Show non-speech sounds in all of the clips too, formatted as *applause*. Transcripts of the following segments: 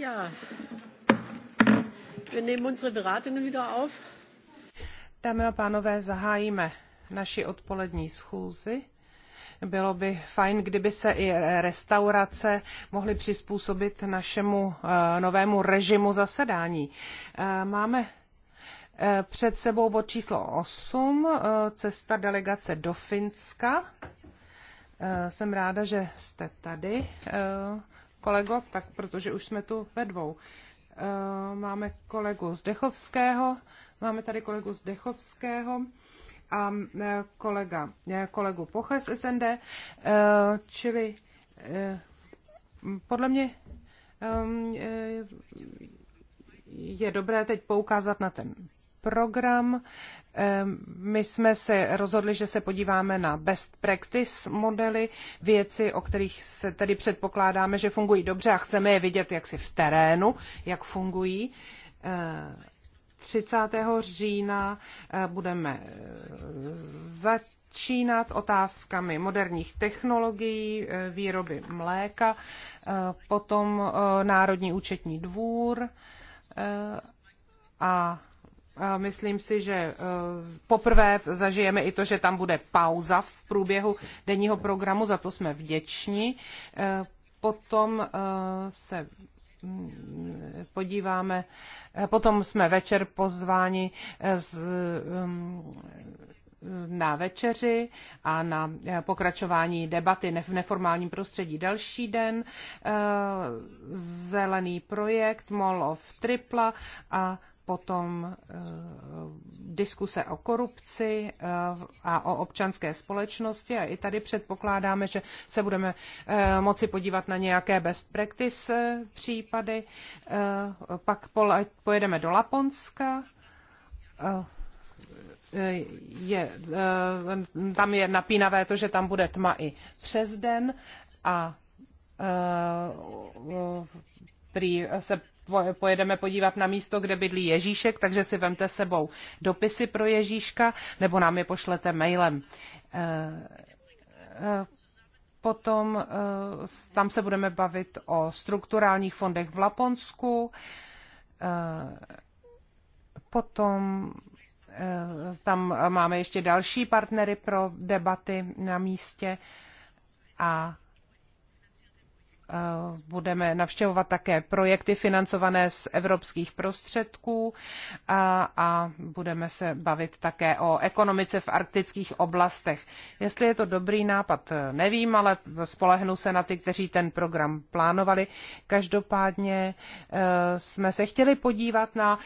Ja, wir nehmen unsere Beratungen wieder auf. Dámy a pánové, zahájíme naši odpolední schůzi. Bylo by fajn, kdyby se i restaurace mohly přizpůsobit našemu eh, novému režimu zasedání. Eh, máme eh, před sebou bod číslo 8, cesta delegace do Finska. Jsem ráda, že jste tady kolego, tak protože už jsme tu ve dvou. Eh, máme kolegu Zdechovského, máme tady kolegu Zdechovského a eh, kolega, eh, kolegu Poche z SND, čili podle mě ehm, je dobré teď poukázat na ten program. My jsme se rozhodli, že se podíváme na best practice modely, věci, o kterých se tedy předpokládáme, že fungují dobře a chceme je vidět jaksi v terénu, jak fungují. 30. Eh, října eh, budeme eh, začínat otázkami moderních technologií, výroby mléka, potom Národní účetní dvůr a Myslím si, že eh, poprvé zažijeme i to, že tam bude pauza v průběhu denního programu, za to jsme vděční. Eh, potom eh, se mm, podíváme, potom jsme večer pozváni z, mm, na večeři a na pokračování debaty v neformálním prostředí. Další den zelený projekt Mall of Tripla a potom eh, diskuse o korupci eh, a o občanské společnosti. A i tady předpokládáme, že se budeme eh, moci podívat na nějaké best practice případy. Pak pojedeme do Laponska je, tam je napínavé to, že tam bude tma i přes den a prý se pojedeme podívat na místo, kde bydlí Ježíšek, takže si vemte sebou dopisy pro Ježíška nebo nám je pošlete mailem. Eh, eh, potom eh, tam se budeme bavit o strukturálních fondech v Laponsku. Potom tam máme ještě další partnery pro debaty na místě a budeme navštěvovat také projekty financované z evropských prostředků a, a budeme se bavit také o ekonomice v arktických oblastech. Jestli je to dobrý nápad, nevím, ale spolehnu se na ty, kteří ten program plánovali. Každopádně e, jsme se chtěli podívat na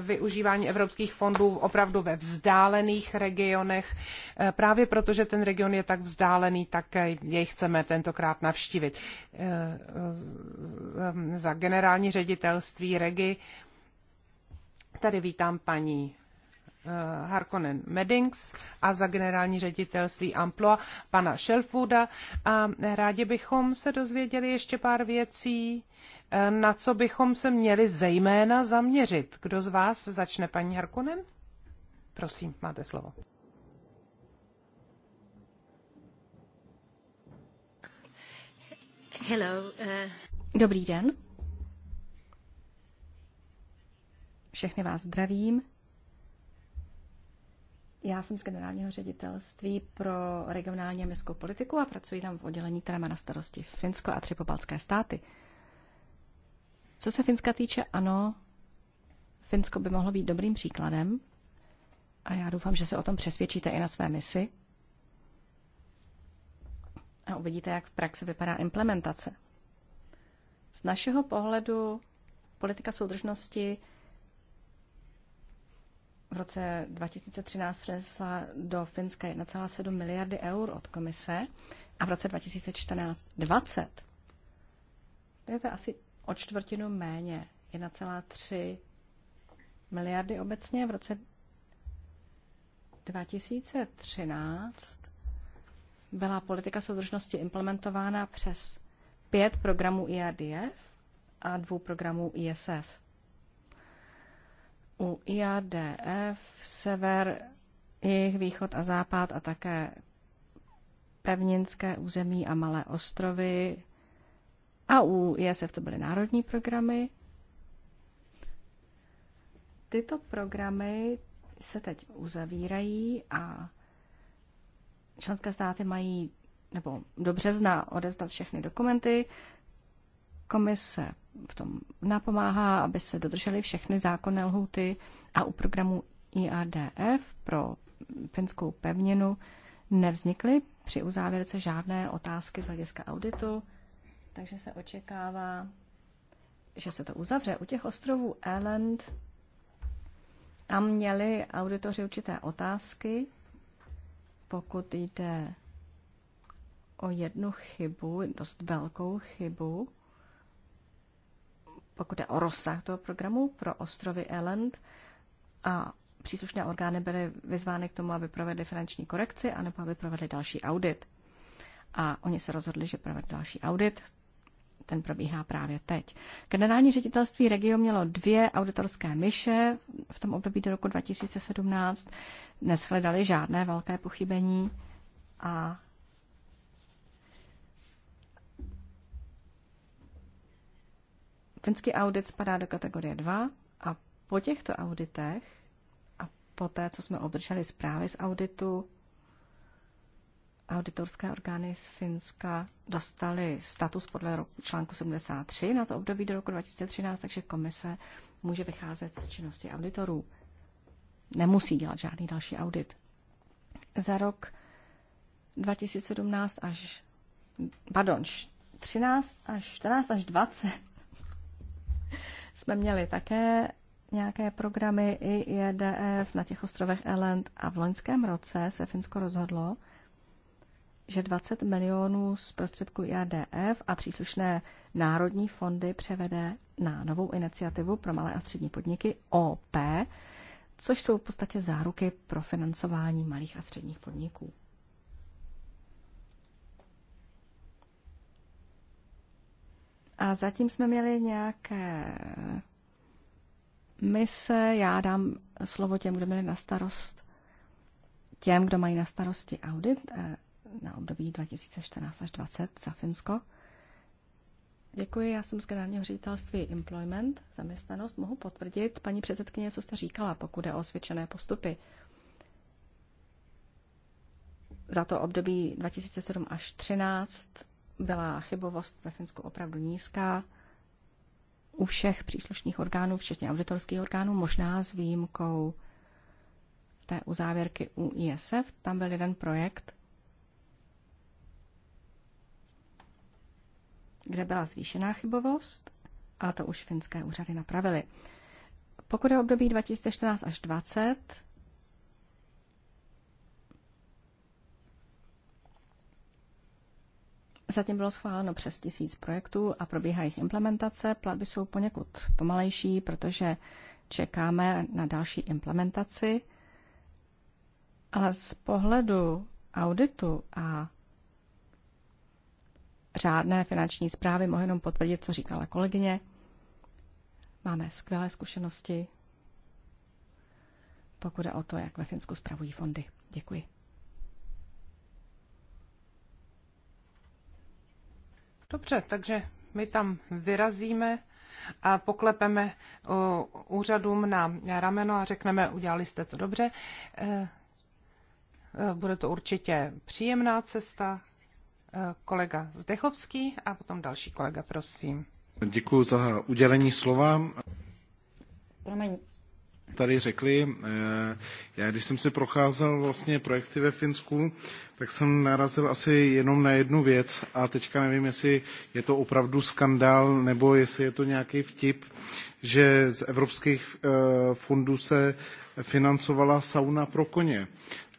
využívání evropských fondů opravdu ve vzdálených regionech, e, právě protože ten region je tak vzdálený, tak jej chceme tentokrát navštívit. Eh, za generální ředitelství REGI. Tady vítám paní eh, Harkonnen Meddings a za generální ředitelství Amploa pana Shelfooda a rádi bychom se dozvěděli ještě pár věcí, eh, na co bychom se měli zejména zaměřit. Kdo z vás začne, paní Harkonnen? Prosím, máte slovo. Hello. Uh... Dobrý den. Všechny vás zdravím. Já jsem z generálního ředitelství pro regionální a městskou politiku a pracuji tam v oddělení, které má na starosti Finsko a tři pobaltské státy. Co se Finska týče, ano, Finsko by mohlo být dobrým příkladem a já doufám, že se o tom přesvědčíte i na své misi a uvidíte, jak v praxi vypadá implementace. Z našeho pohledu politika soudržnosti v roce 2013 přinesla do Finska 1,7 miliardy eur od komise a v roce 2014 20. To je to asi o čtvrtinu méně, 1,3 miliardy obecně. V roce 2013 byla politika soudržnosti implementována přes pět programů IRDF a dvou programů ISF. U IRDF sever, jejich východ a západ a také pevninské území a malé ostrovy a u ISF to byly národní programy. Tyto programy se teď uzavírají a členské státy mají nebo do března odezdat všechny dokumenty. Komise v tom napomáhá, aby se dodržely všechny zákonné lhuty a u programu IADF pro finskou pevninu nevznikly při uzávěrce žádné otázky z hlediska auditu, takže se očekává, že se to uzavře. U těch ostrovů Island tam měli auditoři určité otázky, pokud jde o jednu chybu, dost velkou chybu, pokud jde o rozsah toho programu pro ostrovy Elend a příslušné orgány byly vyzvány k tomu, aby provedly finanční korekci anebo aby provedly další audit. A oni se rozhodli, že provedou další audit, ten probíhá právě teď. Generální ředitelství Regio mělo dvě auditorské myše v tom období do roku 2017. Neschledali žádné velké pochybení a finský audit spadá do kategorie 2 a po těchto auditech a po té, co jsme obdrželi zprávy z auditu, auditorské orgány z Finska dostaly status podle roku, článku 73 na to období do roku 2013, takže komise může vycházet z činnosti auditorů. Nemusí dělat žádný další audit. Za rok 2017 až, pardon, 13 až 14 až 20 *laughs* jsme měli také nějaké programy i IEDF na těch ostrovech Elend a v loňském roce se Finsko rozhodlo, že 20 milionů z prostředků IADF a příslušné národní fondy převede na novou iniciativu pro malé a střední podniky OP, což jsou v podstatě záruky pro financování malých a středních podniků. A zatím jsme měli nějaké mise. Já dám slovo těm, kdo měli na starost, těm, kdo mají na starosti audit, eh, na období 2014 až 2020 za Finsko. Děkuji, já jsem z generálního ředitelství Employment, zaměstnanost. Mohu potvrdit, paní předsedkyně, co jste říkala, pokud je o osvědčené postupy. Za to období 2007 až 2013 byla chybovost ve Finsku opravdu nízká u všech příslušných orgánů, včetně auditorských orgánů, možná s výjimkou té uzávěrky u ISF. Tam byl jeden projekt, kde byla zvýšená chybovost, a to už finské úřady napravily. Pokud je období 2014 až 2020, Zatím bylo schváleno přes tisíc projektů a probíhá jejich implementace. Platby jsou poněkud pomalejší, protože čekáme na další implementaci. Ale z pohledu auditu a řádné finanční zprávy, mohu jenom potvrdit, co říkala kolegyně. Máme skvělé zkušenosti, pokud je o to, jak ve Finsku spravují fondy. Děkuji. Dobře, takže my tam vyrazíme a poklepeme úřadům na rameno a řekneme, udělali jste to dobře. Eh, eh, bude to určitě příjemná cesta, Eh, kolega Zdechovský a potom další kolega, prosím. Děkuji za udělení slova. Promiň. Tady řekli, eh, já když jsem si procházel vlastně projekty ve Finsku, tak jsem narazil asi jenom na jednu věc a teďka nevím, jestli je to opravdu skandál nebo jestli je to nějaký vtip, že z evropských eh, fondů se financovala sauna pro koně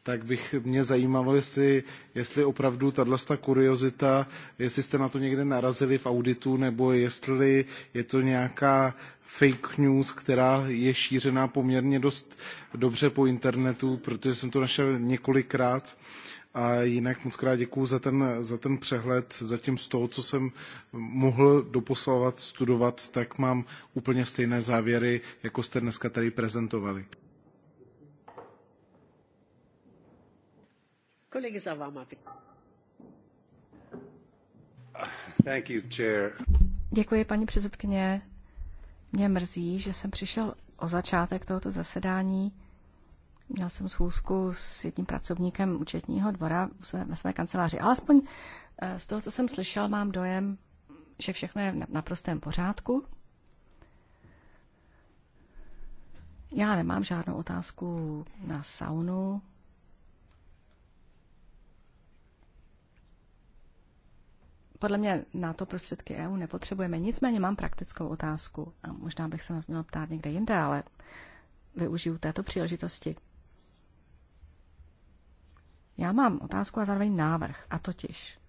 tak bych mě zajímalo, jestli, jestli opravdu tato kuriozita, jestli jste na to někde narazili v auditu, nebo jestli je to nějaká fake news, která je šířená poměrně dost dobře po internetu, protože jsem to našel několikrát. A jinak moc krát děkuju za ten, za ten přehled. Zatím z toho, co jsem mohl doposlovat, studovat, tak mám úplně stejné závěry, jako jste dneska tady prezentovali. Kolega Zavama. Thank you, chair. Děkuji, paní předsedkyně. Mě mrzí, že jsem přišel o začátek tohoto zasedání. Měl jsem schůzku s jedním pracovníkem účetního dvora ve své kanceláři. Alespoň eh, z toho, co jsem slyšel, mám dojem, že všechno je v naprostém pořádku. Já nemám žádnou otázku na saunu Podle mě na to prostředky EU nepotřebujeme. Nicméně mám praktickou otázku a možná bych se na to měla ptát někde jinde, ale využiju této příležitosti. Já mám otázku a zároveň návrh, a totiž.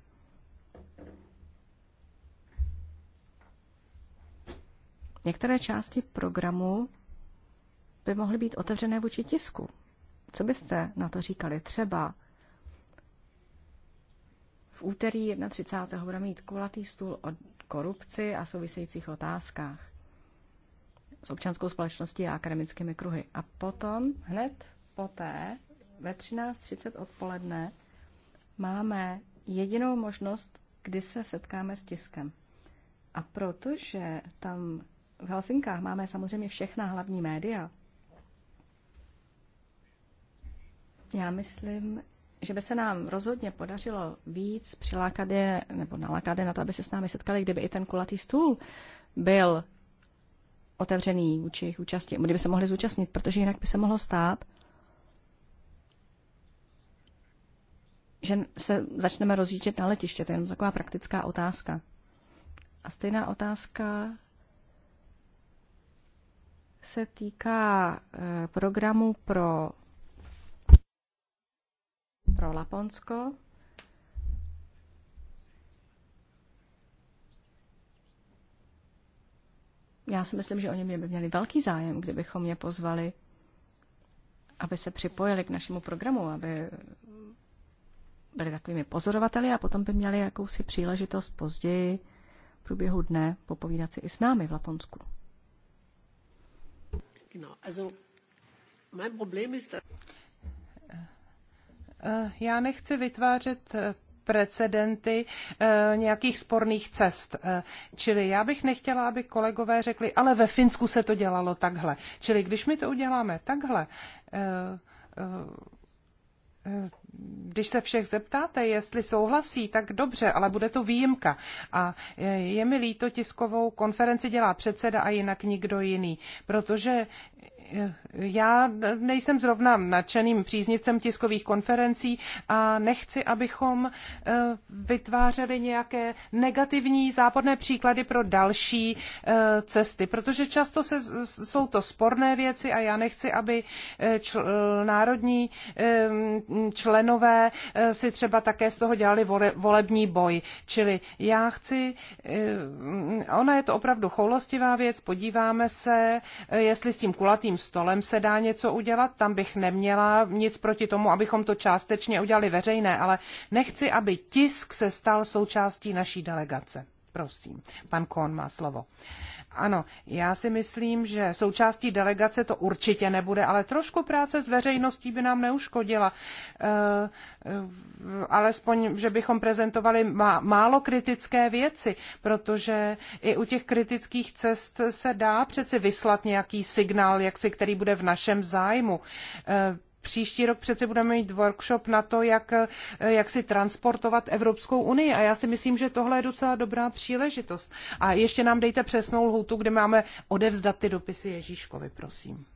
Některé části programu by mohly být otevřené vůči tisku. Co byste na to říkali? Třeba v úterý 31. bude mít kulatý stůl o korupci a souvisejících otázkách s občanskou společností a akademickými kruhy. A potom, hned poté, ve 13.30 odpoledne, máme jedinou možnost, kdy se setkáme s tiskem. A protože tam v Helsinkách máme samozřejmě všechna hlavní média, já myslím, že by se nám rozhodně podařilo víc přilákat je, nebo nalákat je na to, aby se s námi setkali, kdyby i ten kulatý stůl byl otevřený vůči jejich účasti, kdyby se mohli zúčastnit, protože jinak by se mohlo stát, že se začneme rozjíždět na letiště. To je jenom taková praktická otázka. A stejná otázka se týká eh, programu pro pro Laponsko. Já si myslím, že oni by měli velký zájem, kdybychom je pozvali, aby se připojili k našemu programu, aby byli takovými pozorovateli a potom by měli jakousi příležitost později v průběhu dne popovídat si i s námi v Laponsku. Genau, also mein Problem ist, dass Eh, já nechci vytvářet eh, precedenty e, nějakých sporných cest. E, čili já bych nechtěla, aby kolegové řekli, ale ve Finsku se to dělalo takhle. Čili když my to uděláme takhle, e, když se všech zeptáte, jestli souhlasí, tak dobře, ale bude to výjimka. A je mi líto, tiskovou konferenci dělá předseda a jinak nikdo jiný, protože já nejsem zrovna nadšeným příznivcem tiskových konferencí a nechci, abychom eh, vytvářeli nějaké negativní záporné příklady pro další eh, cesty, protože často se, jsou to sporné věci a já nechci, aby eh, čl, národní členové si třeba také z toho dělali vole, volební boj. Čili já chci, ona je to opravdu choulostivá věc, podíváme se, jestli s tím kulatým kulatým stolem se dá něco udělat, tam bych neměla nic proti tomu, abychom to částečně udělali veřejné, ale nechci, aby tisk se stal součástí naší delegace. Prosím, pan Kohn má slovo. Ano, já si myslím, že součástí delegace to určitě nebude, ale trošku práce s veřejností by nám neuškodila. E, alespoň, že bychom prezentovali má, málo kritické věci, protože i u těch kritických cest se dá přeci vyslat nějaký signál, jaksi, který bude v našem zájmu. E, Příští rok přece budeme mít workshop na to, jak, eh, jak si transportovat Evropskou unii a já si myslím, že tohle je docela dobrá příležitost. A ještě nám dejte přesnou lhůtu, kde máme odevzdat ty dopisy Ježíškovi, prosím.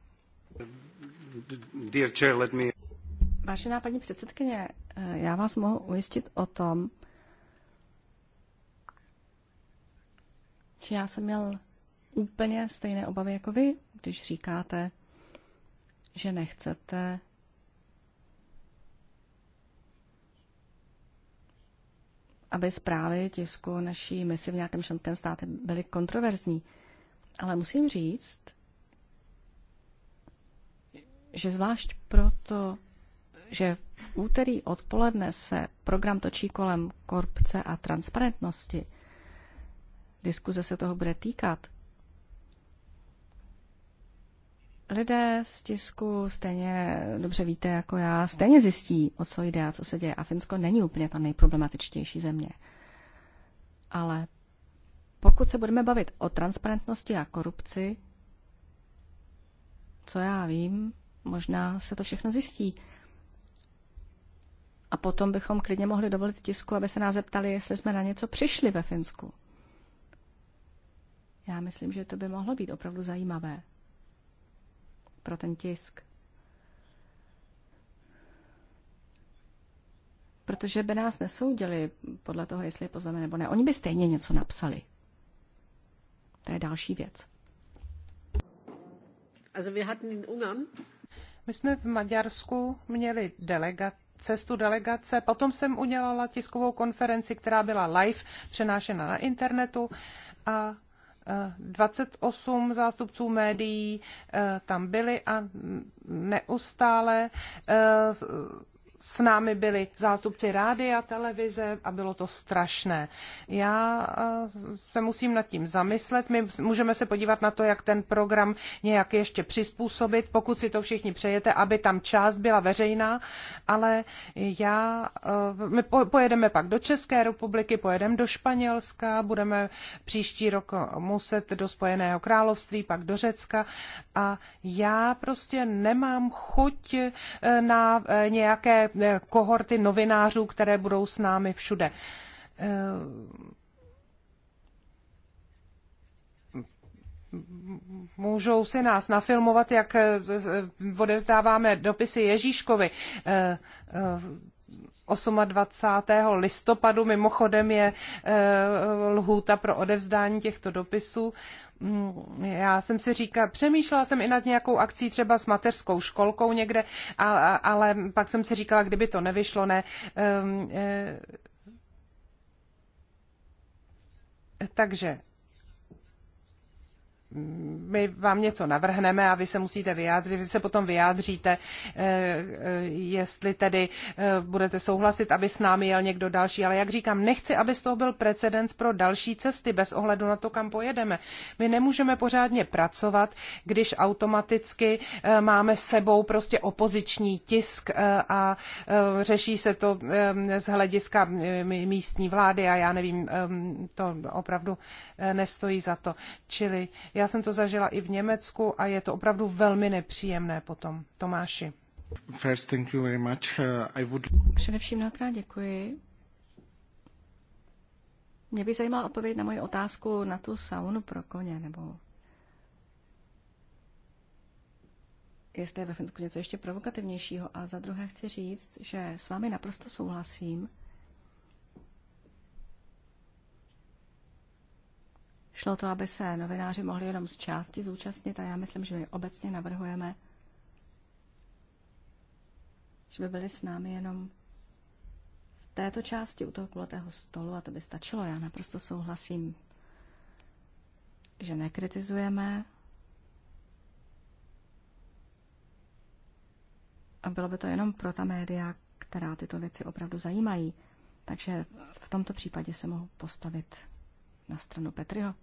Dear chair, let me... Vážená paní předsedkyně, eh, já vás mohu ujistit o tom, že já jsem měl úplně stejné obavy jako vy, když říkáte, že nechcete aby zprávy tisku naší misi v nějakém členském státě byly kontroverzní. Ale musím říct, že zvlášť proto, že v úterý odpoledne se program točí kolem korupce a transparentnosti, diskuze se toho bude týkat, lidé z tisku stejně dobře víte jako já, stejně zjistí, o co jde a co se děje. A Finsko není úplně ta nejproblematičtější země. Ale pokud se budeme bavit o transparentnosti a korupci, co já vím, možná se to všechno zjistí. A potom bychom klidně mohli dovolit tisku, aby se nás zeptali, jestli jsme na něco přišli ve Finsku. Já myslím, že to by mohlo být opravdu zajímavé pro ten tisk. Protože by nás nesoudili podle toho, jestli je pozveme nebo ne. Oni by stejně něco napsali. To je další věc. Also wir hatten in Ungarn. My jsme v Maďarsku měli delegat, cestu delegace. Potom jsem udělala tiskovou konferenci, která byla live přenášena na internetu a 28 zástupců médií eh, tam byli a neustále eh, s námi byli zástupci rády a televize a bylo to strašné. Já eh, se musím nad tím zamyslet. My můžeme se podívat na to, jak ten program nějak ještě přizpůsobit, pokud si to všichni přejete, aby tam část byla veřejná, ale já, eh, my pojedeme pak do České republiky, pojedeme do Španělska, budeme příští rok muset do Spojeného království, pak do Řecka a já prostě nemám chuť eh, na nějaké kohorty novinářů, které budou s námi všude. Eh, můžou si nás nafilmovat, jak eh, eh, odevzdáváme dopisy Ježíškovi. 28. listopadu mimochodem je lhůta pro odevzdání těchto dopisů. Mm, já jsem si říkala, přemýšlela jsem i nad nějakou akcí třeba s mateřskou školkou někde, a, a, ale pak jsem si říkala, kdyby to nevyšlo, ne. Um, e, takže my vám něco navrhneme a vy se musíte vyjádřit, vy se potom vyjádříte, eh, eh, jestli tedy eh, budete souhlasit, aby s námi jel někdo další. Ale jak říkám, nechci, aby z toho byl precedens pro další cesty, bez ohledu na to, kam pojedeme. My nemůžeme pořádně pracovat, když automaticky máme sebou prostě opoziční tisk a řeší se to z hlediska místní vlády a já nevím, to opravdu nestojí za to. Čili já jsem to zažila i v Německu a je to opravdu velmi nepříjemné potom. Tomáši. First, thank you very much. Uh, I would... Především mnohokrát děkuji. Mě by zajímala odpověď na moji otázku na tu saunu pro koně, nebo jestli je ve Finsku něco ještě provokativnějšího. A za druhé chci říct, že s vámi naprosto souhlasím, Šlo to, aby se novináři mohli jenom z části zúčastnit a já myslím, že my obecně navrhujeme, že by byli s námi jenom v této části u toho kulatého stolu a to by stačilo. Já naprosto souhlasím, že nekritizujeme a bylo by to jenom pro ta média, která tyto věci opravdu zajímají. Takže v tomto případě se mohu postavit na stranu Petriho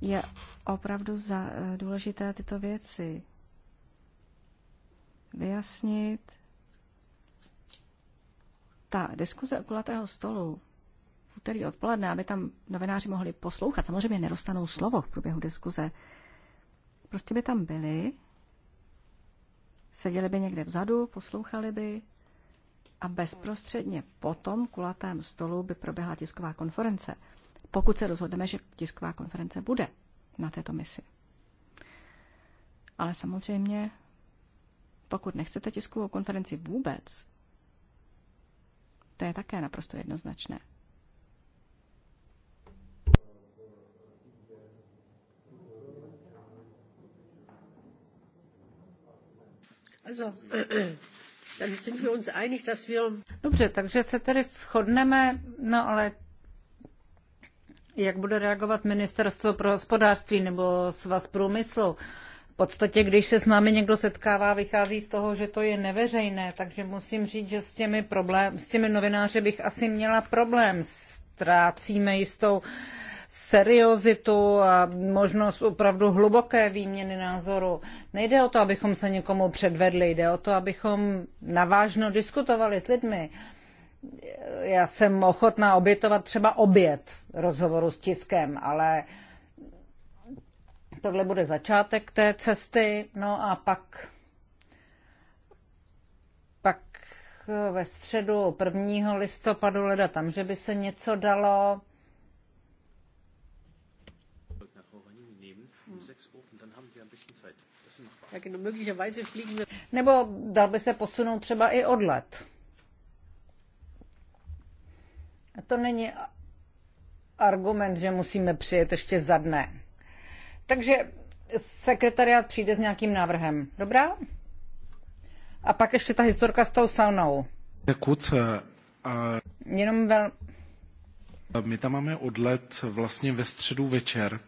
je opravdu za, eh, důležité tyto věci vyjasnit. Ta diskuze o kulatého stolu v úterý odpoledne, aby tam novináři mohli poslouchat, samozřejmě nedostanou slovo v průběhu diskuze, prostě by tam byli, seděli by někde vzadu, poslouchali by a bezprostředně po tom kulatém stolu by proběhla tisková konference – pokud se rozhodneme, že tisková konference bude na této misi. Ale samozřejmě, pokud nechcete tiskovou konferenci vůbec, to je také naprosto jednoznačné. *clears throat* Dobře, takže se tedy shodneme, no ale jak bude reagovat ministerstvo pro hospodářství nebo svaz průmyslu? V podstatě, když se s námi někdo setkává, vychází z toho, že to je neveřejné, takže musím říct, že s těmi, problém, s těmi novináři bych asi měla problém. Ztrácíme jistou seriozitu a možnost opravdu hluboké výměny názoru. Nejde o to, abychom se někomu předvedli, jde o to, abychom navážno diskutovali s lidmi já jsem ochotná obětovat třeba oběd rozhovoru s tiskem, ale tohle bude začátek té cesty, no a pak, pak ve středu 1. listopadu leda tam, že by se něco dalo. Nebo dal by se posunout třeba i odlet. To není argument, že musíme přijet ještě za dne. Takže sekretariat přijde s nějakým návrhem. Dobrá? A pak ještě ta historka s tou saunou. Kuce, a... Jenom vel... My tam máme odlet vlastně ve středu večer,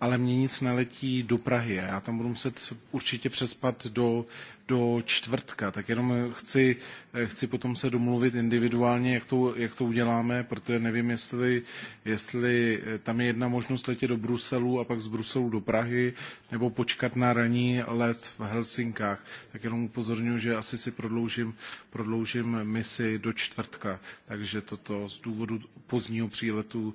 ale mě nic neletí do Prahy. Já tam budu muset určitě přespat do do čtvrtka, tak jenom eh, chci, eh, chci potom se domluvit individuálně, jak to, jak to uděláme, protože nevím, jestli, jestli eh, tam je jedna možnost letět do Bruselu a pak z Bruselu do Prahy, nebo počkat na ranní let v Helsinkách. Tak jenom upozorňuji, že asi si prodloužím, prodloužím misi do čtvrtka, takže toto z důvodu pozdního příletu,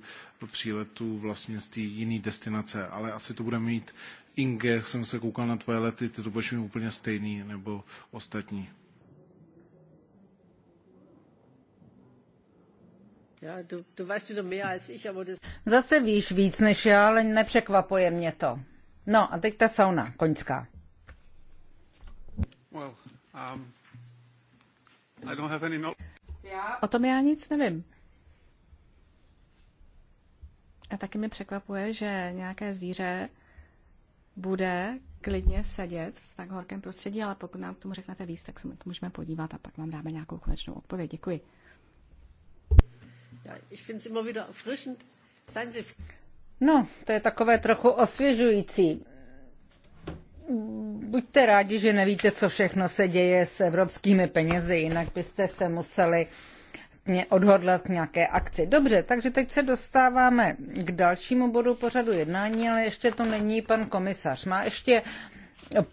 příletu vlastně z té jiné destinace, ale asi to bude mít Inge, jsem se koukal na tvoje lety, ty to budeš mít úplně stejný, nebo ostatní. Zase víš víc než já, ale nepřekvapuje mě to. No a teď ta sauna koňská. Well, um, I don't have any no- O tom já nic nevím. A taky mi překvapuje, že nějaké zvíře bude klidně sedět v tak horkém prostředí, ale pokud nám k tomu řeknete víc, tak se to můžeme podívat a pak vám dáme nějakou konečnou odpověď. Děkuji. No, to je takové trochu osvěžující. Buďte rádi, že nevíte, co všechno se děje s evropskými penězi, jinak byste se museli odhodlat nějaké akci. Dobře, takže teď se dostáváme k dalšímu bodu pořadu jednání, ale ještě to není pan komisař. Má ještě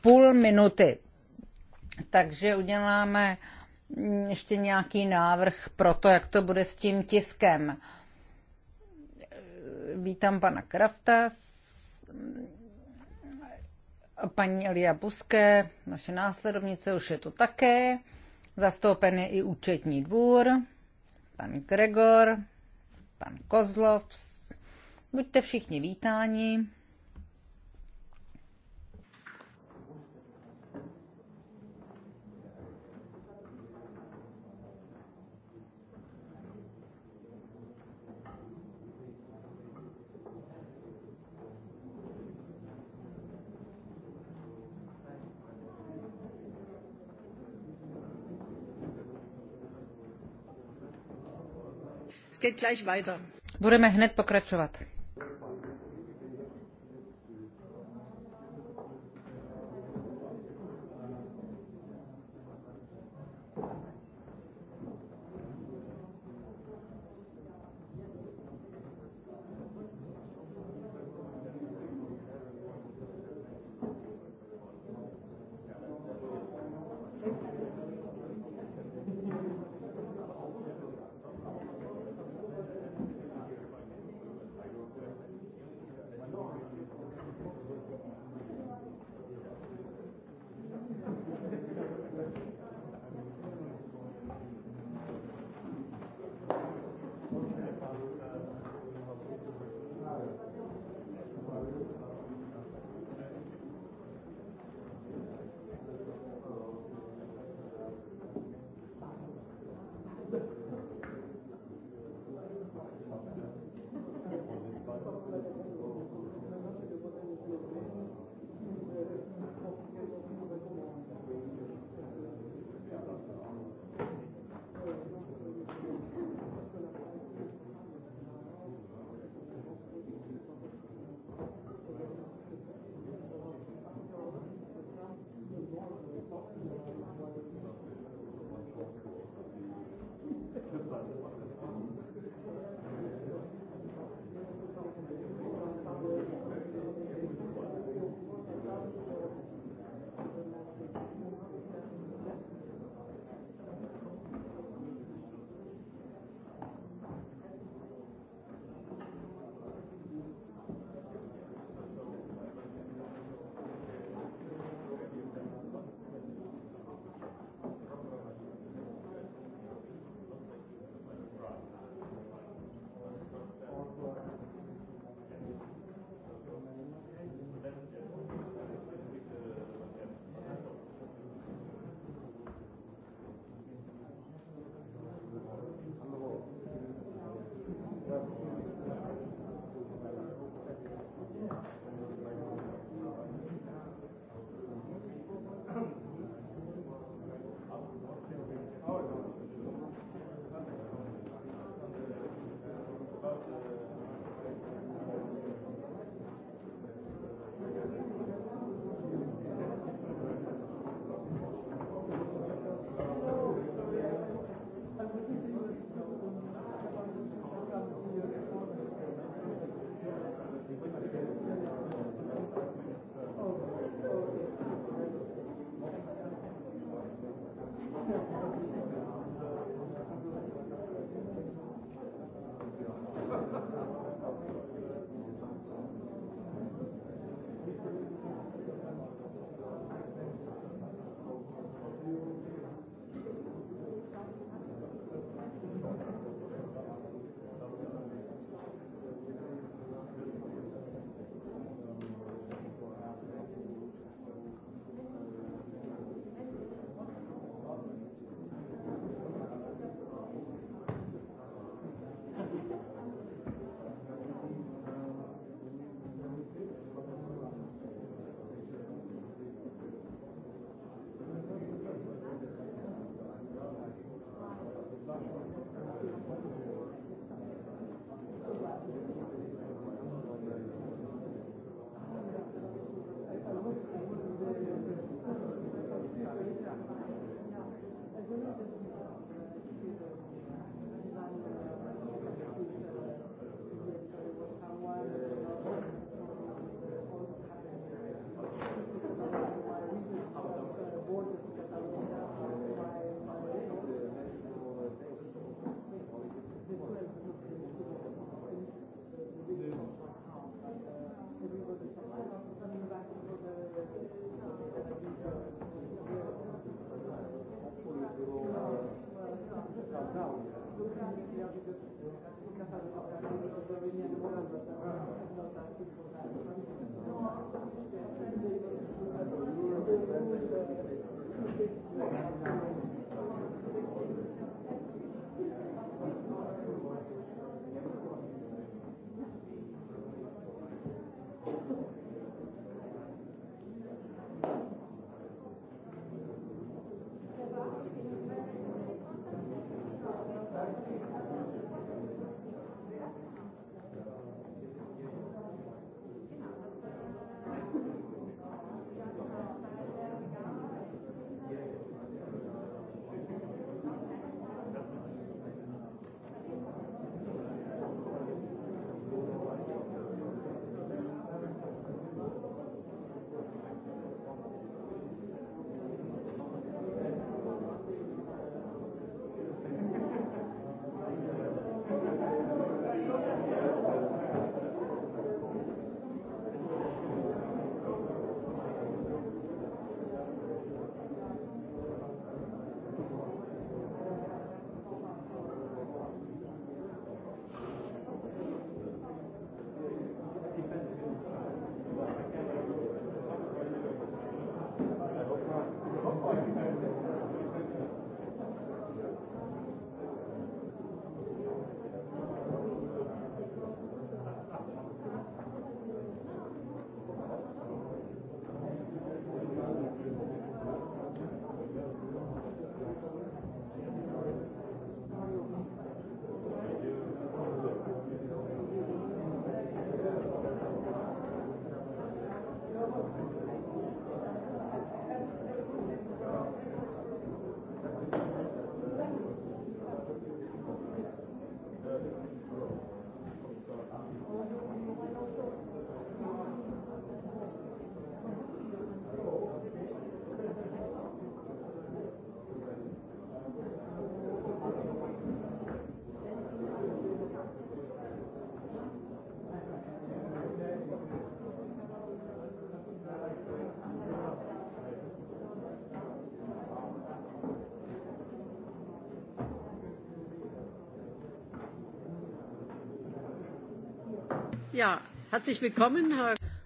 půl minuty. Takže uděláme mm, ještě nějaký návrh pro to, jak to bude s tím tiskem. Vítám pana Krafta, paní Elia Buské, naše následovnice už je tu také, zastoupen je i účetní dvůr pan Gregor, pan Kozlovs. Buďte všichni vítáni. Budeme hned pokračovat.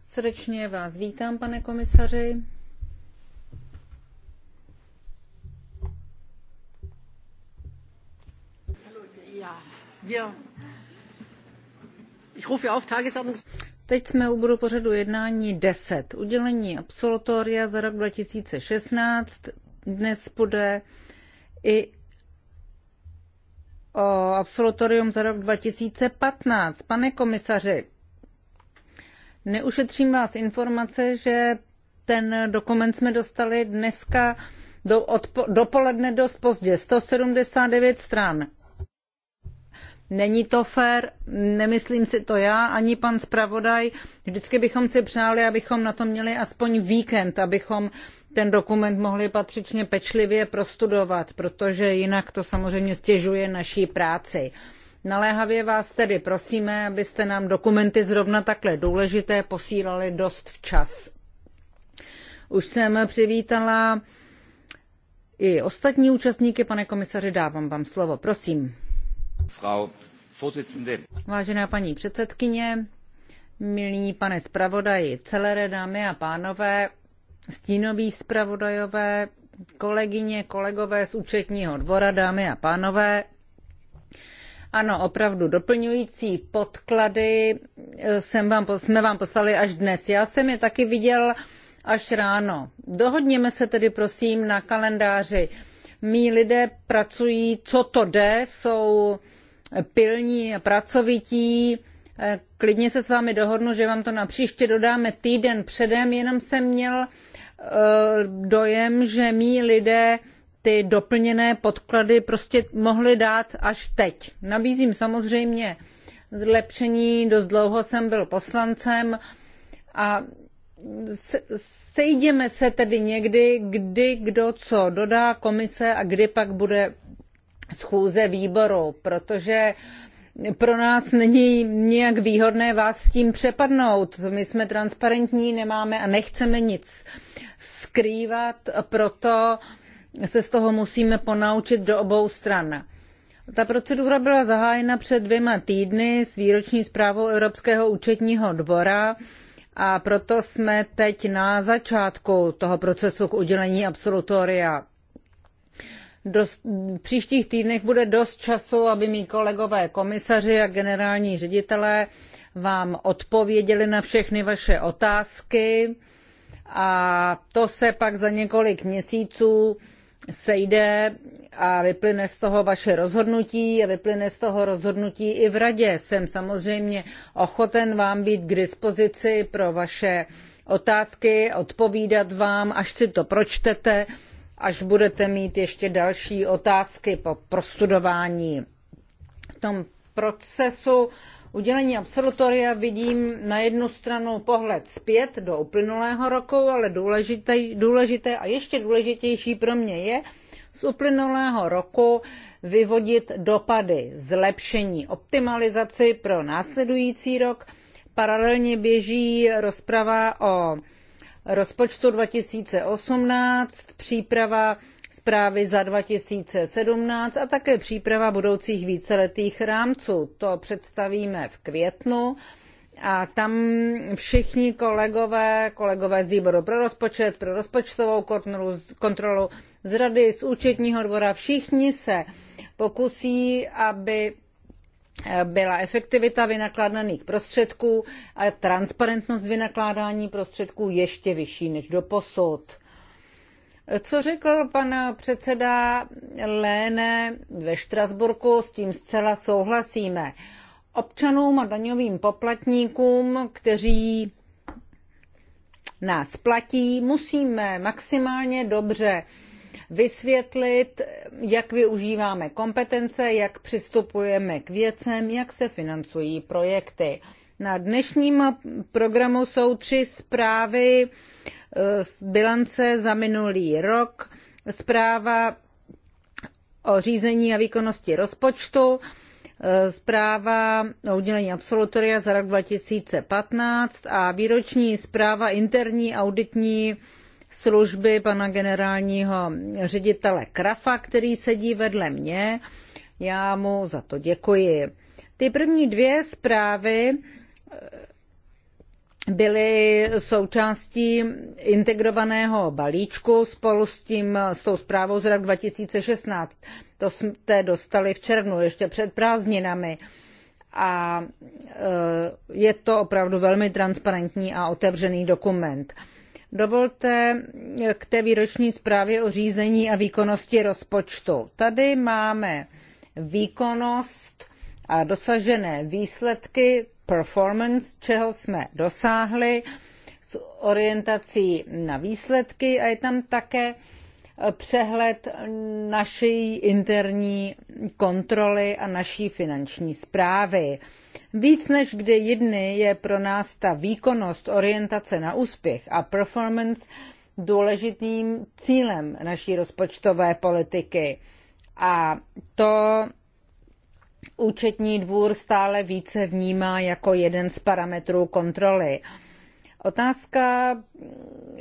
Srdečně vás vítám, pane komisaři. Teď jsme u bodu pořadu jednání 10. Udělení absolutoria za rok 2016. Dnes bude i o absolutorium za rok 2015. Pane komisaři, Neušetřím vás informace, že ten dokument jsme dostali dneska do, odpo, dopoledne dost pozdě, 179 stran. Není to fér, nemyslím si to já, ani pan zpravodaj. Vždycky bychom si přáli, abychom na to měli aspoň víkend, abychom ten dokument mohli patřičně pečlivě prostudovat, protože jinak to samozřejmě stěžuje naší práci. Naléhavě vás tedy prosíme, abyste nám dokumenty zrovna takhle důležité posílali dost včas. Už jsem přivítala i ostatní účastníky. Pane komisaři, dávám vám slovo. Prosím. Vážená paní předsedkyně, milý pane zpravodaji, celé dámy a pánové, stínoví zpravodajové, kolegyně, kolegové z účetního dvora, dámy a pánové, ano, opravdu doplňující podklady eh, jsem vám, jsme vám poslali až dnes. Já jsem je taky viděl až ráno. Dohodněme se tedy prosím na kalendáři. Mí lidé pracují, co to jde, jsou pilní a pracovití. Eh, klidně se s vámi dohodnu, že vám to na příště dodáme týden předem, jenom jsem měl eh, dojem, že mí lidé ty doplněné podklady prostě mohli dát až teď. Nabízím samozřejmě zlepšení, dost dlouho jsem byl poslancem a sejdeme se tedy někdy, kdy kdo co dodá komise a kdy pak bude schůze výboru, protože pro nás není nijak výhodné vás s tím přepadnout. My jsme transparentní, nemáme a nechceme nic skrývat, proto uh, se z toho musíme ponaučit do obou stran. Ta procedura byla zahájena před dvěma týdny s výroční zprávou Evropského účetního dvora a proto jsme teď na začátku toho procesu k udělení absolutoria. Dost, v příštích týdnech bude dost času, aby mý kolegové komisaři a generální ředitelé vám odpověděli na všechny vaše otázky a to se pak za několik měsíců sejde a vyplyne z toho vaše rozhodnutí a vyplyne z toho rozhodnutí i v radě. Jsem samozřejmě ochoten vám být k dispozici pro vaše otázky, odpovídat vám, až si to pročtete, až budete mít ještě další otázky po prostudování. V tom procesu udělení absolutoria vidím na jednu stranu pohled zpět do uplynulého roku, ale důležité, důležité a ještě důležitější pro mě je z uplynulého roku vyvodit dopady, zlepšení, optimalizaci pro následující rok. Paralelně běží rozprava o rozpočtu 2018, příprava zprávy za 2017 a také příprava budoucích víceletých rámců. To představíme v květnu a tam všichni kolegové, kolegové z výboru pro rozpočet, pro rozpočtovou kontrolu, kontrolu z rady, z účetního dvora, všichni se pokusí, aby byla efektivita vynakládaných prostředků a transparentnost vynakládání prostředků ještě vyšší než doposud. Co řekl pan předseda Léne ve Štrasburku, s tím zcela souhlasíme. Občanům a daňovým poplatníkům, kteří nás platí, musíme maximálně dobře vysvětlit, jak využíváme kompetence, jak přistupujeme k věcem, jak se financují projekty. Na dnešním programu jsou tři zprávy bilance za minulý rok, zpráva o řízení a výkonnosti rozpočtu, e, zpráva o udělení absolutoria za rok 2015 a výroční zpráva interní auditní služby pana generálního ředitele Krafa, který sedí vedle mě. Já mu za to děkuji. Ty první dvě zprávy byly součástí integrovaného balíčku spolu s, tím, s tou zprávou z roku 2016. To jste dostali v červnu, ještě před prázdninami. A e, je to opravdu velmi transparentní a otevřený dokument. Dovolte k té výroční zprávě o řízení a výkonnosti rozpočtu. Tady máme výkonnost a dosažené výsledky performance, čeho jsme dosáhli, s orientací na výsledky a je tam také eh, přehled naší interní kontroly a naší finanční zprávy. Víc než kdy jedny je pro nás ta výkonnost, orientace na úspěch a performance důležitým cílem naší rozpočtové politiky. A to účetní dvůr stále více vnímá jako jeden z parametrů kontroly. Otázka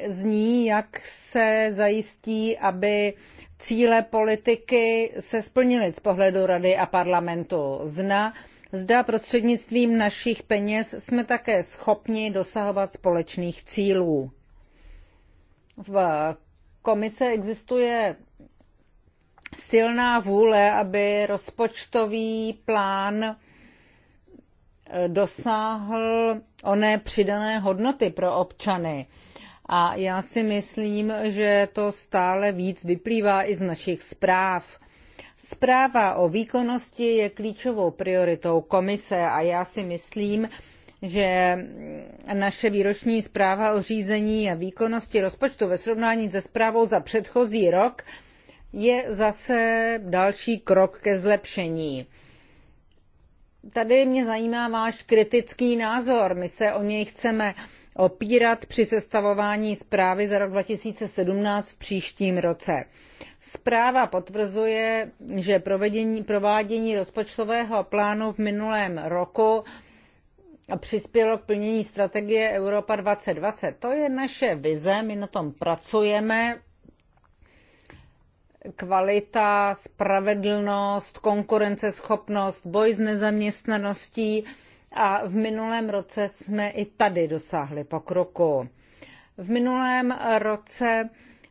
zní, jak se zajistí, aby cíle politiky se splnily z pohledu Rady a parlamentu. Zna, zda prostřednictvím našich peněz jsme také schopni dosahovat společných cílů. V komise existuje silná vůle, aby rozpočtový plán eh, dosáhl oné přidané hodnoty pro občany. A já si myslím, že to stále víc vyplývá i z našich zpráv. Zpráva o výkonnosti je klíčovou prioritou komise a já si myslím, že naše výroční zpráva o řízení a výkonnosti rozpočtu ve srovnání se zprávou za předchozí rok je zase další krok ke zlepšení. Tady mě zajímá váš kritický názor. My se o něj chceme opírat při sestavování zprávy za rok 2017 v příštím roce. Zpráva potvrzuje, že provedení, provádění rozpočtového plánu v minulém roku přispělo k plnění strategie Europa 2020. To je naše vize, my na tom pracujeme, kvalita, spravedlnost, konkurenceschopnost, boj s nezaměstnaností a v minulém roce jsme i tady dosáhli pokroku. V minulém roce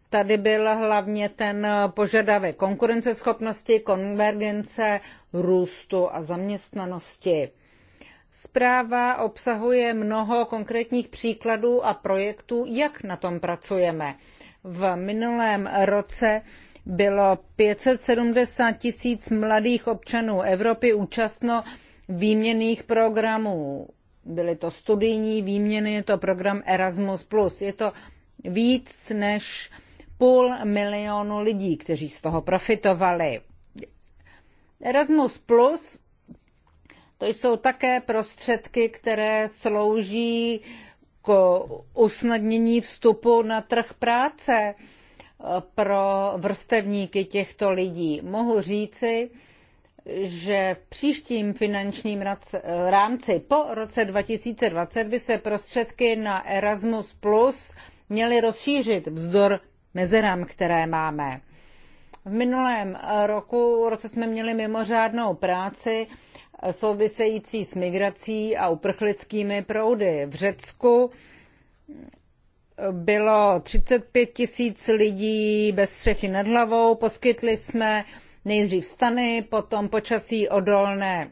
tady byl hlavně ten požadavek konkurenceschopnosti, konvergence, růstu a zaměstnanosti. Zpráva obsahuje mnoho konkrétních příkladů a projektů, jak na tom pracujeme. V minulém roce bylo 570 tisíc mladých občanů Evropy účastno výměných programů. Byly to studijní výměny, je to program Erasmus+. Je to víc než půl milionu lidí, kteří z toho profitovali. Erasmus Plus to jsou také prostředky, které slouží k usnadnění vstupu na trh práce pro vrstevníky těchto lidí. Mohu říci, že v příštím finančním rámci po roce 2020 by se prostředky na Erasmus Plus měly rozšířit vzdor mezerám, které máme. V minulém roku, roce jsme měli mimořádnou práci související s migrací a uprchlickými proudy v Řecku bylo 35 tisíc lidí bez střechy nad hlavou. Poskytli jsme nejdřív stany, potom počasí odolné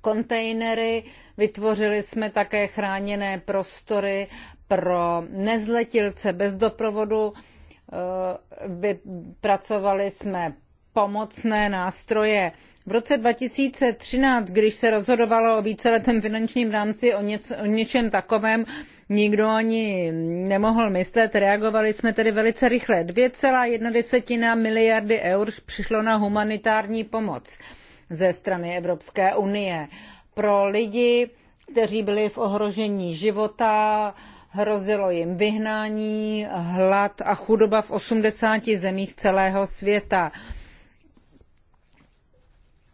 kontejnery. Vytvořili jsme také chráněné prostory pro nezletilce bez doprovodu. Eh, vypracovali jsme pomocné nástroje. V roce 2013, když se rozhodovalo o víceletém finančním rámci o, něco, o něčem takovém, nikdo ani nemohl myslet. Reagovali jsme tedy velice rychle. 2,1 miliardy eur přišlo na humanitární pomoc ze strany Evropské unie. Pro lidi, kteří byli v ohrožení života, hrozilo jim vyhnání, hlad a chudoba v 80 zemích celého světa.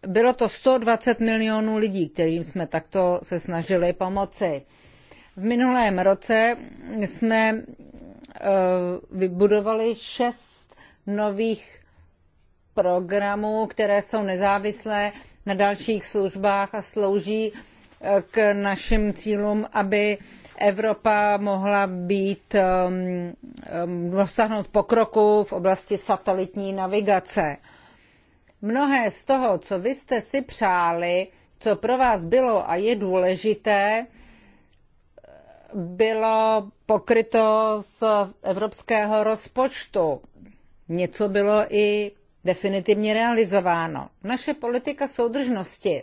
Bylo to 120 milionů lidí, kterým jsme takto se snažili pomoci. V minulém roce jsme eh, vybudovali šest nových programů, které jsou nezávislé na dalších službách a slouží eh, k našim cílům, aby Evropa mohla být, eh, dosáhnout pokroku v oblasti satelitní navigace. Mnohé z toho, co vy jste si přáli, co pro vás bylo a je důležité, bylo pokryto z evropského rozpočtu. Něco bylo i definitivně realizováno. Naše politika soudržnosti.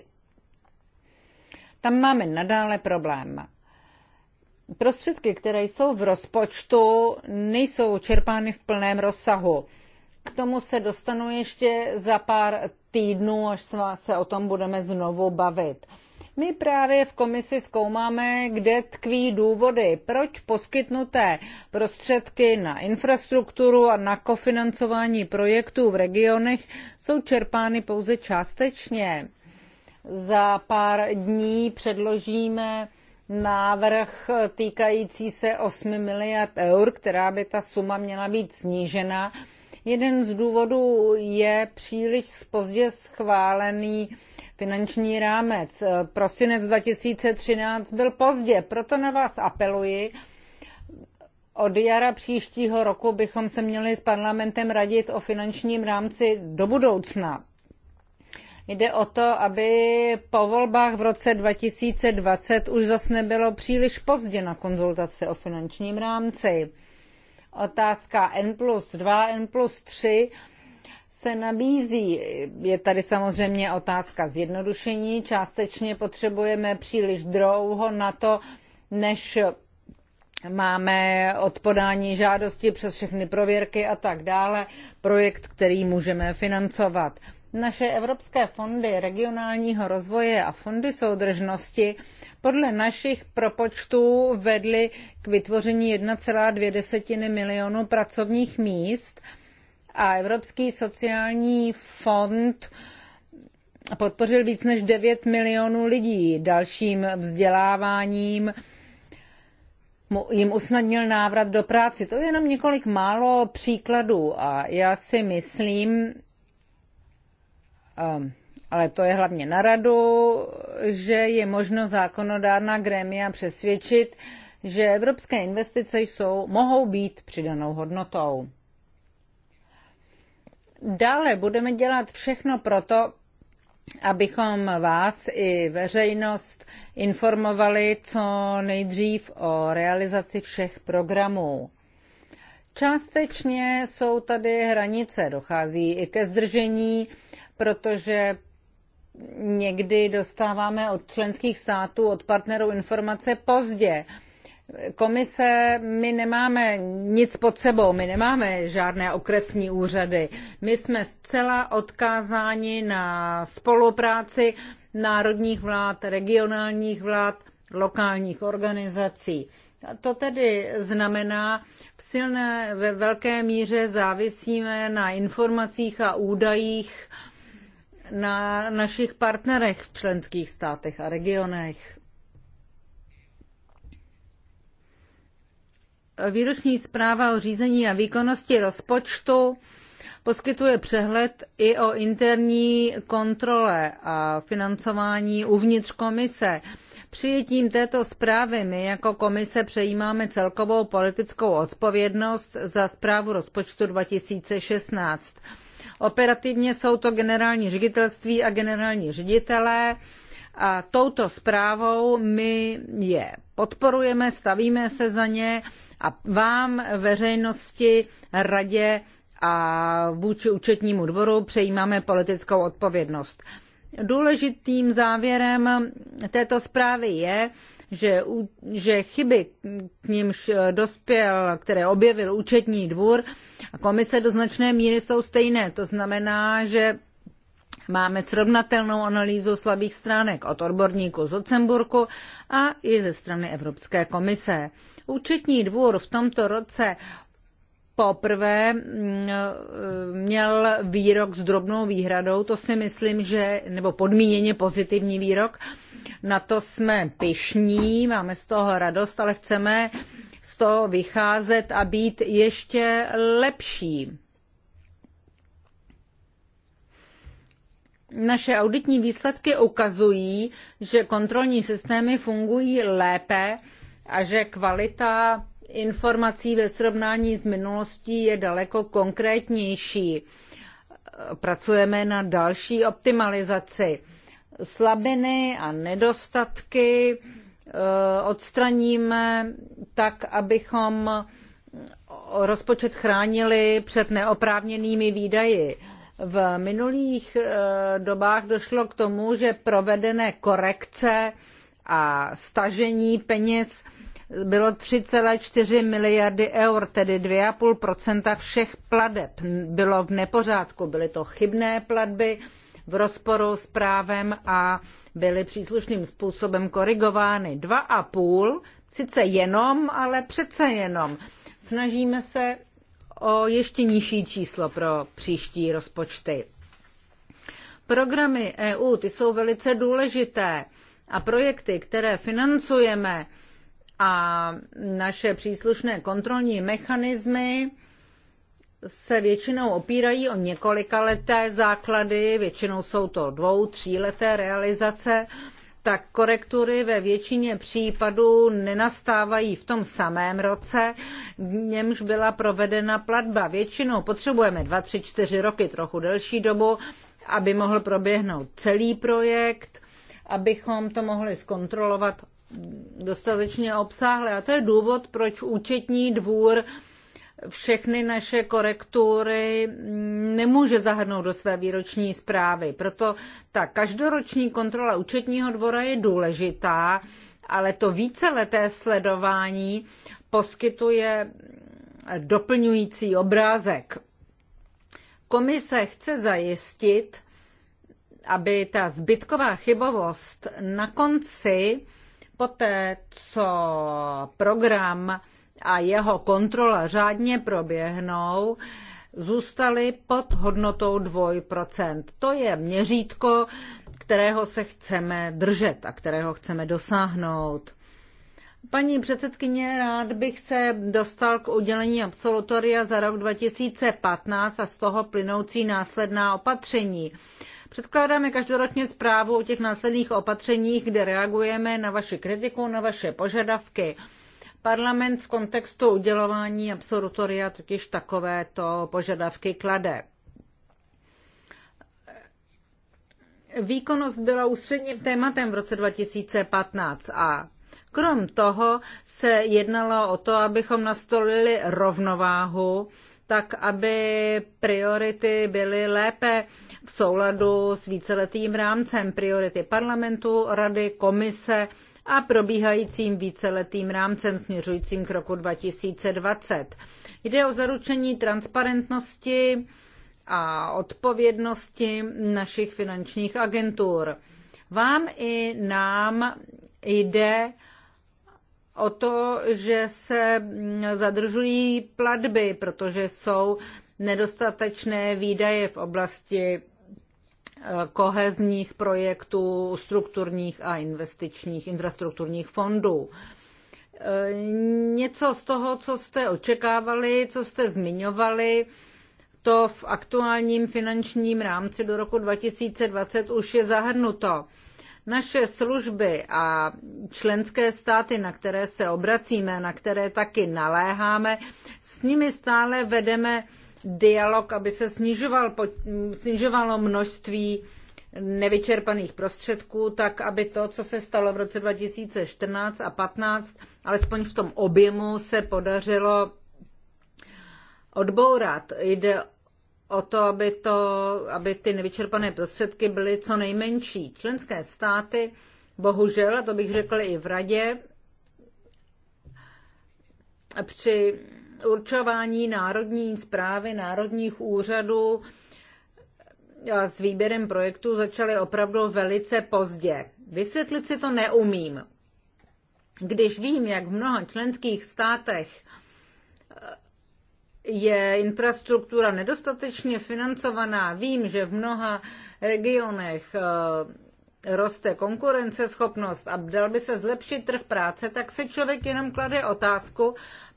Tam máme nadále problém. Prostředky, které jsou v rozpočtu, nejsou čerpány v plném rozsahu. K tomu se dostanu ještě za pár týdnů, až se o tom budeme znovu bavit. My právě v komisi zkoumáme, kde tkví důvody, proč poskytnuté prostředky na infrastrukturu a na kofinancování projektů v regionech jsou čerpány pouze částečně. Za pár dní předložíme návrh týkající se 8 miliard eur, která by ta suma měla být snížena Jeden z důvodů je příliš pozdě schválený finanční rámec. Prosinec 2013 byl pozdě, proto na vás apeluji. Od jara příštího roku bychom se měli s parlamentem radit o finančním rámci do budoucna. Jde o to, aby po volbách v roce 2020 už zase nebylo příliš pozdě na konzultaci o finančním rámci. Otázka N plus 2, N plus 3 se nabízí. Je tady samozřejmě otázka zjednodušení. Částečně potřebujeme příliš dlouho na to, než máme odpodání žádosti přes všechny prověrky a tak dále, projekt, který můžeme financovat. Naše evropské fondy regionálního rozvoje a fondy soudržnosti podle našich propočtů vedly k vytvoření 1,2 milionu pracovních míst a Evropský sociální fond podpořil víc než 9 milionů lidí dalším vzděláváním, jim usnadnil návrat do práce. To je jenom několik málo příkladů a já si myslím, Ehm, ale to je hlavně na radu, že je možno zákonodárná grémia přesvědčit, že evropské investice jsou, mohou být přidanou hodnotou. Dále budeme dělat všechno proto, abychom vás i veřejnost informovali co nejdřív o realizaci všech programů. Částečně jsou tady hranice, dochází i ke zdržení, protože někdy dostáváme od členských států, od partnerů informace pozdě. Komise, my nemáme nic pod sebou, my nemáme žádné okresní úřady. My jsme zcela odkázáni na spolupráci národních vlád, regionálních vlád, lokálních organizací. To tedy znamená, v silné, ve velké míře závisíme na informacích a údajích, na našich partnerech v členských státech a regionech. Výroční zpráva o řízení a výkonnosti rozpočtu poskytuje přehled i o interní kontrole a financování uvnitř komise. Přijetím této zprávy my jako komise přejímáme celkovou politickou odpovědnost za zprávu rozpočtu 2016. Operativně jsou to generální ředitelství a generální ředitelé. A touto zprávou my je podporujeme, stavíme se za ně a vám, veřejnosti, radě a vůči účetnímu dvoru přejímáme politickou odpovědnost. Důležitým závěrem této zprávy je, že, že chyby, k nímž eh, dospěl, které objevil účetní dvůr a komise do značné míry jsou stejné. To znamená, že máme srovnatelnou analýzu slabých stránek od odborníků z Lucemburku a i ze strany Evropské komise. Účetní dvůr v tomto roce poprvé mm, eh, měl výrok s drobnou výhradou, to si myslím, že, nebo podmíněně pozitivní výrok, na to jsme pyšní, máme z toho radost, ale chceme z toho vycházet a být ještě lepší. Naše auditní výsledky ukazují, že kontrolní systémy fungují lépe a že kvalita informací ve srovnání s minulostí je daleko konkrétnější. Pracujeme na další optimalizaci slabiny a nedostatky eh, odstraníme tak, abychom rozpočet chránili před neoprávněnými výdaji. V minulých eh, dobách došlo k tomu, že provedené korekce a stažení peněz bylo 3,4 miliardy eur, tedy 2,5 všech pladeb bylo v nepořádku. Byly to chybné platby, v rozporu s právem a byly příslušným způsobem korigovány. Dva a půl, sice jenom, ale přece jenom. Snažíme se o ještě nižší číslo pro příští rozpočty. Programy EU, ty jsou velice důležité a projekty, které financujeme a naše příslušné kontrolní mechanismy, se většinou opírají o několikaleté základy, většinou jsou to dvou, tříleté realizace, tak korektury ve většině případů nenastávají v tom samém roce, v němž byla provedena platba. Většinou potřebujeme 2, 3, 4 roky, trochu delší dobu, aby mohl proběhnout celý projekt, abychom to mohli zkontrolovat dostatečně obsáhle. A to je důvod, proč účetní dvůr všechny naše korektury nemůže zahrnout do své výroční zprávy. Proto ta každoroční kontrola účetního dvora je důležitá, ale to víceleté sledování poskytuje doplňující obrázek. Komise chce zajistit, aby ta zbytková chybovost na konci, poté co program a jeho kontrola řádně proběhnou, zůstaly pod hodnotou 2%. To je měřítko, kterého se chceme držet a kterého chceme dosáhnout. Paní předsedkyně, rád bych se dostal k udělení absolutoria za rok 2015 a z toho plynoucí následná opatření. Předkládáme každoročně zprávu o těch následných opatřeních, kde reagujeme na vaši kritiku, na vaše požadavky. Parlament v kontextu udělování absolutoria totiž takovéto požadavky klade. Výkonnost byla ústředním tématem v roce 2015 a krom toho se jednalo o to, abychom nastolili rovnováhu, tak aby priority byly lépe v souladu s víceletým rámcem priority parlamentu, rady, komise, a probíhajícím víceletým rámcem směřujícím k roku 2020. Jde o zaručení transparentnosti a odpovědnosti našich finančních agentur. Vám i nám jde o to, že se zadržují platby, protože jsou nedostatečné výdaje v oblasti kohezních projektů, strukturních a investičních infrastrukturních fondů. E, něco z toho, co jste očekávali, co jste zmiňovali, to v aktuálním finančním rámci do roku 2020 už je zahrnuto. Naše služby a členské státy, na které se obracíme, na které taky naléháme, s nimi stále vedeme dialog, aby se snižoval, snižovalo množství nevyčerpaných prostředků, tak aby to, co se stalo v roce 2014 a 2015, alespoň v tom objemu, se podařilo odbourat. Jde o to, aby, to, aby ty nevyčerpané prostředky byly co nejmenší. Členské státy, bohužel, a to bych řekl i v radě, při určování národní zprávy, národních úřadů a s výběrem projektů začaly opravdu velice pozdě. Vysvětlit si to neumím. Když vím, jak v mnoha členských státech eh, je infrastruktura nedostatečně financovaná, vím, že v mnoha regionech eh, roste konkurenceschopnost a dal by se zlepšit trh práce, tak se člověk jenom klade otázku,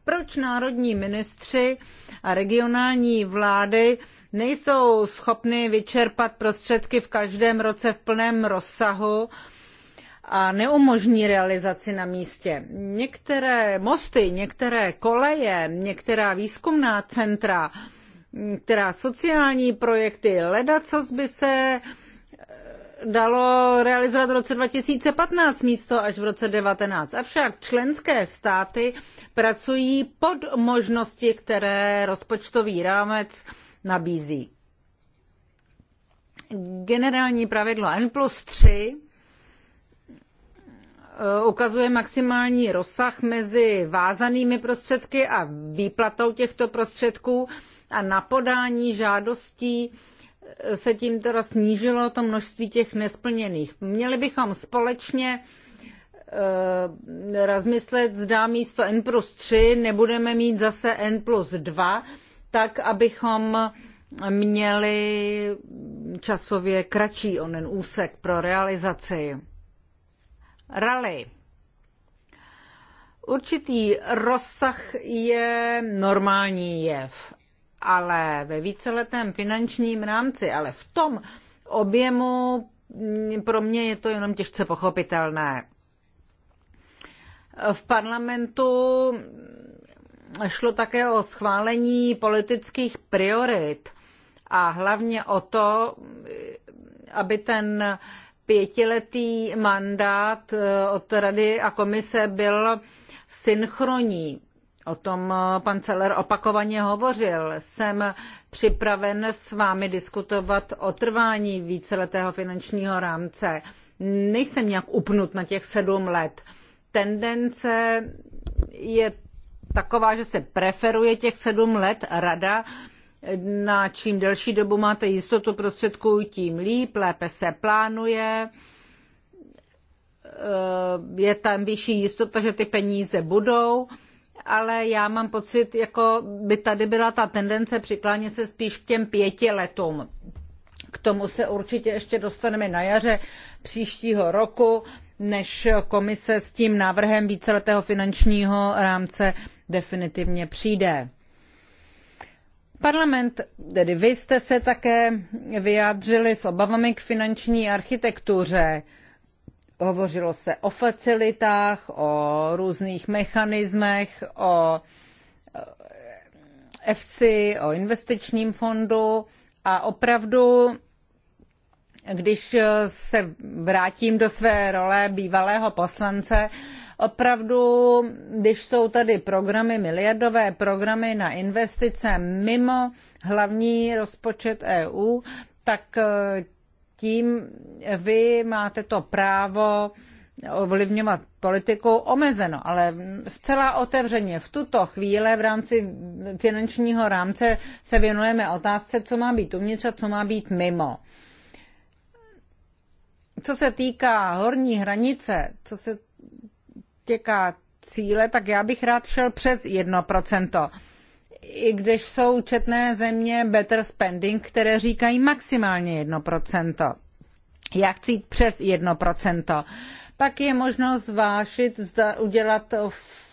proč národní ministři a regionální vlády nejsou schopny vyčerpat prostředky v každém roce v plném rozsahu a neumožní realizaci na místě. Některé mosty, některé koleje, některá výzkumná centra, která sociální projekty, ledacos by se uh, dalo realizovat v roce 2015 místo až v roce 2019. Avšak členské státy pracují pod možnosti, které rozpočtový rámec nabízí. Generální pravidlo N plus 3 eh, ukazuje maximální rozsah mezi vázanými prostředky a výplatou těchto prostředků a na podání žádostí se tím teda snížilo to množství těch nesplněných. Měli bychom společně eh, rozmyslet, zda místo N plus 3 nebudeme mít zase N plus 2, tak abychom měli časově kratší onen úsek pro realizaci. Rally. Určitý rozsah je normální jev ale ve víceletém finančním rámci, ale v tom objemu mm, pro mě je to jenom těžce pochopitelné. V parlamentu šlo také o schválení politických priorit a hlavně o to, aby ten pětiletý mandát eh, od Rady a komise byl synchronní. O tom eh, pan Celer opakovaně hovořil. Jsem připraven s vámi diskutovat o trvání víceletého finančního rámce. Nejsem nějak upnut na těch sedm let. Tendence je taková, že se preferuje těch sedm let rada. Na čím delší dobu máte jistotu prostředků, tím líp, lépe se plánuje eh, je tam vyšší jistota, že ty peníze budou ale já mám pocit, jako by tady byla ta tendence přiklánět se spíš k těm pěti letům. K tomu se určitě ještě dostaneme na jaře příštího roku, než komise s tím návrhem víceletého finančního rámce definitivně přijde. Parlament, tedy vy jste se také vyjádřili s obavami k finanční architektuře. Hovořilo se o facilitách, o různých mechanismech, o EFSI, eh, o investičním fondu a opravdu, když se vrátím do své role bývalého poslance, opravdu, když jsou tady programy, miliardové programy na investice mimo hlavní rozpočet EU, tak eh, tím vy máte to právo ovlivňovat politiku omezeno, ale zcela otevřeně v tuto chvíli v rámci finančního rámce se věnujeme otázce, co má být uvnitř a co má být mimo. Co se týká horní hranice, co se týká cíle, tak já bych rád šel přes 1% i když jsou četné země better spending, které říkají maximálně 1%. Já chci jít přes 1%. Pak je možno zvážit, zda udělat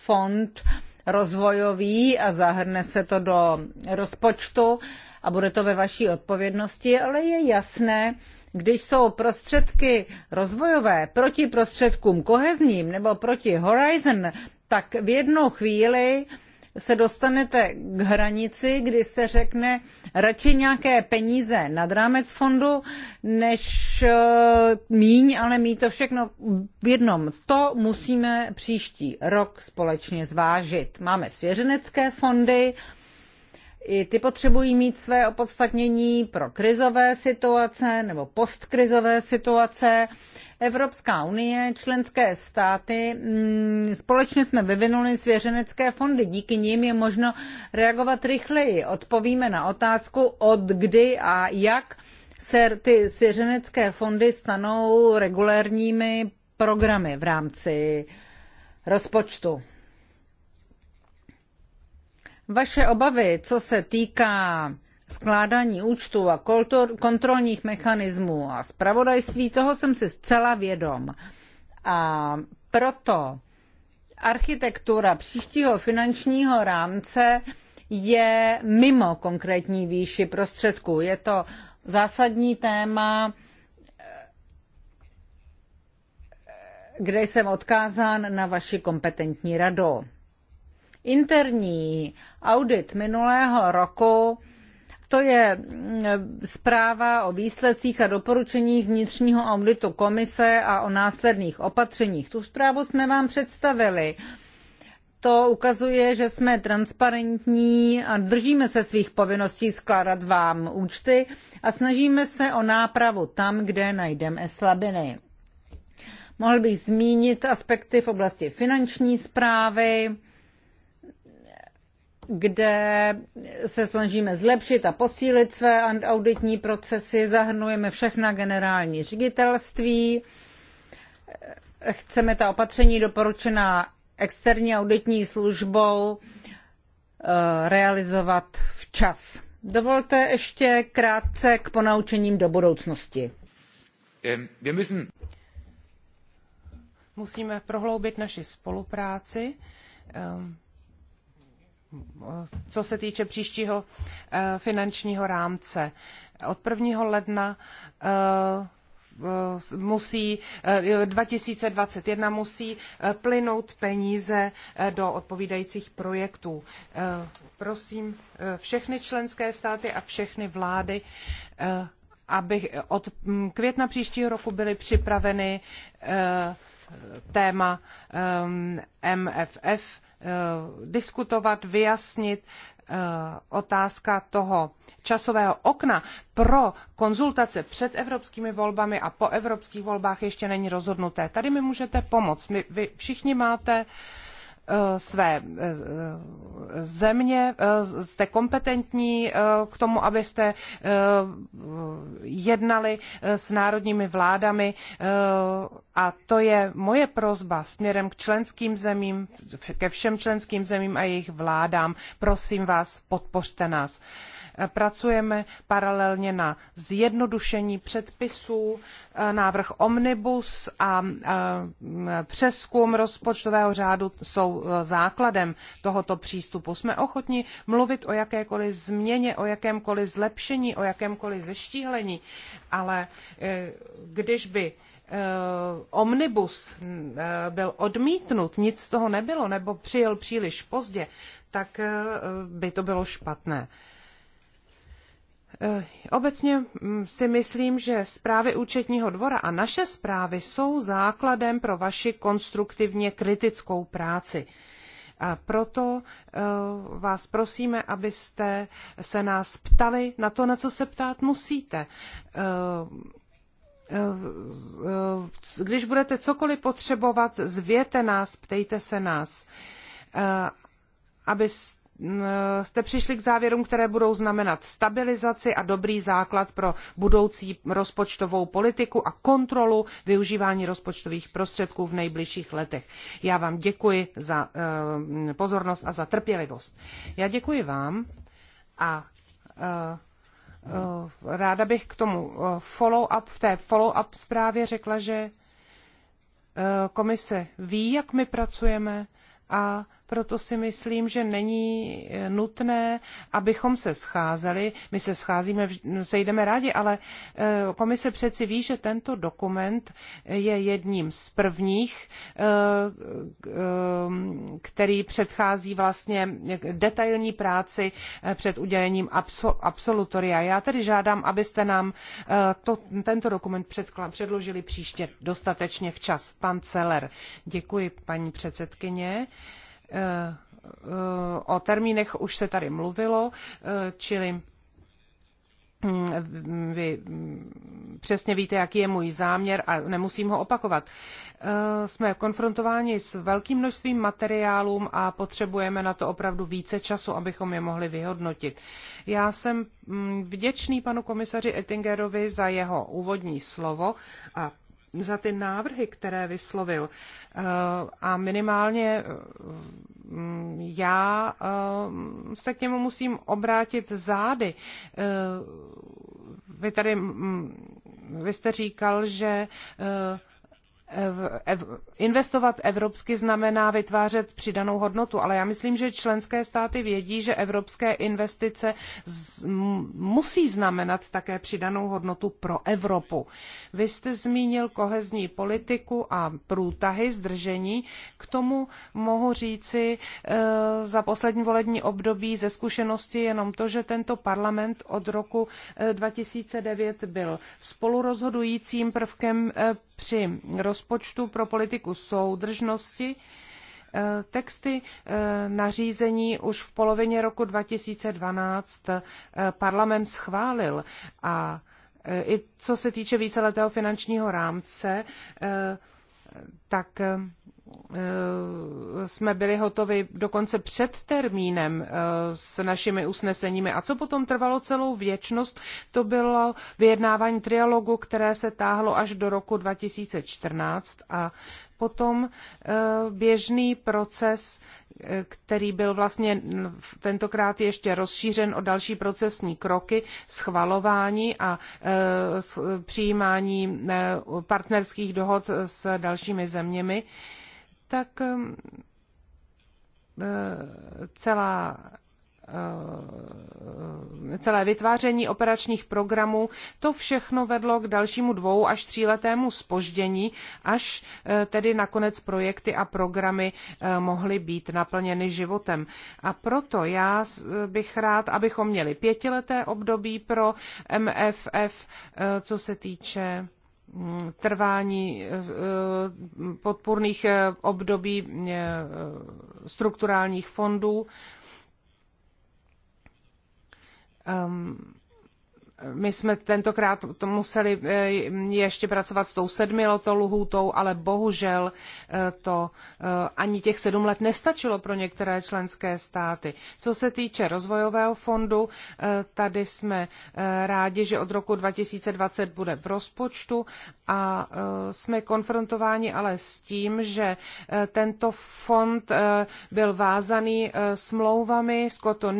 fond rozvojový a zahrne se to do rozpočtu a bude to ve vaší odpovědnosti, ale je jasné, když jsou prostředky rozvojové proti prostředkům kohezním nebo proti Horizon, tak v jednu chvíli uh, se dostanete k hranici, kdy se řekne radši nějaké peníze nad rámec fondu, než eh, míň, ale mít to všechno v jednom. To musíme příští rok společně zvážit. Máme svěřenecké fondy, i ty potřebují mít své opodstatnění pro krizové situace nebo postkrizové situace. Evropská unie, členské státy, mm, společně jsme vyvinuli svěřenecké fondy. Díky nim je možno reagovat rychleji. Odpovíme na otázku, od kdy a jak se ty svěřenecké fondy stanou regulérními programy v rámci rozpočtu. Vaše obavy, co se týká skládání účtů a kontrolních mechanismů a zpravodajství, toho jsem si zcela vědom. A proto architektura příštího finančního rámce je mimo konkrétní výši prostředků. Je to zásadní téma, kde jsem odkázán na vaši kompetentní radu. Interní audit minulého roku to je mm, zpráva o výsledcích a doporučeních vnitřního auditu komise a o následných opatřeních. Tu zprávu jsme vám představili. To ukazuje, že jsme transparentní a držíme se svých povinností skládat vám účty a snažíme se o nápravu tam, kde najdeme slabiny. Mohl bych zmínit aspekty v oblasti finanční zprávy, kde se snažíme zlepšit a posílit své auditní procesy, zahrnujeme všechna generální ředitelství, chceme ta opatření doporučená externí auditní službou eh, realizovat včas. Dovolte ještě krátce k ponaučením do budoucnosti. Musíme prohloubit naši spolupráci co se týče příštího eh, finančního rámce. Od 1. ledna eh, eh, musí 2021 musí plynout peníze do odpovídajících projektů. Prosím všechny členské státy a všechny vlády, aby od hm, května příštího roku byly připraveny téma MFF hm, Eh, diskutovat, vyjasnit eh, otázka toho časového okna pro konzultace před evropskými volbami a po evropských volbách ještě není rozhodnuté. Tady mi můžete pomoct. My, vy všichni máte uh, Eh, své eh, země, eh, jste kompetentní k tomu, abyste jednali s národními vládami a to je moje prozba směrem k členským zemím, ke všem členským zemím a jejich vládám. Prosím vás, podpořte nás. Pracujeme paralelně na zjednodušení předpisů, eh, návrh omnibus a eh, přeskum rozpočtového řádu jsou eh, základem tohoto přístupu. Jsme ochotni mluvit o jakékoliv změně, o jakémkoliv zlepšení, o jakémkoliv zeštíhlení, ale když by omnibus byl odmítnut, nic z toho nebylo, nebo přijel příliš pozdě, tak by to bylo špatné. Eh, obecně mm, si myslím, že zprávy účetního dvora a naše zprávy jsou základem pro vaši konstruktivně kritickou práci. A proto eh, vás prosíme, abyste se nás ptali na to, na co se ptát musíte. Eh, když budete cokoliv potřebovat, zvěte nás, ptejte se nás, abyste Eh, jste přišli k závěrům, které budou znamenat stabilizaci a dobrý základ pro budoucí rozpočtovou politiku a kontrolu využívání rozpočtových prostředků v nejbližších letech. Já vám děkuji za eh, pozornost a za trpělivost. Já děkuji vám a eh, ráda bych k tomu follow-up, v té follow-up zprávě řekla, že komise ví, jak my pracujeme a proto si myslím, že není eh, nutné, abychom se scházeli. My se scházíme, sejdeme rádi, ale eh, komise přeci ví, že tento dokument je jedním z prvních, eh, který předchází vlastně detailní práci před udělením absolutoria. Já tedy žádám, abyste nám to, tento dokument předložili příště dostatečně včas. Pan Celer, děkuji paní předsedkyně. Eh, eh, o termínech už se tady mluvilo, eh, čili hm, vy hm, přesně víte, jaký je můj záměr a nemusím ho opakovat. Jsme konfrontováni s velkým množstvím materiálům a potřebujeme na to opravdu více času, abychom je mohli vyhodnotit. Já jsem hm, vděčný panu komisaři Ettingerovi za jeho úvodní slovo a za ty návrhy, které vyslovil. Eh, a minimálně eh, mm, já eh, se k němu musím obrátit zády. Vy tady, mm, vy jste říkal, že investovat evropsky znamená vytvářet přidanou hodnotu, ale já myslím, že členské státy vědí, že evropské investice z, musí znamenat také přidanou hodnotu pro Evropu. Vy jste zmínil kohezní politiku a průtahy, zdržení. K tomu mohu říci e, za poslední volební období ze zkušenosti jenom to, že tento parlament od roku 2009 e, byl spolurozhodujícím prvkem e, při roz rozpočtu pro politiku soudržnosti eh, texty eh, nařízení už v polovině roku 2012 eh, parlament schválil a i co se týče víceletého finančního rámce, tak Eh, jsme byli hotovi dokonce před termínem eh, s našimi usneseními. A co potom trvalo celou věčnost, to bylo vyjednávání trialogu, které se táhlo až do roku 2014 a potom eh, běžný proces, který byl vlastně tentokrát ještě rozšířen o další procesní kroky, schvalování a přijímání partnerských dohod s dalšími zeměmi tak um, e, celá e, e, celé vytváření operačních programů, to všechno vedlo k dalšímu dvou až tříletému spoždění, až tedy nakonec projekty a programy mohly být naplněny životem. A proto já bych rád, abychom měli pětileté období pro MFF, co se týče Mm, trvání eh, podpůrných eh, období eh, strukturálních fondů. Ehm, my jsme tentokrát to museli eh, ještě pracovat s tou sedmiletou lhůtou, ale bohužel eh, to eh, ani těch sedm let nestačilo pro některé členské státy. Co se týče rozvojového fondu, tady jsme rádi, že od roku 2020 bude v rozpočtu a jsme konfrontováni ale s tím, že tento fond byl vázaný smlouvami z Cotonou,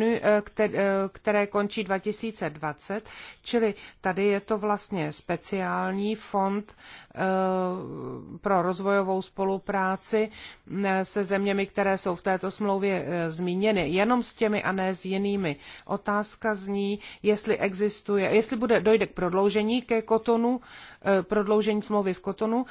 které končí 2020 Čili tady je to vlastně speciální fond Eh, pro rozvojovou spolupráci eh, se zeměmi, které jsou v této smlouvě eh, zmíněny, jenom s těmi a ne s jinými. Otázka zní, jestli existuje, jestli bude, dojde k prodloužení ke kotonu, prodloužení smlouvy z kotonu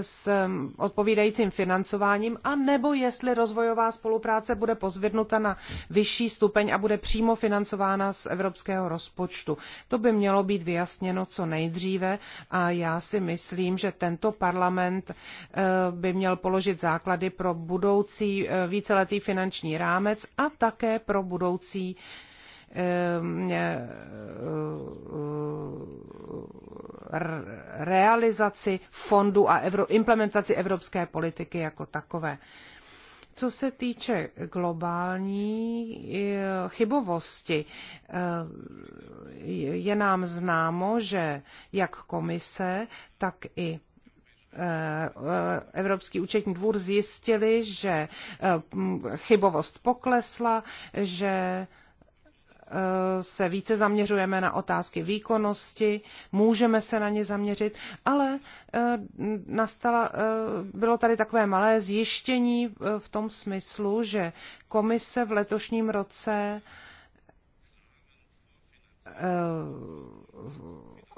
s mm, odpovídajícím financováním, a nebo jestli rozvojová spolupráce bude pozvednuta na vyšší stupeň a bude přímo financována z evropského rozpočtu. To by mělo být vyjasněno co nejdříve a já si myslím, že že tento parlament eh, by měl položit základy pro budoucí eh, víceletý finanční rámec a také pro budoucí eh, realizaci fondu a implementaci evropské politiky jako takové. Co se týče globální eh, chybovosti, eh, je nám známo, že jak komise, tak i eh, Evropský účetní dvůr zjistili, že chybovost poklesla, že se více zaměřujeme na otázky výkonnosti, můžeme se na ně zaměřit, ale eh, nastala, eh, bylo tady takové malé zjištění eh, v tom smyslu, že komise v letošním roce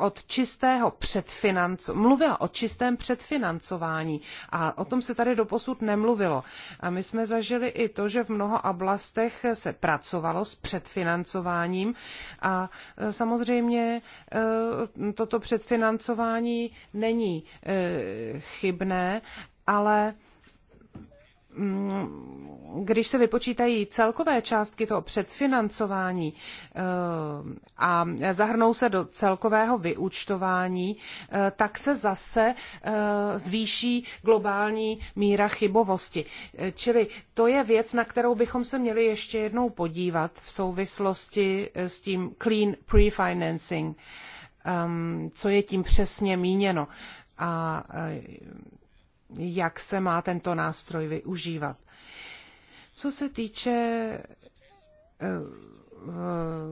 od čistého předfinancování, mluvila o čistém předfinancování a o tom se tady doposud nemluvilo. A my jsme zažili i to, že v mnoha oblastech se pracovalo s předfinancováním a e, samozřejmě e, toto předfinancování není e, chybné, ale Mm, když se vypočítají celkové částky toho předfinancování eh, a zahrnou se do celkového vyúčtování, eh, tak se zase eh, zvýší globální míra chybovosti. Čili to je věc, na kterou bychom se měli ještě jednou podívat v souvislosti s tím clean prefinancing, ehm, co je tím přesně míněno. A jak se má tento nástroj využívat. Co se týče eh, eh,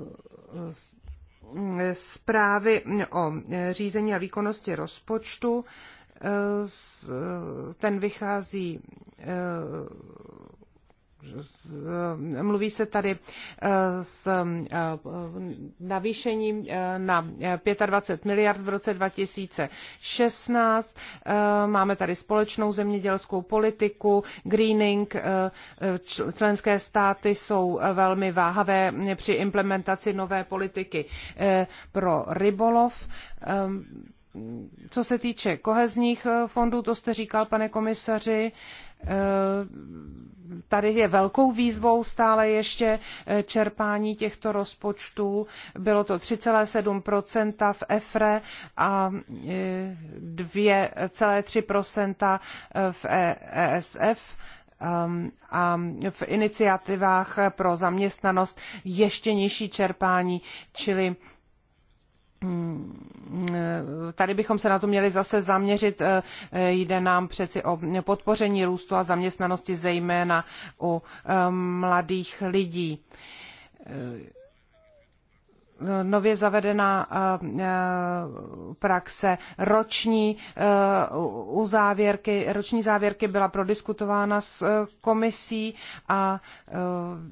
zprávy o řízení a výkonnosti rozpočtu, eh, ten vychází Eh, mluví se tady eh, s eh, navýšením na 25 miliard v roce 2016. Máme tady společnou zemědělskou politiku, greening, členské státy jsou velmi váhavé při implementaci nové politiky pro rybolov co se týče kohezních fondů, to jste říkal, pane komisaři, Eh, tady je velkou výzvou stále ještě eh, čerpání těchto rozpočtů. Bylo to 3,7 v EFRE a 2,3 eh, v ESF e ehm, a v iniciativách pro zaměstnanost ještě nižší čerpání, čili Mm, eh, tady bychom se na to měli zase zaměřit. Eh, eh, jde nám přeci o podpoření růstu a zaměstnanosti, zejména u mladých lidí nově zavedená eh, eh, praxe roční eh, uzávěrky, roční závěrky byla prodiskutována s komisí a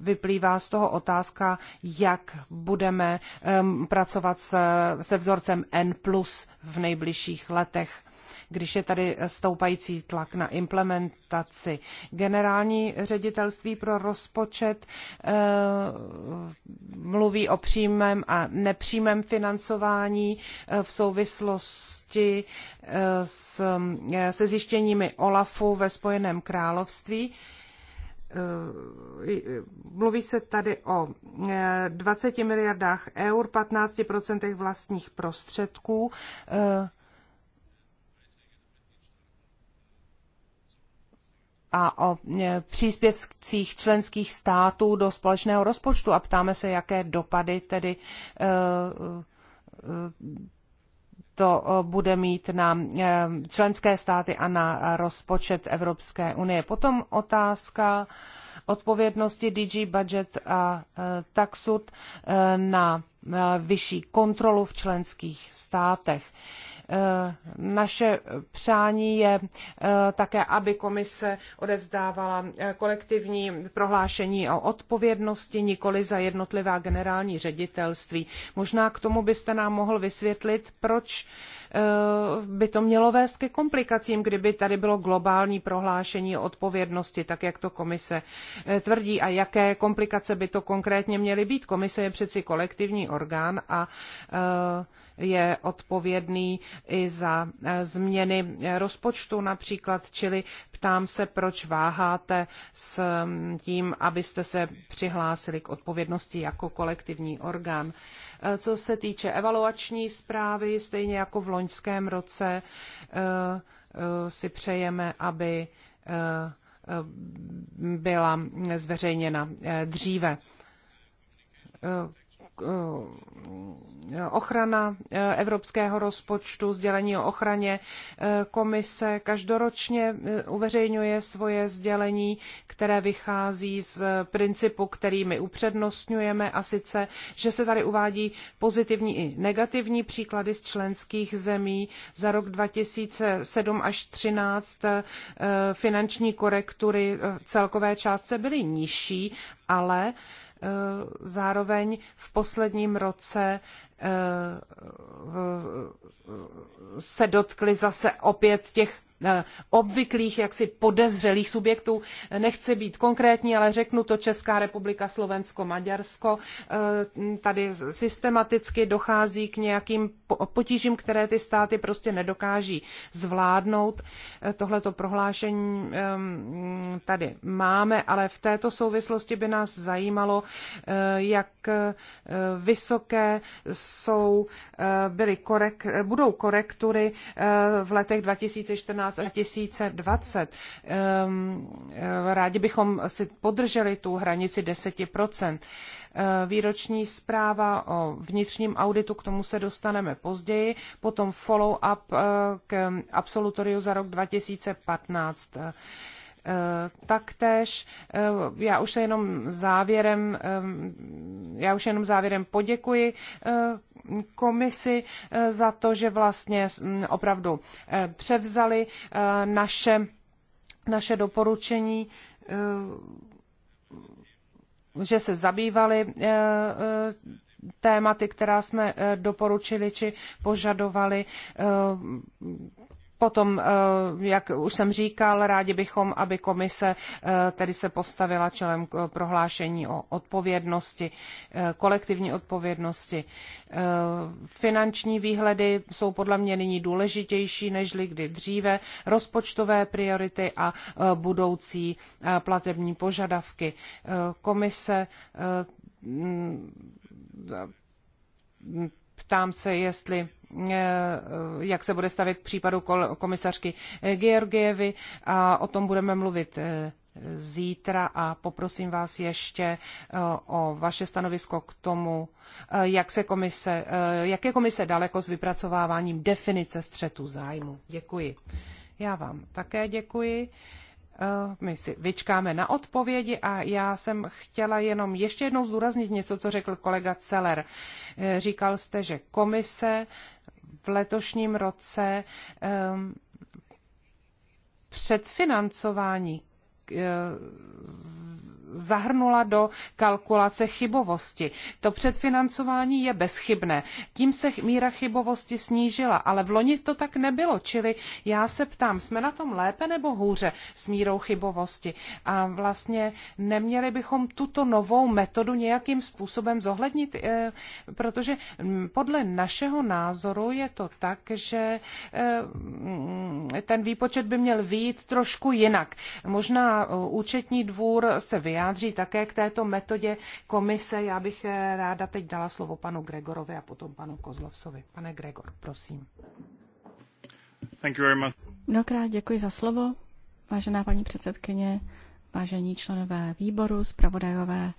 vyplývá z toho otázka, jak budeme pracovat se vzorcem N plus v nejbližších letech když je tady stoupající tlak na implementaci. Generální ředitelství pro rozpočet eh, mluví o přímém a nepřímém financování eh, v souvislosti souvislosti eh, s, se zjištěními OLAFu ve Spojeném království. Mluví se tady o 20 miliardách eur, 15% vlastních prostředků. a o e, příspěvcích členských států do společného rozpočtu a ptáme se, jaké dopady tedy e, e, to bude mít na členské státy a na rozpočet Evropské unie. Potom otázka odpovědnosti DG Budget a Taxud na vyšší kontrolu v členských státech. Eh, naše přání je eh, také, aby komise odevzdávala eh, kolektivní prohlášení o odpovědnosti nikoli za jednotlivá generální ředitelství. Možná k tomu byste nám mohl vysvětlit, proč Eh, by to mělo vést ke komplikacím, kdyby tady bylo globální prohlášení o odpovědnosti, tak jak to komise eh, tvrdí a jaké komplikace by to konkrétně měly být. Komise je přeci kolektivní orgán a eh, je odpovědný i za změny rozpočtu například, čili ptám se, proč váháte s mm, tím, abyste se přihlásili k odpovědnosti jako kolektivní orgán. Co se týče evaluační zprávy, stejně jako v loňském roce eh, eh, si přejeme, aby eh, byla zveřejněna dříve Eh, ochrana eh, evropského rozpočtu, sdělení o ochraně eh, komise každoročně uveřejňuje svoje sdělení, které vychází z principu, který my upřednostňujeme a sice, že se tady uvádí pozitivní i negativní příklady z členských zemí za rok 2007 až 2013 finanční korektury celkové částce byly nižší, ale Eh, zároveň v posledním roce eh, se dotkli zase opět těch obvyklých, jaksi podezřelých subjektů. Nechci být konkrétní, ale řeknu to Česká republika, Slovensko, Maďarsko. Eh, tady systematicky dochází k nějakým potížím, které ty státy prostě nedokáží zvládnout. Eh, tohleto prohlášení ehm, tady máme, ale v této souvislosti by nás zajímalo, eh, jak vysoké jsou, byly korek, budou korektury v letech 2014 2014 až 2020. Ehm, eh, rádi bychom si podrželi tu hranici 10 ehm, výroční zpráva o vnitřním auditu, k tomu se dostaneme později, potom follow-up eh, k absolutoriu za rok 2015. Eh, taktéž eh, já už se jenom závěrem, eh, já už jenom závěrem poděkuji komisi za to, že vlastně mm, opravdu převzali naše, naše doporučení že se zabývali tématy, která jsme doporučili či požadovali. Potom, eh, jak už jsem říkal, rádi bychom, aby komise eh, tedy se postavila čelem k eh, prohlášení o odpovědnosti, kolektivní odpovědnosti. Finanční výhledy jsou podle mě nyní důležitější než kdy dříve, rozpočtové priority a budoucí platební požadavky. Komise ptám se, jestli Eh, jak se bude stavit k případu komisařky Georgievy a o tom budeme mluvit eh, zítra a poprosím vás ještě eh, o vaše stanovisko k tomu, jak, se komise, jak je komise daleko s vypracováváním definice střetu zájmu. Děkuji. Já vám také děkuji. My si vyčkáme na odpovědi a já jsem chtěla jenom ještě jednou zdůraznit něco, co řekl kolega Celer. Říkal jste, že komise v letošním roce ehm, předfinancování eh, zahrnula do kalkulace chybovosti. To předfinancování je bezchybné. Tím se míra chybovosti snížila, ale v loni to tak nebylo, čili já se ptám, jsme na tom lépe nebo hůře s mírou chybovosti? A vlastně neměli bychom tuto novou metodu nějakým způsobem zohlednit, eh, protože mm, podle našeho názoru je to tak, že eh, mm, ten výpočet by měl výjít trošku jinak. Možná eh, účetní dvůr se vyjádří, vyjádří také k této metodě komise. Já bych eh, ráda teď dala slovo panu Gregorovi a potom panu Kozlovsovi. Pane Gregor, prosím. Mnohokrát děkuji za slovo, vážená paní předsedkyně, vážení členové výboru, zpravodajové,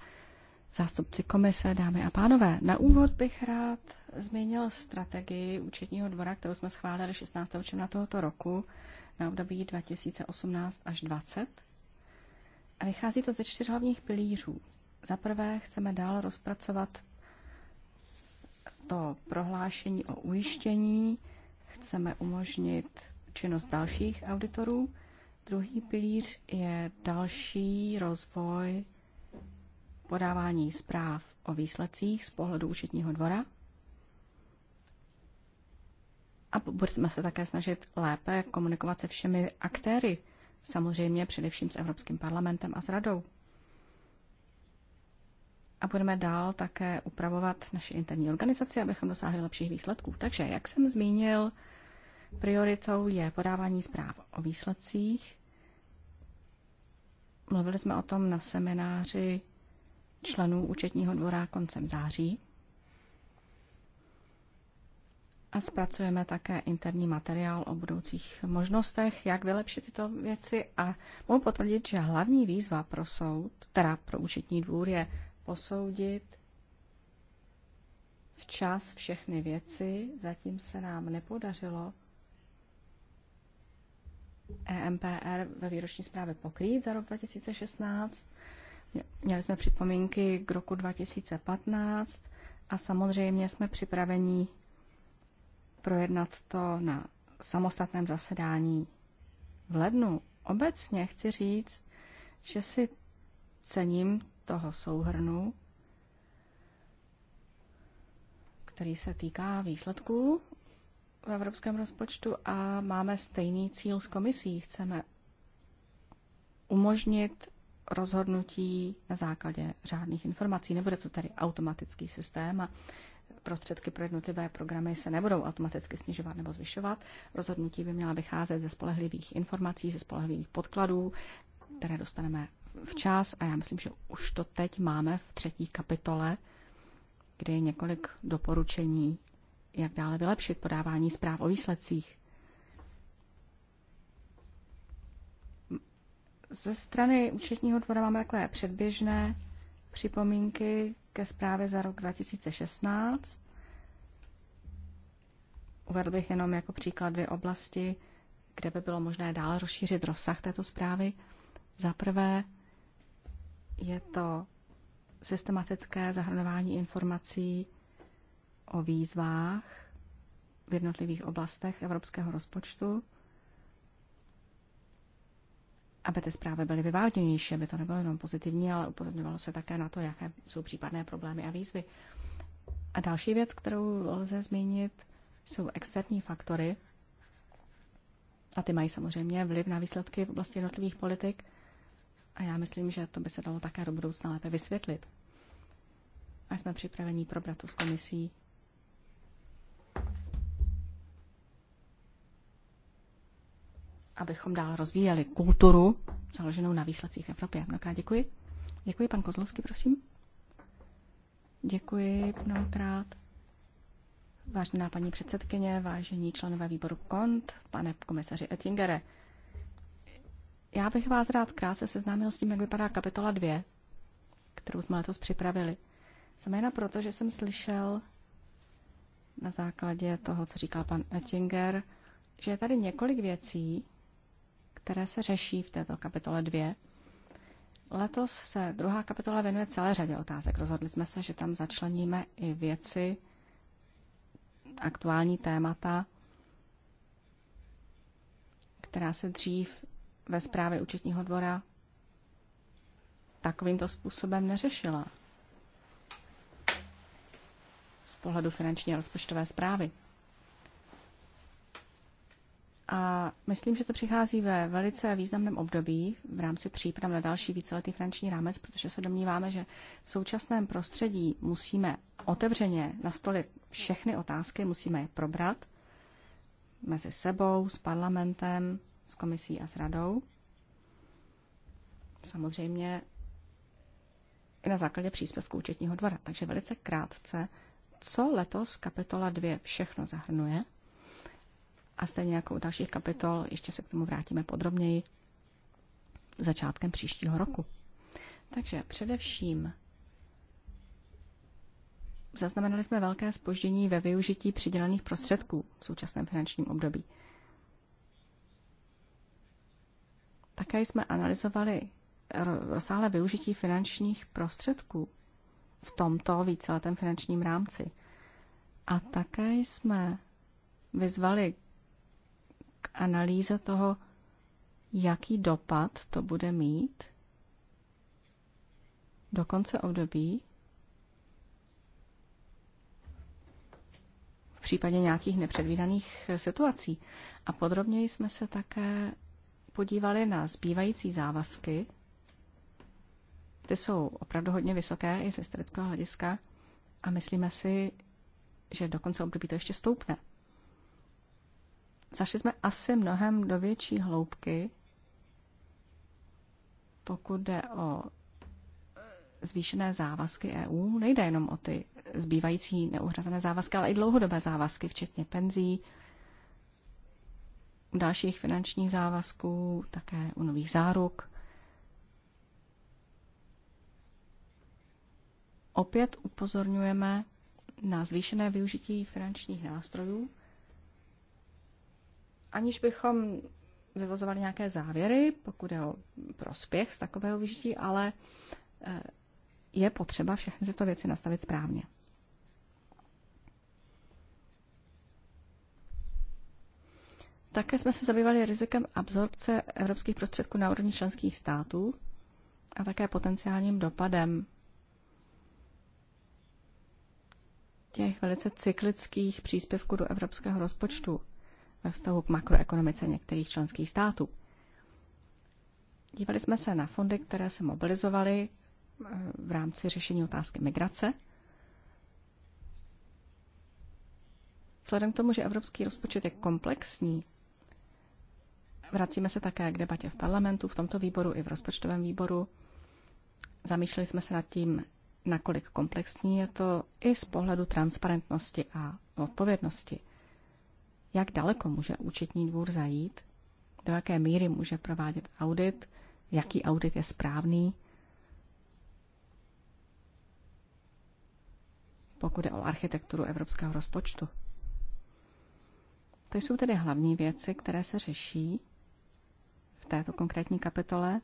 zástupci komise, dámy a pánové. Na úvod bych rád zmínil strategii účetního dvora, kterou jsme schválili 16. června tohoto roku na období 2018 až 2020. A vychází to ze čtyř hlavních pilířů. Za prvé chceme dál rozpracovat to prohlášení o ujištění, chceme umožnit činnost dalších auditorů. Druhý pilíř je další rozvoj podávání zpráv o výsledcích z pohledu účetního dvora. A budeme se také snažit lépe komunikovat se všemi aktéry, samozřejmě především s Evropským parlamentem a s radou. A budeme dál také upravovat naši interní organizaci, abychom dosáhli lepších výsledků. Takže, jak jsem zmínil, prioritou je podávání zpráv o výsledcích. Mluvili jsme o tom na semináři členů účetního dvora koncem září. A zpracujeme také interní materiál o budoucích možnostech, jak vylepšit tyto věci. A mohu potvrdit, že hlavní výzva pro soud, teda pro účetní dvůr, je posoudit včas všechny věci. Zatím se nám nepodařilo EMPR ve výroční zprávě pokrýt za rok 2016. Měli jsme připomínky k roku 2015 a samozřejmě jsme připraveni projednat to na samostatném zasedání v lednu. Obecně chci říct, že si cením toho souhrnu, který se týká výsledků v evropském rozpočtu a máme stejný cíl s komisí. Chceme umožnit rozhodnutí na základě řádných informací. Nebude to tady automatický systém a prostředky pro jednotlivé programy se nebudou automaticky snižovat nebo zvyšovat. Rozhodnutí by měla vycházet ze spolehlivých informací, ze spolehlivých podkladů, které dostaneme včas a já myslím, že už to teď máme v třetí kapitole, kde je několik doporučení, jak dále vylepšit podávání zpráv o výsledcích. Ze strany účetního dvora máme takové předběžné připomínky, ke zprávě za rok 2016. Uvedl bych jenom jako příklad dvě oblasti, kde by bylo možné dál rozšířit rozsah této zprávy. Za prvé je to systematické zahrnování informací o výzvách v jednotlivých oblastech evropského rozpočtu aby ty zprávy byly vyváženější, aby to nebylo jenom pozitivní, ale upozorňovalo se také na to, jaké jsou případné problémy a výzvy. A další věc, kterou lze zmínit, jsou externí faktory. A ty mají samozřejmě vliv na výsledky v oblasti jednotlivých politik. A já myslím, že to by se dalo také do budoucna lépe vysvětlit. A jsme připraveni probrat to s komisí abychom dál rozvíjeli kulturu založenou na výsledcích v Evropě. Mnohokrát děkuji. Děkuji, pan Kozlovský, prosím. Děkuji mnohokrát. Vážená paní předsedkyně, vážení členové výboru KONT, pane komisaři Ettingere, já bych vás rád krátce seznámil s tím, jak vypadá kapitola 2, kterou jsme letos připravili. Zejména proto, že jsem slyšel na základě toho, co říkal pan Ettinger, že je tady několik věcí, které se řeší v této kapitole 2. Letos se druhá kapitola věnuje celé řadě otázek. Rozhodli jsme se, že tam začleníme i věci, aktuální témata, která se dřív ve zprávě účetního dvora takovýmto způsobem neřešila z pohledu finanční a rozpočtové zprávy. A myslím, že to přichází ve velice významném období v rámci příprav na další víceletý finanční rámec, protože se domníváme, že v současném prostředí musíme otevřeně nastolit všechny otázky, musíme je probrat mezi sebou, s parlamentem, s komisí a s radou. Samozřejmě i na základě příspěvku účetního dvora. Takže velice krátce, co letos kapitola 2 všechno zahrnuje – a stejně jako u dalších kapitol, ještě se k tomu vrátíme podrobněji začátkem příštího roku. Takže především zaznamenali jsme velké spoždění ve využití přidělených prostředků v současném finančním období. Také jsme analyzovali rozsáhlé využití finančních prostředků v tomto víceletém finančním rámci. A také jsme vyzvali analýza toho, jaký dopad to bude mít do konce období v případě nějakých nepředvídaných situací. A podrobněji jsme se také podívali na zbývající závazky. Ty jsou opravdu hodně vysoké i ze historického hlediska a myslíme si, že do konce období to ještě stoupne zašli jsme asi mnohem do větší hloubky, pokud jde o zvýšené závazky EU. Nejde jenom o ty zbývající neuhrazené závazky, ale i dlouhodobé závazky, včetně penzí, u dalších finančních závazků, také u nových záruk. Opět upozorňujeme na zvýšené využití finančních nástrojů, aniž bychom vyvozovali nějaké závěry, pokud je o prospěch z takového vyžití, ale eh, je potřeba všechny tyto věci nastavit správně. Také jsme se zabývali rizikem absorpce evropských prostředků na úrovni členských států a také potenciálním dopadem těch velice cyklických příspěvků do evropského rozpočtu ve vztahu k makroekonomice některých členských států. Dívali jsme se na fondy, které se mobilizovaly eh, v rámci řešení otázky migrace. Vzhledem k tomu, že evropský rozpočet je komplexní, vracíme se také k debatě v parlamentu, v tomto výboru i v rozpočtovém výboru. Zamýšleli jsme se nad tím, nakolik komplexní je to i z pohledu transparentnosti a odpovědnosti jak daleko může účetní dvůr zajít, do jaké míry může provádět audit, jaký audit je správný, pokud je o architekturu evropského rozpočtu. To jsou tedy hlavní věci, které se řeší v této konkrétní kapitole.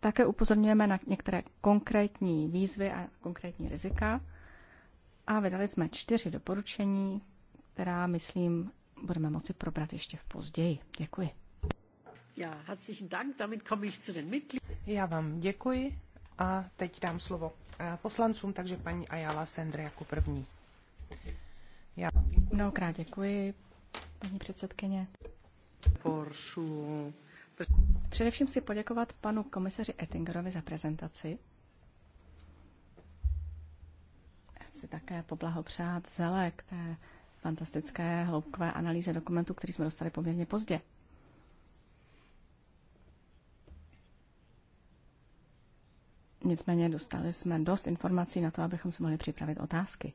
Také upozorňujeme na některé konkrétní výzvy a konkrétní rizika a vydali jsme čtyři doporučení, která, myslím, budeme moci probrat ještě v později. Děkuji. Já vám děkuji a teď dám slovo eh, poslancům, takže paní Ayala Sendre jako první. Já Mnohokrát děkuji, paní předsedkyně. Především si poděkovat panu komisaři Ettingerovi za prezentaci. chci také poblahopřát Zele k té fantastické hloubkové analýze dokumentu, který jsme dostali poměrně pozdě. Nicméně dostali jsme dost informací na to, abychom si mohli připravit otázky.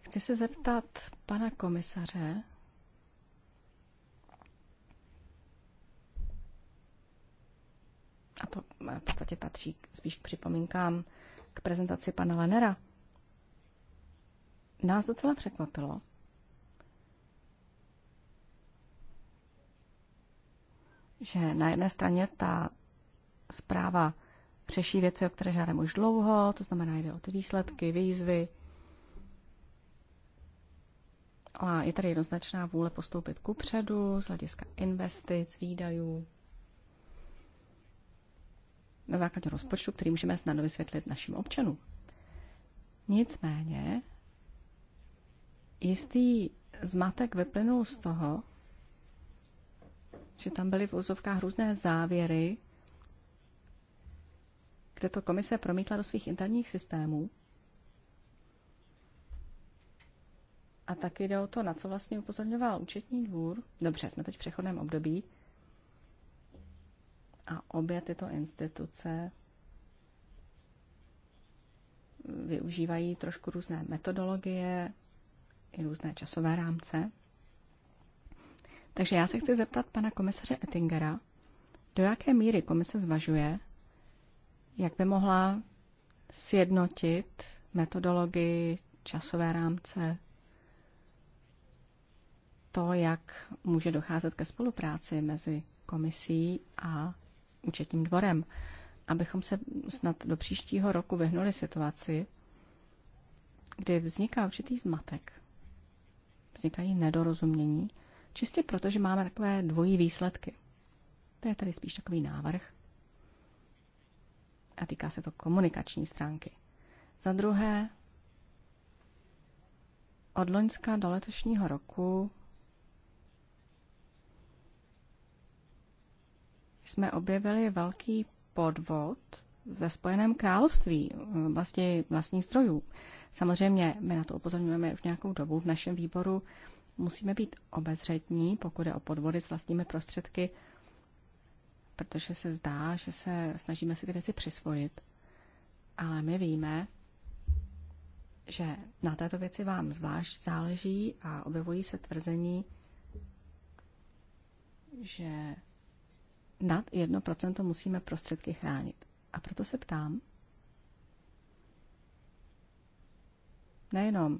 Chci se zeptat pana komisaře, a to v podstatě patří spíš k připomínkám k prezentaci pana Lenera, nás docela překvapilo, že na jedné straně ta zpráva řeší věci, o které žádám už dlouho, to znamená, jde o ty výsledky, výzvy. A je tady jednoznačná vůle postoupit ku předu z hlediska investic, výdajů, na základě rozpočtu, který můžeme snadno vysvětlit našim občanům. Nicméně jistý zmatek vyplynul z toho, že tam byly v úzovkách různé závěry, kde to komise promítla do svých interních systémů. A taky jde o to, na co vlastně upozorňoval účetní dvůr. Dobře, jsme teď v přechodném období, a obě tyto instituce využívají trošku různé metodologie i různé časové rámce. Takže já se chci zeptat pana komisaře Ettingera, do jaké míry komise zvažuje, jak by mohla sjednotit metodologii, časové rámce, to, jak může docházet ke spolupráci mezi komisí a účetním dvorem, abychom se snad do příštího roku vyhnuli situaci, kdy vzniká určitý zmatek, vznikají nedorozumění, čistě proto, že máme takové dvojí výsledky. To je tady spíš takový návrh. A týká se to komunikační stránky. Za druhé, od loňska do letošního roku jsme objevili velký podvod ve Spojeném království eh, vlastně vlastních zdrojů. Samozřejmě my na to upozorňujeme už nějakou dobu v našem výboru. Musíme být obezřetní, pokud je o podvody s vlastními prostředky, protože se zdá, že se snažíme si ty věci přisvojit. Ale my víme, že na této věci vám zvlášť záleží a objevují se tvrzení, že nad 1% musíme prostředky chránit. A proto se ptám, nejenom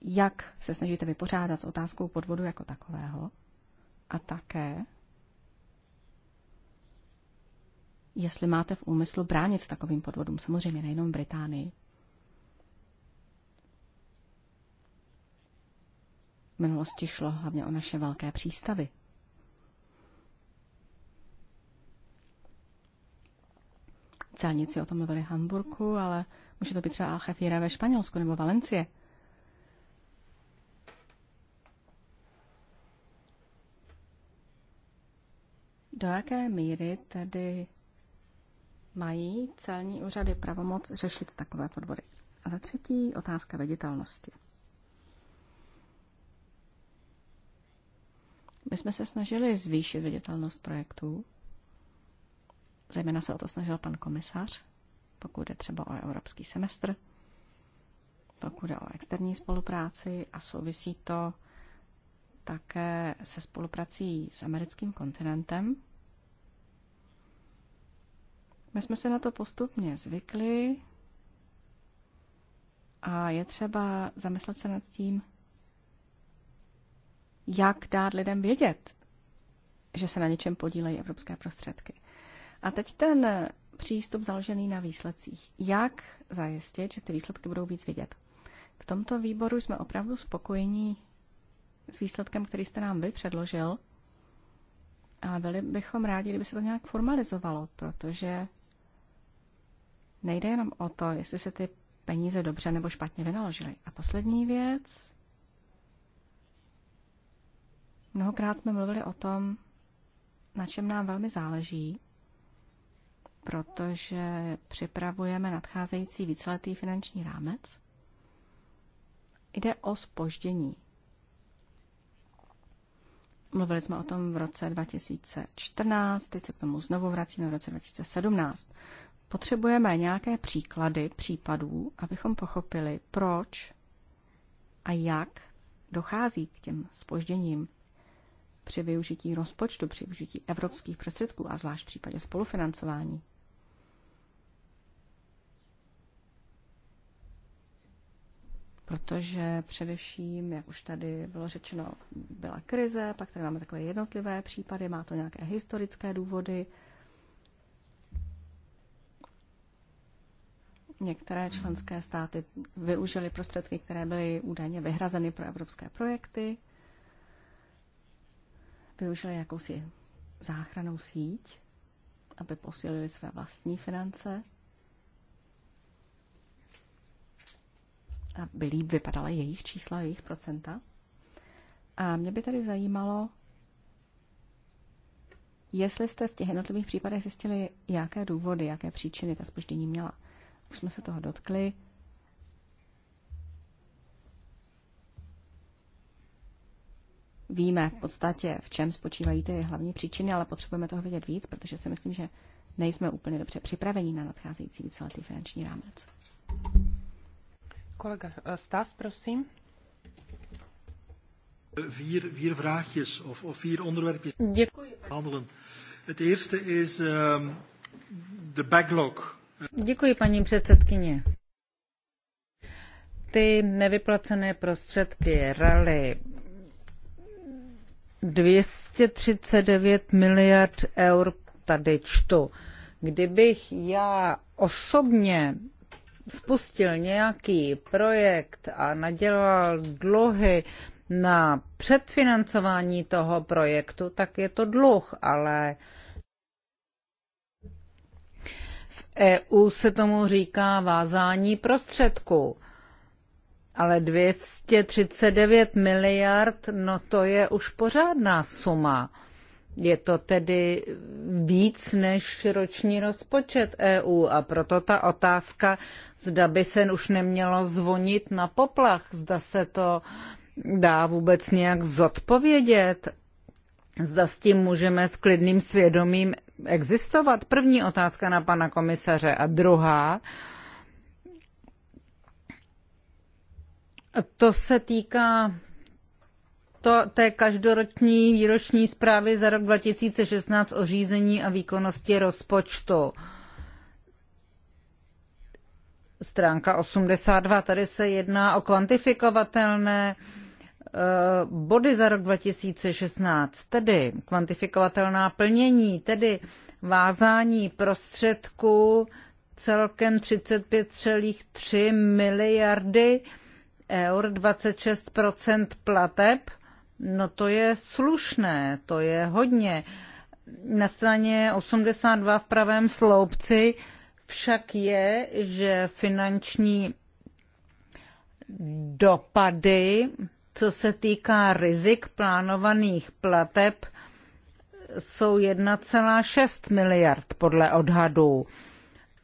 jak se snažíte vypořádat s otázkou podvodu jako takového, a také, jestli máte v úmyslu bránit takovým podvodům, samozřejmě nejenom v Británii. V minulosti šlo hlavně o naše velké přístavy, Celníci o tom mluvili v Hamburku, ale může to být třeba Alchefíra ve Španělsku nebo Valencie. Do jaké míry tedy mají celní úřady pravomoc řešit takové podvody? A za třetí otázka veditelnosti. My jsme se snažili zvýšit viditelnost projektů. Zejména se o to snažil pan komisař, pokud je třeba o evropský semestr, pokud je o externí spolupráci a souvisí to také se spoluprací s americkým kontinentem. My jsme se na to postupně zvykli a je třeba zamyslet se nad tím, jak dát lidem vědět, že se na něčem podílejí evropské prostředky. A teď ten přístup založený na výsledcích. Jak zajistit, že ty výsledky budou víc vidět? V tomto výboru jsme opravdu spokojení s výsledkem, který jste nám vy předložil, ale byli bychom rádi, kdyby se to nějak formalizovalo, protože nejde jenom o to, jestli se ty peníze dobře nebo špatně vynaložily. A poslední věc. Mnohokrát jsme mluvili o tom, na čem nám velmi záleží protože připravujeme nadcházející víceletý finanční rámec. Jde o spoždění. Mluvili jsme o tom v roce 2014, teď se k tomu znovu vracíme v roce 2017. Potřebujeme nějaké příklady případů, abychom pochopili, proč a jak dochází k těm spožděním při využití rozpočtu, při využití evropských prostředků a zvlášť v případě spolufinancování. protože především, jak už tady bylo řečeno, byla krize, pak tady máme takové jednotlivé případy, má to nějaké historické důvody. Některé členské státy využily prostředky, které byly údajně vyhrazeny pro evropské projekty, využili jakousi záchranou síť, aby posílili své vlastní finance. aby líp vypadala jejich čísla, jejich procenta. A mě by tady zajímalo, jestli jste v těch jednotlivých případech zjistili, jaké důvody, jaké příčiny ta spoždění měla. Už jsme se toho dotkli. Víme v podstatě, v čem spočívají ty hlavní příčiny, ale potřebujeme toho vědět víc, protože si myslím, že nejsme úplně dobře připraveni na nadcházející víceletý finanční rámec. Kolega eh, Stas, prosím. Vier, vier vraagjes of, of vier onderwerpjes Děkuji. handelen. Het eerste is um, de backlog. Děkuji, paní předsedkyně. Ty nevyplacené prostředky, rally, 239 miliard eur tady čtu. Kdybych já osobně spustil nějaký projekt a nadělal dluhy na předfinancování toho projektu, tak je to dluh, ale v EU se tomu říká vázání prostředků. Ale 239 miliard, no to je už pořádná suma. Je to tedy víc než roční rozpočet EU a proto ta otázka, zda by se už nemělo zvonit na poplach, zda se to dá vůbec nějak zodpovědět, zda s tím můžeme s klidným svědomím existovat. První otázka na pana komisaře a druhá, to se týká to, té každoroční výroční zprávy za rok 2016 o řízení a výkonnosti rozpočtu. Stránka 82. Tady se jedná o kvantifikovatelné eh, body za rok 2016, tedy kvantifikovatelná plnění, tedy vázání prostředků celkem 35,3 miliardy eur, 26 plateb No to je slušné, to je hodně. Na straně 82 v pravém sloupci však je, že finanční dopady, co se týká rizik plánovaných plateb, jsou 1,6 miliard podle odhadů.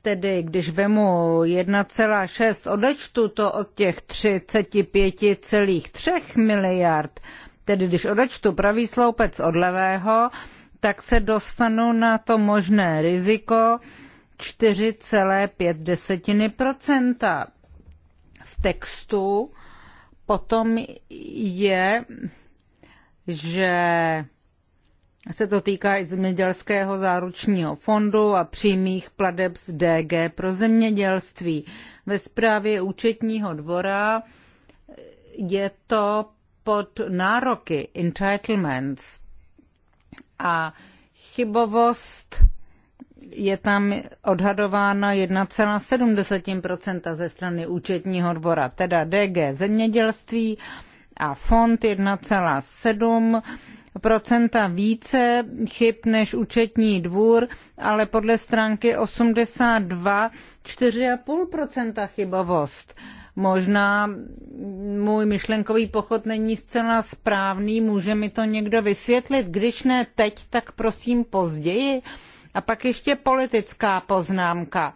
Tedy když vemu 1,6 odečtu to od těch 35,3 miliard, Tedy když odečtu pravý sloupec od levého, tak se dostanu na to možné riziko 4,5 V textu potom je, že se to týká i zemědělského záručního fondu a přímých pladeb z DG pro zemědělství. Ve zprávě účetního dvora je to pod nároky, entitlements. A chybovost je tam odhadována 1,7 ze strany účetního dvora, teda DG zemědělství a fond 1,7 procenta více chyb než účetní dvůr, ale podle stránky 82 4,5 chybovost. Možná můj myšlenkový pochod není zcela správný, může mi to někdo vysvětlit. Když ne teď, tak prosím později. A pak ještě politická poznámka.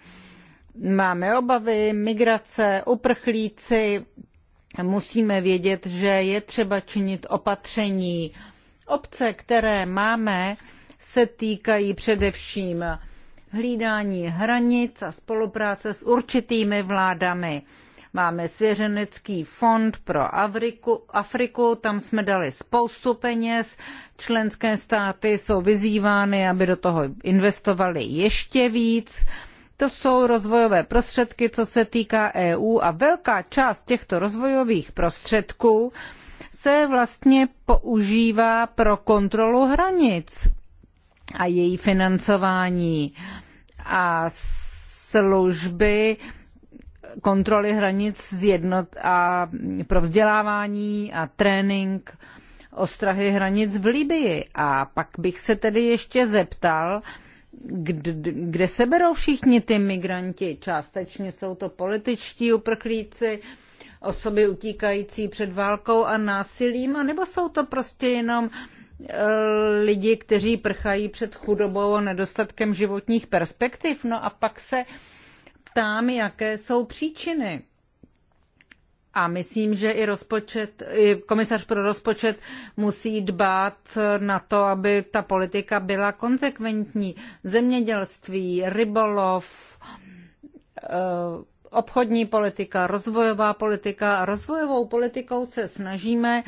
Máme obavy, migrace, uprchlíci. Musíme vědět, že je třeba činit opatření. Obce, které máme, se týkají především hlídání hranic a spolupráce s určitými vládami. Máme svěřenecký fond pro Afriku, Afriku, tam jsme dali spoustu peněz. Členské státy jsou vyzývány, aby do toho investovali ještě víc. To jsou rozvojové prostředky, co se týká EU a velká část těchto rozvojových prostředků se vlastně používá pro kontrolu hranic a její financování a služby kontroly hranic z jednot a pro vzdělávání a trénink ostrahy hranic v Libii. A pak bych se tedy ještě zeptal, kde, kde se berou všichni ty migranti? Částečně jsou to političtí uprchlíci, osoby utíkající před válkou a násilím, nebo jsou to prostě jenom eh, lidi, kteří prchají před chudobou a nedostatkem životních perspektiv. No a pak se ptám, jaké jsou příčiny. A myslím, že i, rozpočet, i komisař pro rozpočet musí dbát na to, aby ta politika byla konsekventní. Zemědělství, rybolov, eh, obchodní politika, rozvojová politika. Rozvojovou politikou se snažíme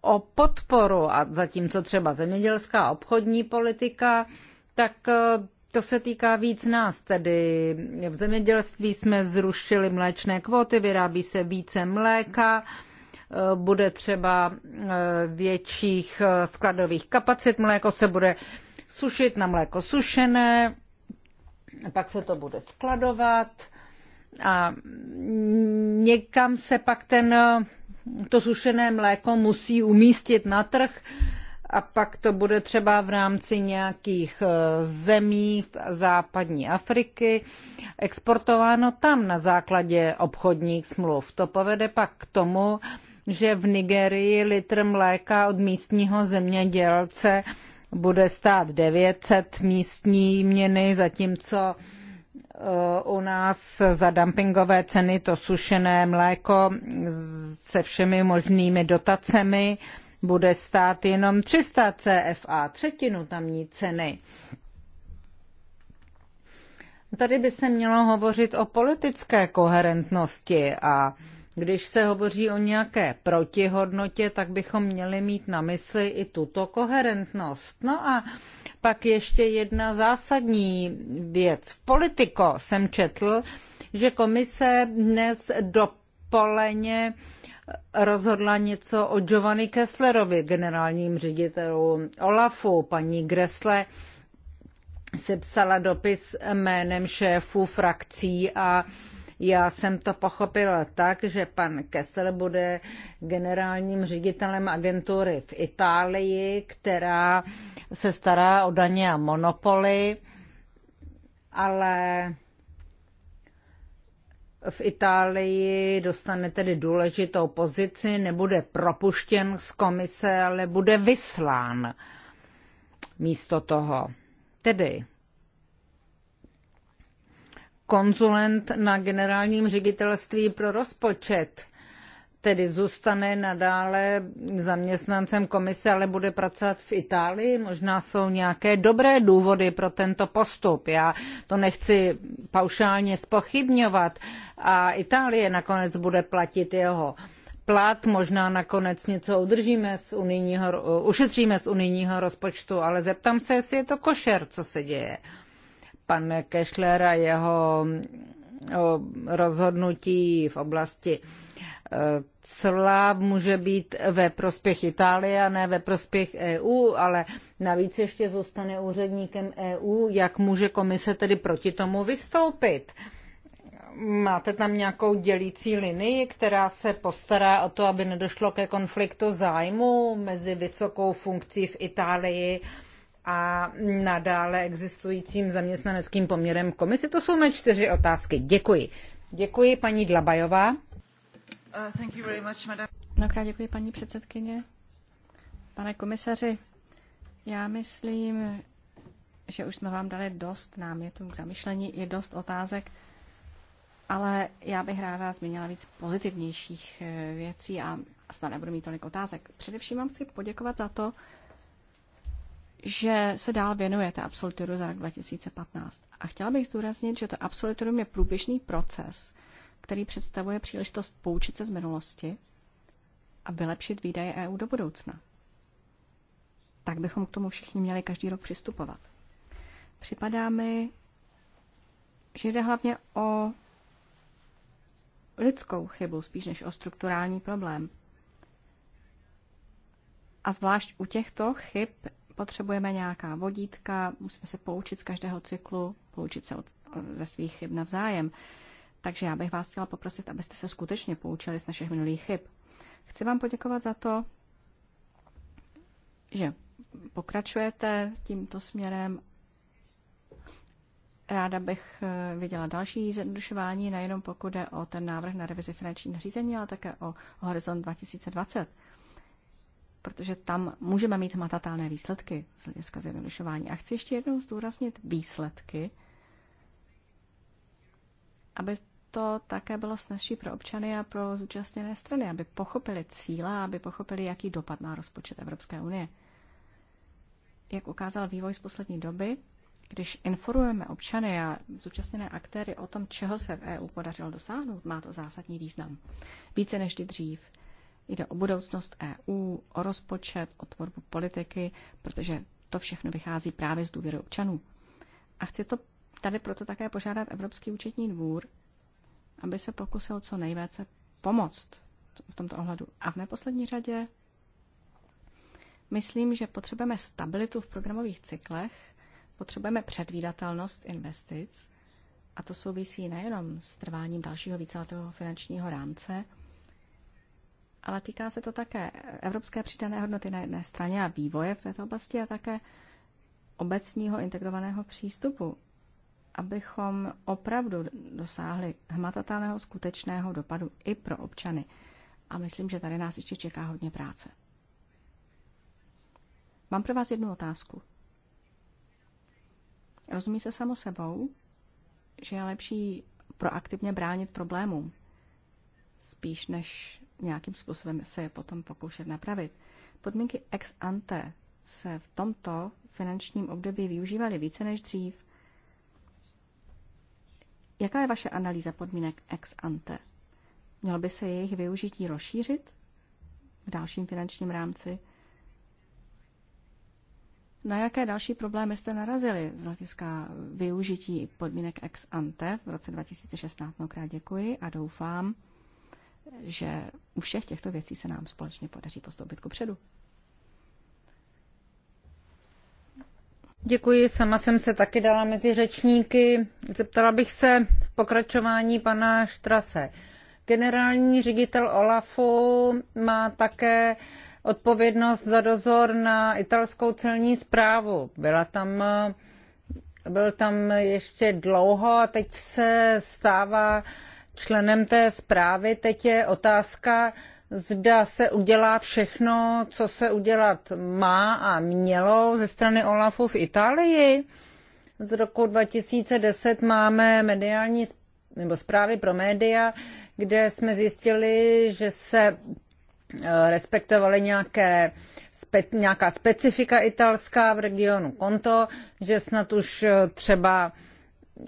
o podporu a zatímco třeba zemědělská obchodní politika, tak eh, to se týká víc nás, tedy v zemědělství jsme zrušili mléčné kvóty, vyrábí se více mléka, eh, bude třeba eh, větších eh, skladových kapacit, mléko se bude sušit na mléko sušené, pak se to bude skladovat a někam se pak ten, to sušené mléko musí umístit na trh, a pak to bude třeba v rámci nějakých e, zemí západní Afriky exportováno tam na základě obchodních smluv. To povede pak k tomu, že v Nigerii litr mléka od místního zemědělce bude stát 900 místní měny, zatímco e, u nás za dumpingové ceny to sušené mléko se všemi možnými dotacemi bude stát jenom 300 CFA, třetinu tamní ceny. Tady by se mělo hovořit o politické koherentnosti a když se hovoří o nějaké protihodnotě, tak bychom měli mít na mysli i tuto koherentnost. No a pak ještě jedna zásadní věc. V Politico jsem četl, že komise dnes dopoleně rozhodla něco o Giovanni Kesslerovi, generálním ředitelu Olafu. Paní Gressle sepsala dopis jménem šéfů frakcí a já jsem to pochopila tak, že pan Kessler bude generálním ředitelem agentury v Itálii, která se stará o daně a monopoly, ale v Itálii dostane tedy důležitou pozici, nebude propuštěn z komise, ale bude vyslán místo toho. Tedy konzulent na generálním ředitelství pro rozpočet tedy zůstane nadále zaměstnancem komise, ale bude pracovat v Itálii. Možná jsou nějaké dobré důvody pro tento postup. Já to nechci paušálně spochybňovat. A Itálie nakonec bude platit jeho plat, možná nakonec něco udržíme z unijního, ušetříme z unijního rozpočtu, ale zeptám se, jestli je to košer, co se děje. Pan Kešler a jeho rozhodnutí v oblasti cla může být ve prospěch Itálie a ne ve prospěch EU, ale navíc ještě zůstane úředníkem EU, jak může komise tedy proti tomu vystoupit? Máte tam nějakou dělící linii, která se postará o to, aby nedošlo ke konfliktu zájmu mezi vysokou funkcí v Itálii a nadále existujícím zaměstnaneckým poměrem Komise? To jsou mé čtyři otázky. Děkuji. Děkuji, paní Dlabajová. Uh, Mnohokrát děkuji, paní předsedkyně. Pane komisaři, já myslím, že už jsme vám dali dost námětů k zamyšlení i dost otázek, ale já bych ráda zmínila víc pozitivnějších eh, věcí a snad nebudu mít tolik otázek. Především vám chci poděkovat za to, že se dál věnujete absolutoru za rok 2015. A chtěla bych zdůraznit, že to absolutorium je průběžný proces, který představuje příležitost poučit se z minulosti a vylepšit výdaje EU do budoucna. Tak bychom k tomu všichni měli každý rok přistupovat. Připadá mi, že jde hlavně o lidskou chybu spíš než o strukturální problém. A zvlášť u těchto chyb potřebujeme nějaká vodítka, musíme se poučit z každého cyklu, poučit se od, ze svých chyb navzájem. Takže já bych vás chtěla poprosit, abyste se skutečně poučili z našich minulých chyb. Chci vám poděkovat za to, že pokračujete tímto směrem. Ráda bych eh, viděla další zjednodušování, nejenom pokud jde o ten návrh na revizi finančního řízení, ale také o Horizont 2020 protože tam můžeme mít hmatatelné výsledky z hlediska zjednodušování. A chci ještě jednou zdůraznit výsledky, aby to také bylo snažší pro občany a pro zúčastněné strany, aby pochopili cíle, aby pochopili, jaký dopad má rozpočet Evropské unie. Jak ukázal vývoj z poslední doby, když informujeme občany a zúčastněné aktéry o tom, čeho se v EU podařilo dosáhnout, má to zásadní význam. Více než kdy dřív. Jde o budoucnost EU, o rozpočet, o tvorbu politiky, protože to všechno vychází právě z důvěry občanů. A chci to tady proto také požádat Evropský účetní dvůr, aby se pokusil co nejvíce pomoct v tomto ohledu. A v neposlední řadě myslím, že potřebujeme stabilitu v programových cyklech, potřebujeme předvídatelnost investic a to souvisí nejenom s trváním dalšího víceletého finančního rámce, ale týká se to také evropské přidané hodnoty na jedné straně a vývoje v této oblasti a také obecního integrovaného přístupu abychom opravdu dosáhli hmatatelného skutečného dopadu i pro občany. A myslím, že tady nás ještě čeká hodně práce. Mám pro vás jednu otázku. Rozumí se samo sebou, že je lepší proaktivně bránit problémům, spíš než nějakým způsobem se je potom pokoušet napravit. Podmínky ex ante se v tomto finančním období využívaly více než dřív Jaká je vaše analýza podmínek ex ante? Mělo by se jejich využití rozšířit v dalším finančním rámci? Na jaké další problémy jste narazili z hlediska využití podmínek ex ante v roce 2016? Mnohokrát děkuji a doufám, že u všech těchto věcí se nám společně podaří postoupit ku předu. sama jsem se taky dala mezi řečníky. Zeptala bych se v pokračování pana Štrase. Generální ředitel Olafu má také odpovědnost za dozor na italskou celní správu. Byla tam, byl tam ještě dlouho a teď se stává členem té zprávy. Teď je otázka, zda se udělá všechno, co se udělat má a mělo ze strany OLAFu v Itálii. Z roku 2010 máme mediální nebo zprávy pro média, kde jsme zjistili, že se e, respektovaly nějaké, spe, nějaká specifika italská v regionu Konto, že snad už e, třeba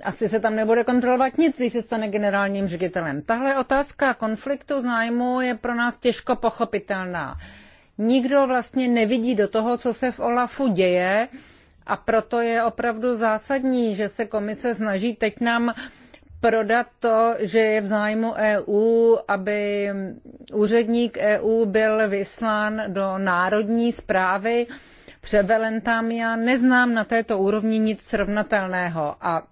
asi se tam nebude kontrolovat nic, když se stane generálním ředitelem. Tahle otázka konfliktu zájmu je pro nás těžko pochopitelná. Nikdo vlastně nevidí do toho, co se v OLAFu děje a proto je opravdu zásadní, že se komise snaží teď nám prodat to, že je v zájmu EU, aby úředník EU byl vyslán do národní zprávy převelen tam. Já neznám na této úrovni nic srovnatelného a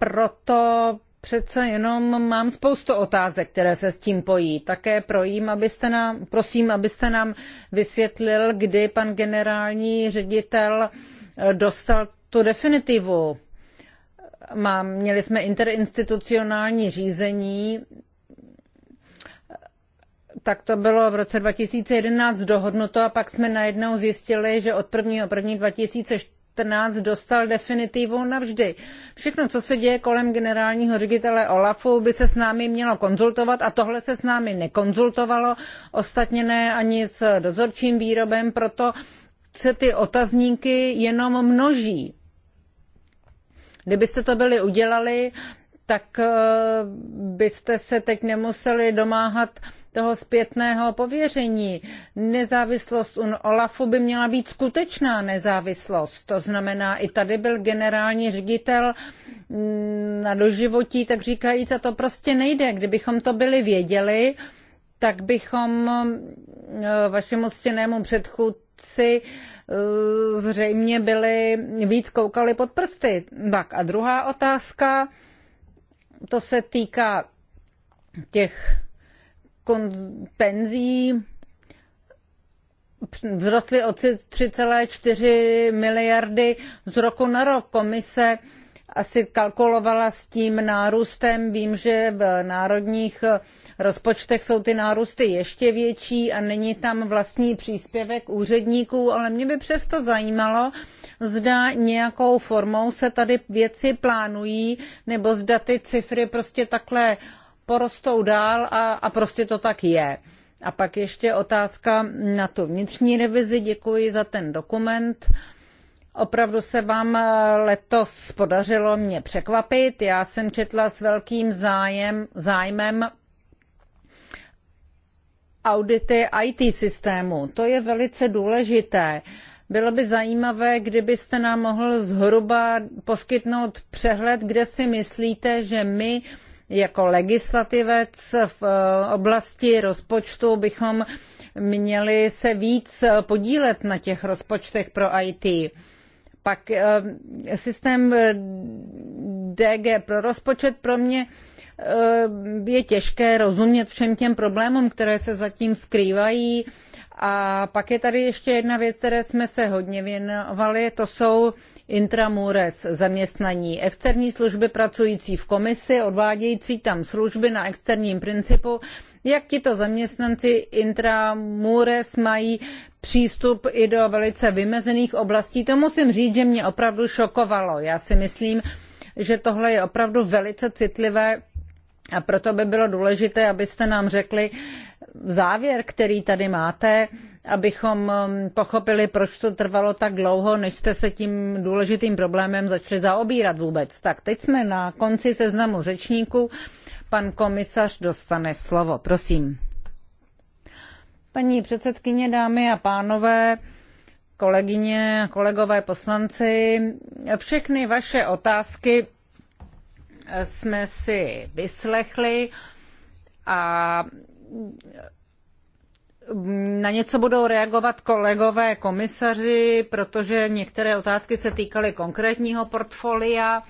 proto přece jenom mám spoustu otázek, které se s tím pojí. Také projím, abyste nám, prosím, abyste nám vysvětlil, kdy pan generální ředitel eh, dostal tu definitivu. Mám, měli jsme interinstitucionální řízení, tak to bylo v roce 2011 dohodnuto a pak jsme najednou zjistili, že od 1. 1. 2014 2014 dostal definitivu navždy. Všechno, co se děje kolem generálního ředitele Olafu, by se s námi mělo konzultovat a tohle se s námi nekonzultovalo, ostatně ne ani s dozorčím výrobem, proto se ty otazníky jenom množí. Kdybyste to byli udělali, tak eh, byste se teď nemuseli domáhat toho zpětného pověření. Nezávislost un Olafu by měla být skutečná nezávislost. To znamená, i tady byl generální ředitel mm, na doživotí, tak říkají, že to prostě nejde. Kdybychom to byli věděli, tak bychom mm, vašemu ctěnému předchůdci mm, zřejmě byli víc koukali pod prsty. Tak a druhá otázka, to se týká těch penzí vzrostly o 3,4 miliardy z roku na rok. Komise asi kalkulovala s tím nárůstem. Vím, že v národních rozpočtech jsou ty nárůsty ještě větší a není tam vlastní příspěvek úředníků, ale mě by přesto zajímalo, zda nějakou formou se tady věci plánují, nebo zda ty cifry prostě takhle porostou dál a, a prostě to tak je. A pak ještě otázka na tu vnitřní revizi. Děkuji za ten dokument. Opravdu se vám eh, letos podařilo mě překvapit. Já jsem četla s velkým zájem, zájmem audity IT systému. To je velice důležité. Bylo by zajímavé, kdybyste nám mohl zhruba poskytnout přehled, kde si myslíte, že my jako legislativec v eh, oblasti rozpočtu bychom měli se víc podílet na těch rozpočtech pro IT. Pak eh, systém DG pro rozpočet pro mě eh, je těžké rozumět všem těm problémům, které se zatím skrývají. A pak je tady ještě jedna věc, které jsme se hodně věnovali, to jsou intramures zaměstnaní. Externí služby pracující v komisi, odvádějící tam služby na externím principu, jak tito zaměstnanci intramures mají přístup i do velice vymezených oblastí. To musím říct, že mě opravdu šokovalo. Já si myslím, že tohle je opravdu velice citlivé a proto by bylo důležité, abyste nám řekli závěr, který tady máte, abychom um, pochopili, proč to trvalo tak dlouho, než jste se tím důležitým problémem začali zaobírat vůbec. Tak teď jsme na konci seznamu řečníků. Pan komisař dostane slovo. Prosím. Paní předsedkyně, dámy a pánové, kolegyně a kolegové poslanci, všechny vaše otázky jsme si vyslechli a na něco budou reagovat kolegové komisaři, protože některé otázky se týkaly konkrétního portfolia.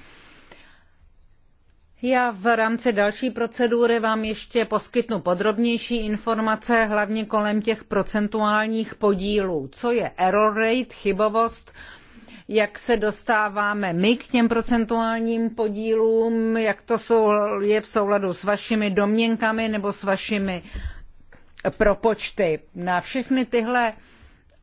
Já v rámci další procedury vám ještě poskytnu podrobnější informace, hlavně kolem těch procentuálních podílů. Co je error rate, chybovost, jak se dostáváme my k těm procentuálním podílům, jak to jsou, je v souladu s vašimi domněnkami nebo s vašimi propočty. Na všechny tyhle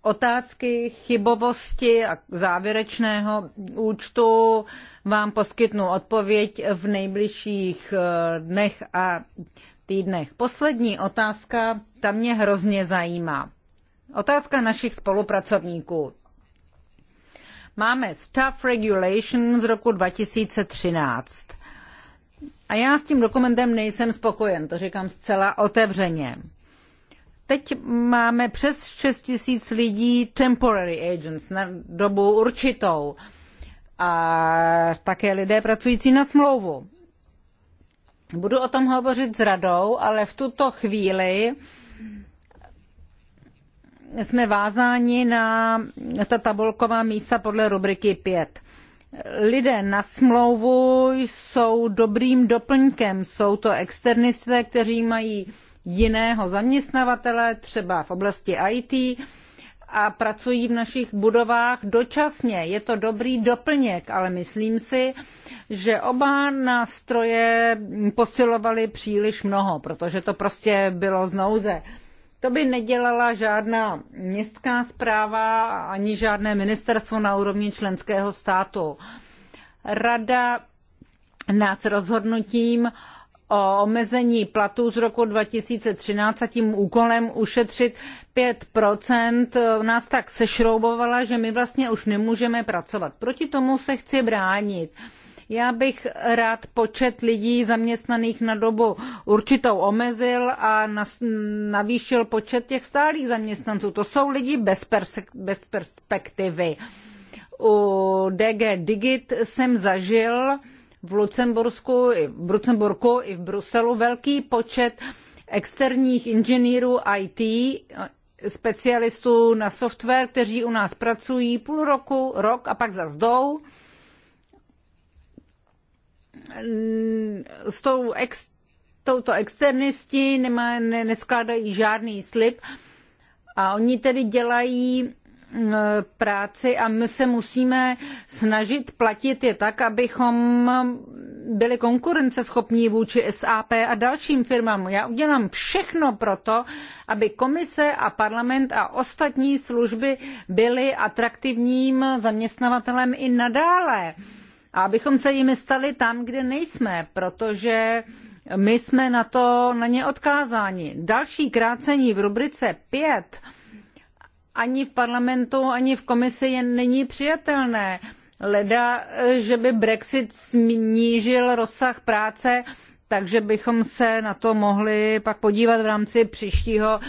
otázky chybovosti a závěrečného účtu vám poskytnu odpověď v nejbližších eh, dnech a týdnech. Poslední otázka, ta mě hrozně zajímá. Otázka našich spolupracovníků. Máme Staff Regulation z roku 2013. A já s tím dokumentem nejsem spokojen, to říkám zcela otevřeně. Teď máme přes 6 tisíc lidí temporary agents na dobu určitou a také lidé pracující na smlouvu. Budu o tom hovořit s radou, ale v tuto chvíli jsme vázáni na ta tabulková místa podle rubriky 5. Lidé na smlouvu jsou dobrým doplňkem, jsou to externisté, kteří mají jiného zaměstnavatele, třeba v oblasti IT, a pracují v našich budovách dočasně. Je to dobrý doplněk, ale myslím si, že oba nástroje posilovaly příliš mnoho, protože to prostě bylo z nouze. To by nedělala žádná městská zpráva ani žádné ministerstvo na úrovni členského státu. Rada nás rozhodnutím o omezení platů z roku 2013 a tím úkolem ušetřit 5% nás tak sešroubovala, že my vlastně už nemůžeme pracovat. Proti tomu se chci bránit. Já bych rád počet lidí zaměstnaných na dobu určitou omezil a navýšil počet těch stálých zaměstnanců. To jsou lidi bez, bez perspektivy. U DG Digit jsem zažil, v Lucembursku, i v Lucemburku i v Bruselu velký počet externích inženýrů IT, eh, specialistů na software, kteří u nás pracují půl roku, rok a pak zase jdou. Mm, s tou ex, touto externisti nemá, ne, neskládají žádný slib a oni tedy dělají Mm, práci a my se musíme snažit platit je tak, abychom byli konkurenceschopní vůči SAP a dalším firmám. Já udělám všechno pro to, aby komise a parlament a ostatní služby byly atraktivním zaměstnavatelem i nadále. A abychom se jimi stali tam, kde nejsme, protože my jsme na to na ně odkázáni. Další krácení v rubrice 5 ani v parlamentu, ani v komisi je není přijatelné. Leda, že by Brexit snížil rozsah práce, takže bychom se na to mohli pak podívat v rámci příštího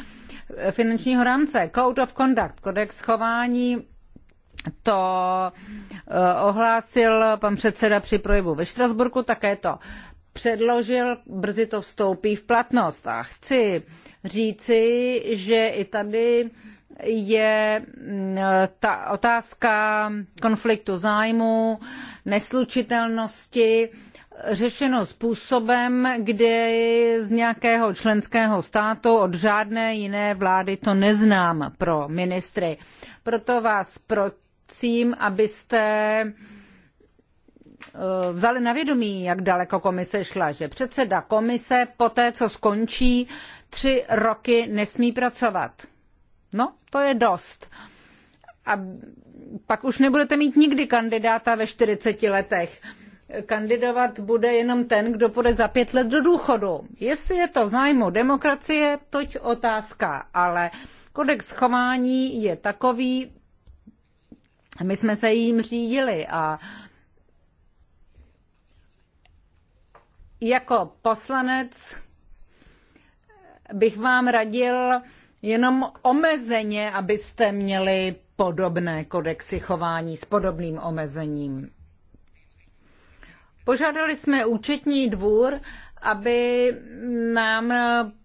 eh, finančního rámce. Code of Conduct, kodex chování, to eh, ohlásil pan předseda při projevu ve Štrasburku, také to předložil, brzy to vstoupí v platnost. A chci říci, že i tady je mm, ta otázka konfliktu zájmu, neslučitelnosti řešeno způsobem, kde z nějakého členského státu od žádné jiné vlády to neznám pro ministry. Proto vás prosím, abyste eh, vzali na vědomí, jak daleko komise šla, že předseda komise po té, co skončí, tři roky nesmí pracovat No, to je dost. A pak už nebudete mít nikdy kandidáta ve 40 letech. Kandidovat bude jenom ten, kdo půjde za pět let do důchodu. Jestli je to zájmu demokracie, toť otázka, ale kodex chování je takový, my jsme se jím řídili a jako poslanec bych vám radil, jenom omezeně, abyste měli podobné kodexy chování s podobným omezením. Požádali jsme účetní dvůr, aby nám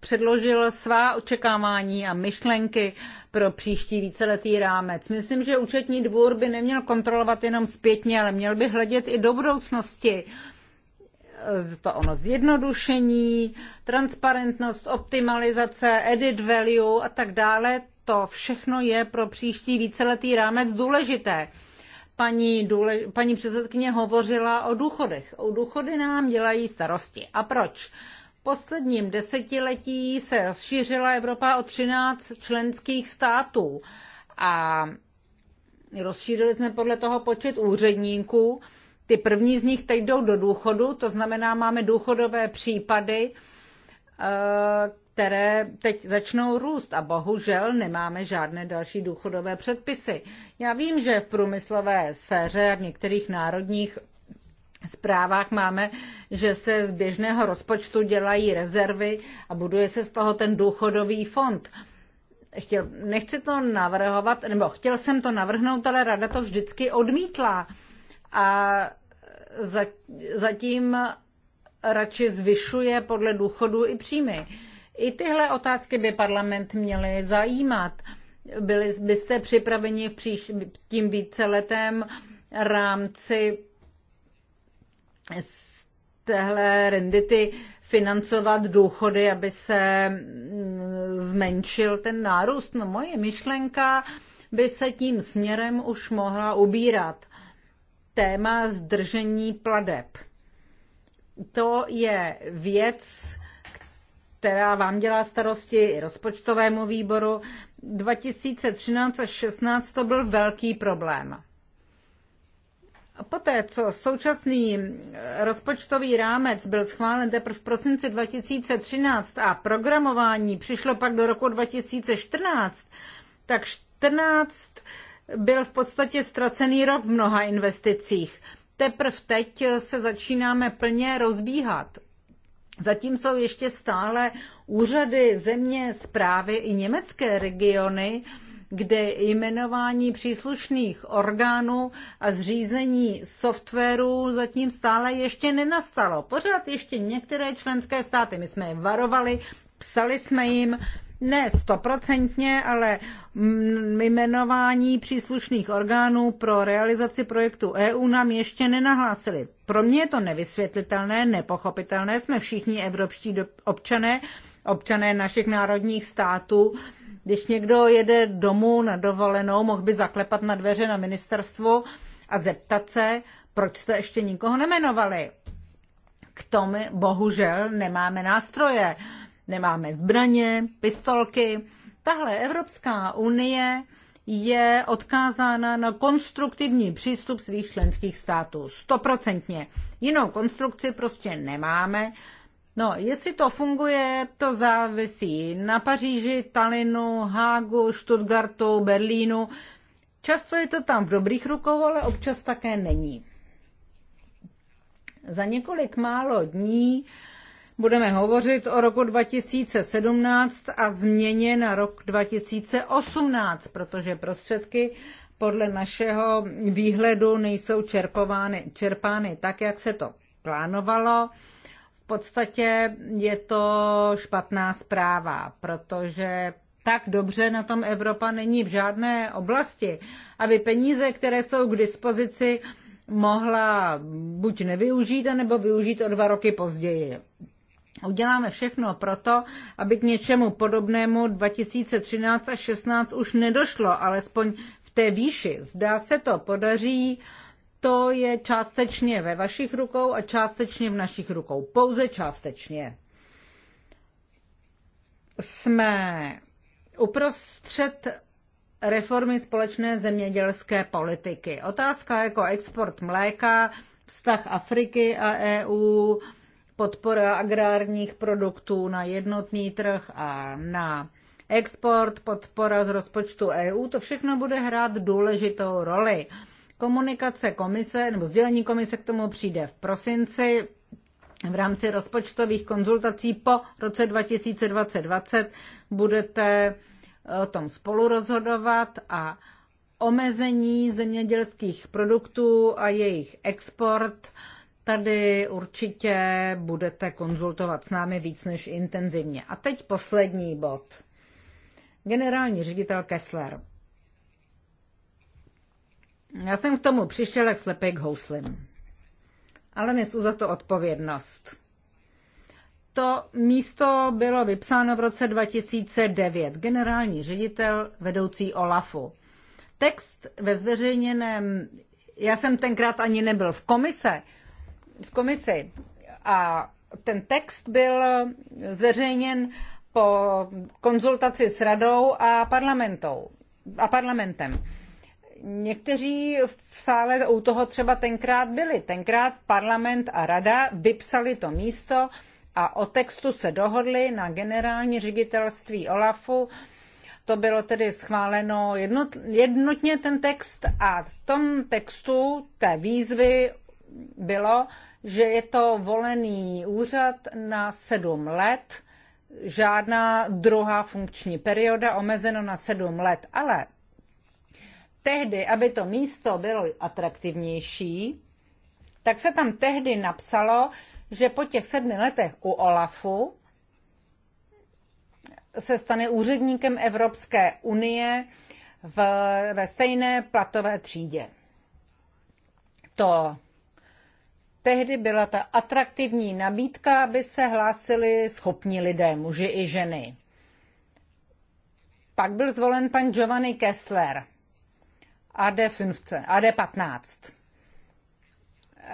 předložil svá očekávání a myšlenky pro příští víceletý rámec. Myslím, že účetní dvůr by neměl kontrolovat jenom zpětně, ale měl by hledět i do budoucnosti to ono zjednodušení, transparentnost, optimalizace, edit value a tak dále, to všechno je pro příští víceletý rámec důležité. Paní, důle, paní předsedkyně hovořila o důchodech. O důchody nám dělají starosti. A proč? V posledním desetiletí se rozšířila Evropa o 13 členských států a rozšířili jsme podle toho počet úředníků, ty první z nich teď jdou do důchodu, to znamená, máme důchodové případy, eh, které teď začnou růst a bohužel nemáme žádné další důchodové předpisy. Já vím, že v průmyslové sféře a v některých národních zprávách máme, že se z běžného rozpočtu dělají rezervy a buduje se z toho ten důchodový fond. Chtěl, nechci to navrhovat, nebo chtěl jsem to navrhnout, ale rada to vždycky odmítla a zatím radši zvyšuje podle důchodu i příjmy. I tyhle otázky by parlament měly zajímat. Byli byste připraveni v příš, tím víceletém rámci z téhle rendity financovat důchody, aby se mm, zmenšil ten nárůst. No moje myšlenka by se tím směrem už mohla ubírat téma zdržení pladeb. To je věc, která vám dělá starosti i rozpočtovému výboru. 2013 až 16 to byl velký problém. Poté, co současný rozpočtový rámec byl schválen teprve v prosinci 2013 a programování přišlo pak do roku 2014, tak 14 byl v podstatě ztracený rok v mnoha investicích. Teprve teď se začínáme plně rozbíhat. Zatím jsou ještě stále úřady, země, zprávy i německé regiony, kde jmenování příslušných orgánů a zřízení softwaru zatím stále ještě nenastalo. Pořád ještě některé členské státy, my jsme je varovali, psali jsme jim, ne stoprocentně, ale mm, jmenování příslušných orgánů pro realizaci projektu EU nám ještě nenahlásili. Pro mě je to nevysvětlitelné, nepochopitelné. Jsme všichni evropští občané, občané našich národních států. Když někdo jede domů na dovolenou, mohl by zaklepat na dveře na ministerstvo a zeptat se, proč jste ještě nikoho nemenovali. K tomu bohužel nemáme nástroje. Uh, nemáme zbraně, pistolky. Tahle Evropská unie je odkázána na konstruktivní přístup svých členských států. Stoprocentně. Jinou konstrukci prostě nemáme. No, jestli to funguje, to závisí na Paříži, Talinu, Hágu, Stuttgartu, Berlínu. Často je to tam v dobrých rukou, ale občas také není. Za několik málo dní uh, budeme hovořit o roku 2017 a změně na rok 2018, protože prostředky podle našeho výhledu nejsou čerpovány, čerpány tak, jak se to plánovalo. V podstatě je to špatná zpráva, protože tak dobře na tom Evropa není v žádné oblasti, aby peníze, které jsou k dispozici, mohla buď nevyužít, anebo využít o dva roky později uděláme všechno proto, aby k něčemu podobnému 2013 a 16 už nedošlo, alespoň v té výši. Zdá se to podaří, to je částečně ve vašich rukou a částečně v našich rukou. Pouze částečně. Jsme uprostřed reformy společné zemědělské politiky. Otázka jako export mléka, vztah Afriky a EU, podpora agrárních produktů na jednotný trh a na export, podpora z rozpočtu EU, to všechno bude hrát důležitou roli. Komunikace komise, nebo sdělení komise k tomu přijde v prosinci v rámci rozpočtových konzultací po roce 2020 budete eh, o tom spolu rozhodovat a omezení zemědělských produktů a jejich export – Tady určitě budete konzultovat s námi víc než intenzivně. A teď poslední bod. Generální ředitel Kessler. Já jsem k tomu přišel jak slepý k houslim. Ale nesu za to odpovědnost. To místo bylo vypsáno v roce 2009. Generální ředitel vedoucí OLAFu. Text ve zveřejněném, já jsem tenkrát ani nebyl v komise, v komisi. A ten text byl zveřejněn po konzultaci s radou a, a parlamentem. Někteří v sále u toho třeba tenkrát byli. Tenkrát parlament a rada vypsali to místo a o textu se dohodli na generální ředitelství OLAFu. To bylo tedy schváleno jednotně ten text a v tom textu té výzvy bylo, že je to volený úřad na sedm let, žádná druhá funkční perioda, omezeno na sedm let, ale tehdy, aby to místo bylo atraktivnější, tak se tam tehdy napsalo, že po těch sedmi letech u OLAFu se stane úředníkem Evropské unie v, ve stejné platové třídě. To tehdy byla ta atraktivní nabídka, aby se hlásili schopní lidé, muži i ženy. Pak byl zvolen pan Giovanni Kessler, AD 15. AD 15.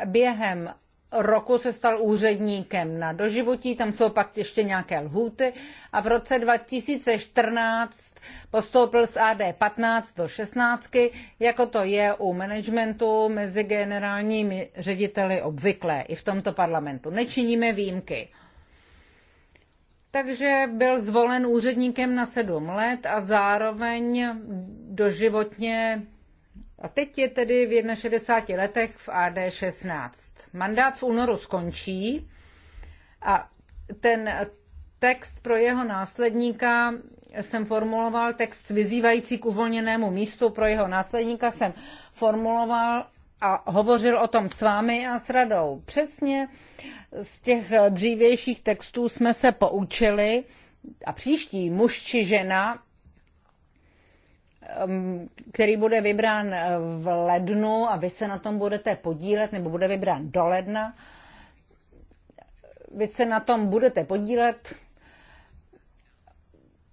Během roku se stal úředníkem na doživotí, tam jsou pak ještě nějaké lhůty a v roce 2014 postoupil z AD 15 do 16, jako to je u managementu mezi generálními řediteli obvyklé. I v tomto parlamentu nečiníme výjimky. Takže byl zvolen úředníkem na sedm let a zároveň doživotně a teď je tedy v 61 letech v AD16. Mandát v únoru skončí a ten text pro jeho následníka jsem formuloval text vyzývající k uvolněnému místu pro jeho následníka jsem formuloval a hovořil o tom s vámi a s radou. Přesně z těch dřívějších textů jsme se poučili a příští muž či žena Um, který bude vybrán eh, v lednu a vy se na tom budete podílet, nebo bude vybrán do ledna, vy se na tom budete podílet,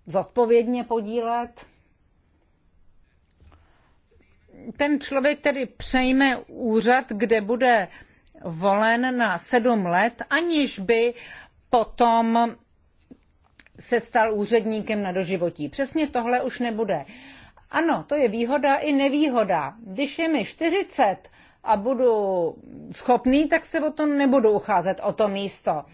zodpovědně podílet. Ten člověk tedy přejme úřad, kde bude volen na sedm let, aniž by potom se stal úředníkem na doživotí. Přesně tohle už nebude ano, to je výhoda i nevýhoda. Když je mi 40 a budu schopný, tak se o to nebudu ucházet, o to místo.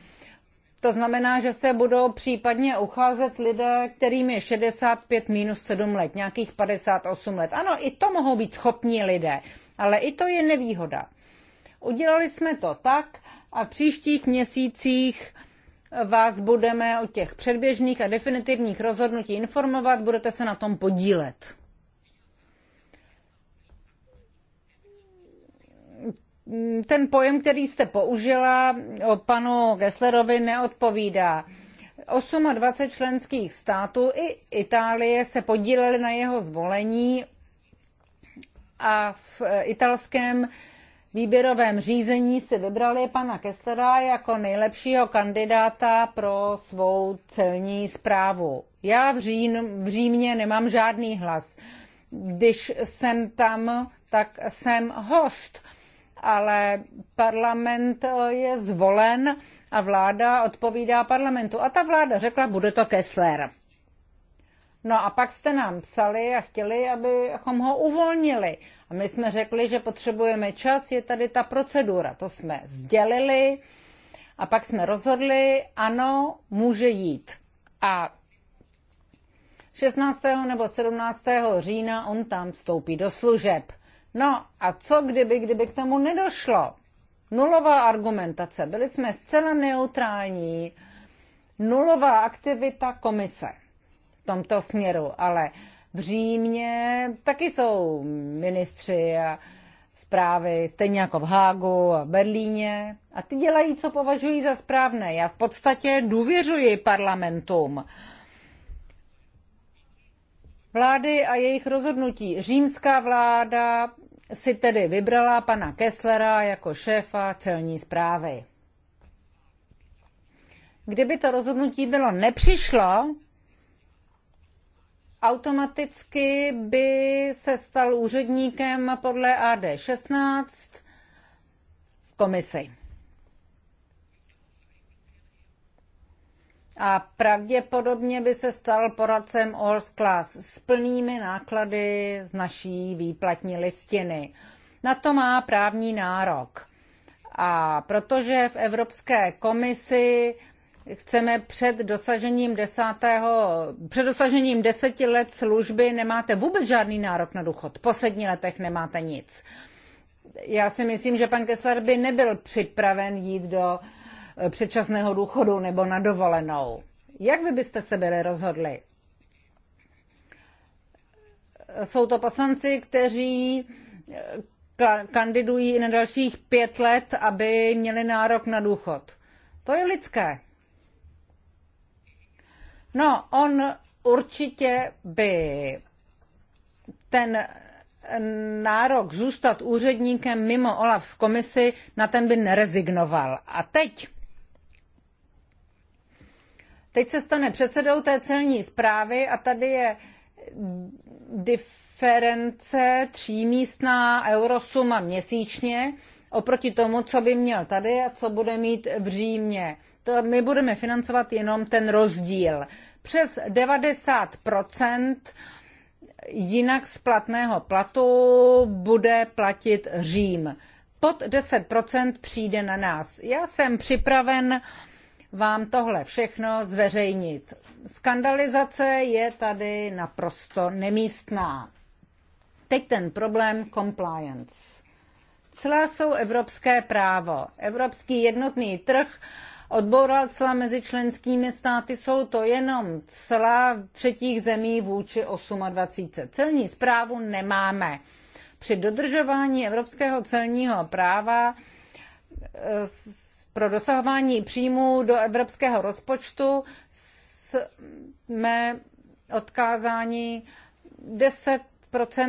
To znamená, že se budou případně ucházet lidé, kterým je 65 minus 7 let, nějakých 58 let. Ano, i to mohou být schopní lidé, ale i to je nevýhoda. Udělali jsme to tak a v příštích měsících vás budeme o těch předběžných a definitivních rozhodnutí informovat, budete se na tom podílet. Mm, ten pojem, který jste použila o panu Gesslerovi, neodpovídá. 28 členských států i Itálie se podílely na jeho zvolení a v e, italském výběrovém řízení si vybrali pana Kesslera jako nejlepšího kandidáta pro svou celní zprávu. Já v, Řín, v Římě nemám žádný hlas. Když jsem tam, tak jsem host ale parlament eh, je zvolen a vláda odpovídá parlamentu. A ta vláda řekla, bude to Kessler. No a pak jste nám psali a chtěli, abychom ho uvolnili. A my jsme řekli, že potřebujeme čas, je tady ta procedura. To jsme sdělili a pak jsme rozhodli, ano, může jít. A 16. nebo 17. října on tam vstoupí do služeb. No a co kdyby, kdyby k tomu nedošlo? Nulová argumentace. Byli jsme zcela neutrální. Nulová aktivita komise v tomto směru, ale v Římě taky jsou ministři a zprávy, stejně jako v Hágu a Berlíně. A ty dělají, co považují za správné. Já v podstatě důvěřuji parlamentům. Vlády a jejich rozhodnutí. Římská vláda si tedy vybrala pana Kesslera jako šéfa celní zprávy. Kdyby to rozhodnutí bylo nepřišlo, automaticky by se stal úředníkem podle AD 16 v komisi. a pravděpodobně by se stal poradcem All Class s plnými náklady z naší výplatní listiny. Na to má právní nárok. A protože v Evropské komisi chceme před dosažením, desátého, před dosažením deseti let služby nemáte vůbec žádný nárok na důchod. Po sedmi letech nemáte nic. Já si myslím, že pan Kessler by nebyl připraven jít do uh, Eh, předčasného důchodu nebo na dovolenou. Jak vy byste se byli rozhodli? Jsou to poslanci, kteří eh, kandidují i na dalších pět let, aby měli nárok na důchod. To je lidské. No, on určitě by ten nárok zůstat úředníkem mimo OLAF v komisi, na ten by nerezignoval. A teď Teď se stane předsedou té celní zprávy a tady je diference třímístná eurosuma měsíčně oproti tomu, co by měl tady a co bude mít v Římě. To my budeme financovat jenom ten rozdíl. Přes 90 jinak splatného platu bude platit Řím. Pod 10 přijde na nás. Já jsem připraven uh, vám tohle všechno zveřejnit. Skandalizace je tady naprosto nemístná. Teď ten problém compliance. Celá jsou evropské právo. Evropský jednotný trh odboural cla mezi členskými státy, jsou to jenom cla třetích zemí vůči 28. Celní zprávu nemáme. Při dodržování evropského celního práva eh, pro dosahování příjmů do evropského rozpočtu jsme odkázáni 10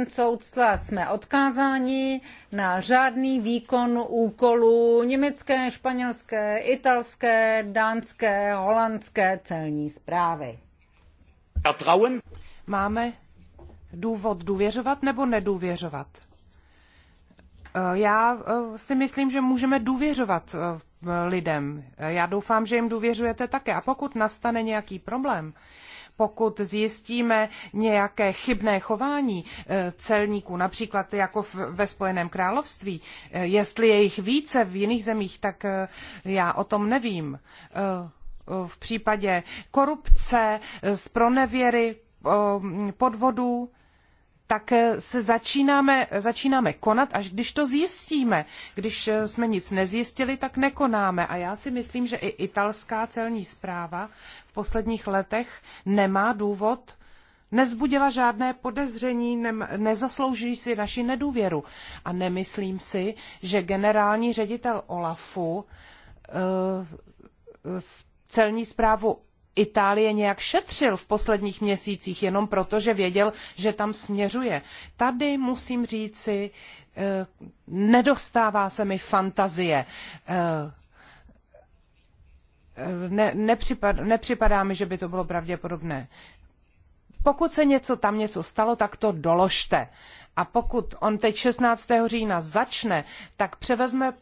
soudstva jsme odkázáni na řádný výkon úkolů německé, španělské, italské, dánské, holandské celní zprávy. Máme důvod důvěřovat nebo nedůvěřovat? Eh, já eh, si myslím, že můžeme důvěřovat eh, lidem. Já doufám, že jim důvěřujete také. A pokud nastane nějaký problém, pokud zjistíme nějaké chybné chování eh, celníků, například jako ve Spojeném království, eh, jestli je jich více v jiných zemích, tak eh, já o tom nevím. V případě korupce, z pronevěry, podvodů, tak eh, se začínáme, začínáme konat, až když to zjistíme. Když eh, jsme nic nezjistili, tak nekonáme. A já si myslím, že i italská celní zpráva v posledních letech nemá důvod nezbudila žádné podezření, ne, nezaslouží si naši nedůvěru. A nemyslím si, že generální ředitel Olafu uh, celní zprávu Itálie nějak šetřil v posledních měsících jenom proto, že věděl, že tam směřuje. Tady musím říci, eh, nedostává se mi fantazie. Eh, eh, ne, nepřipad, nepřipadá mi, že by to bylo pravděpodobné. Pokud se něco tam něco stalo, tak to doložte. A pokud on teď 16. října začne, tak převezme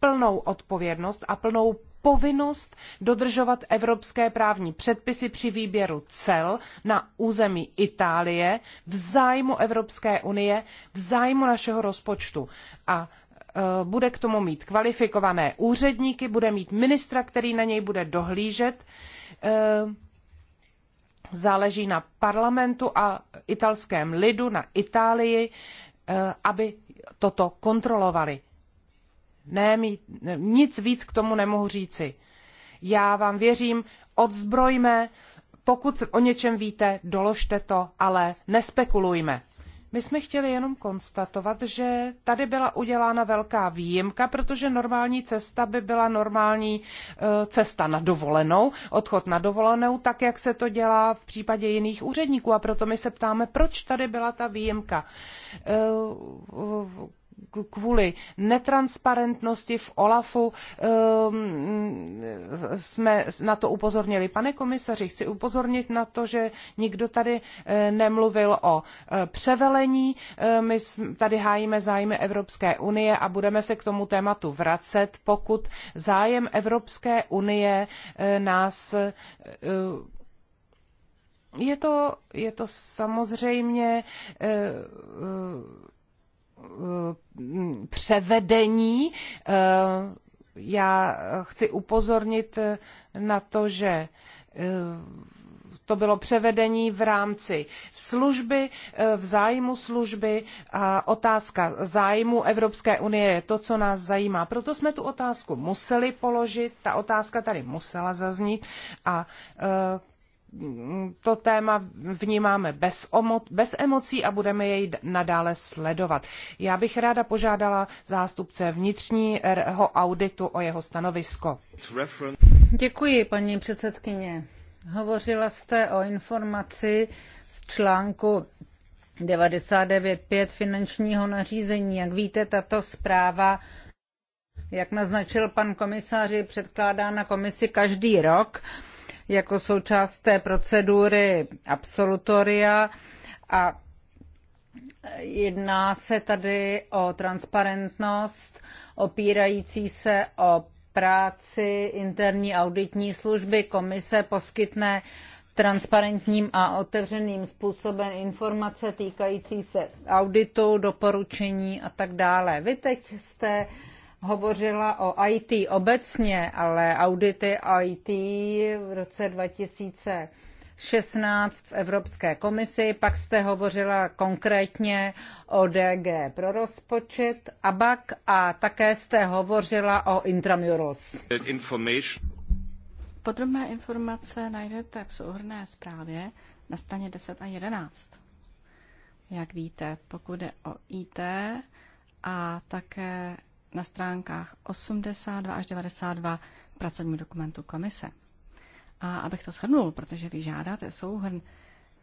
plnou odpovědnost a plnou povinnost dodržovat evropské právní předpisy při výběru cel na území Itálie v zájmu Evropské unie, v zájmu našeho rozpočtu. A e, bude k tomu mít kvalifikované úředníky, bude mít ministra, který na něj bude dohlížet. E, záleží na parlamentu a italském lidu, na Itálii, e, aby toto kontrolovali. Ne, nic víc k tomu nemohu říci. Já vám věřím, odzbrojme, pokud o něčem víte, doložte to, ale nespekulujme. My jsme chtěli jenom konstatovat, že tady byla udělána velká výjimka, protože normální cesta by byla normální e, cesta na dovolenou, odchod na dovolenou, tak jak se to dělá v případě jiných úředníků. A proto my se ptáme, proč tady byla ta výjimka. E, kvůli netransparentnosti v OLAFu ehm, jsme na to upozornili. Pane komisaři, chci upozornit na to, že nikdo tady eh, nemluvil o eh, převelení. Eh, my tady hájíme zájmy Evropské unie a budeme se k tomu tématu vracet, pokud zájem Evropské unie nás je to, je to samozřejmě Eh, mm, převedení. Eh, já chci upozornit na to, že eh, to bylo převedení v rámci služby, v zájmu služby a otázka zájmu Evropské unie je to, co nás zajímá. Proto jsme tu otázku museli položit, ta otázka tady musela zaznít a to téma vnímáme bez, omo- bez emocí a budeme jej nadále sledovat. Já bych ráda požádala zástupce vnitřního auditu o jeho stanovisko. Děkuji, paní předsedkyně. Hovořila jste o informaci z článku 99.5 finančního nařízení. Jak víte, tato zpráva, jak naznačil pan komisář, je předkládána komisi každý rok jako součást té procedury absolutoria a jedná se tady o transparentnost opírající se o práci interní auditní služby. Komise poskytne transparentním a otevřeným způsobem informace týkající se auditu, doporučení a tak dále. Vy teď jste uh, hovořila o IT obecně, ale audity IT v roce 2016 v Evropské komisi, pak jste hovořila konkrétně o DG pro rozpočet, ABAC a také jste hovořila o intramurals. Podrobné informace najdete v souhrné zprávě na straně 10 a 11. Jak víte, pokud je o IT a také na stránkách 82 až 92 pracovnímu dokumentu komise. A abych to shrnul, protože vy žádáte souhrn,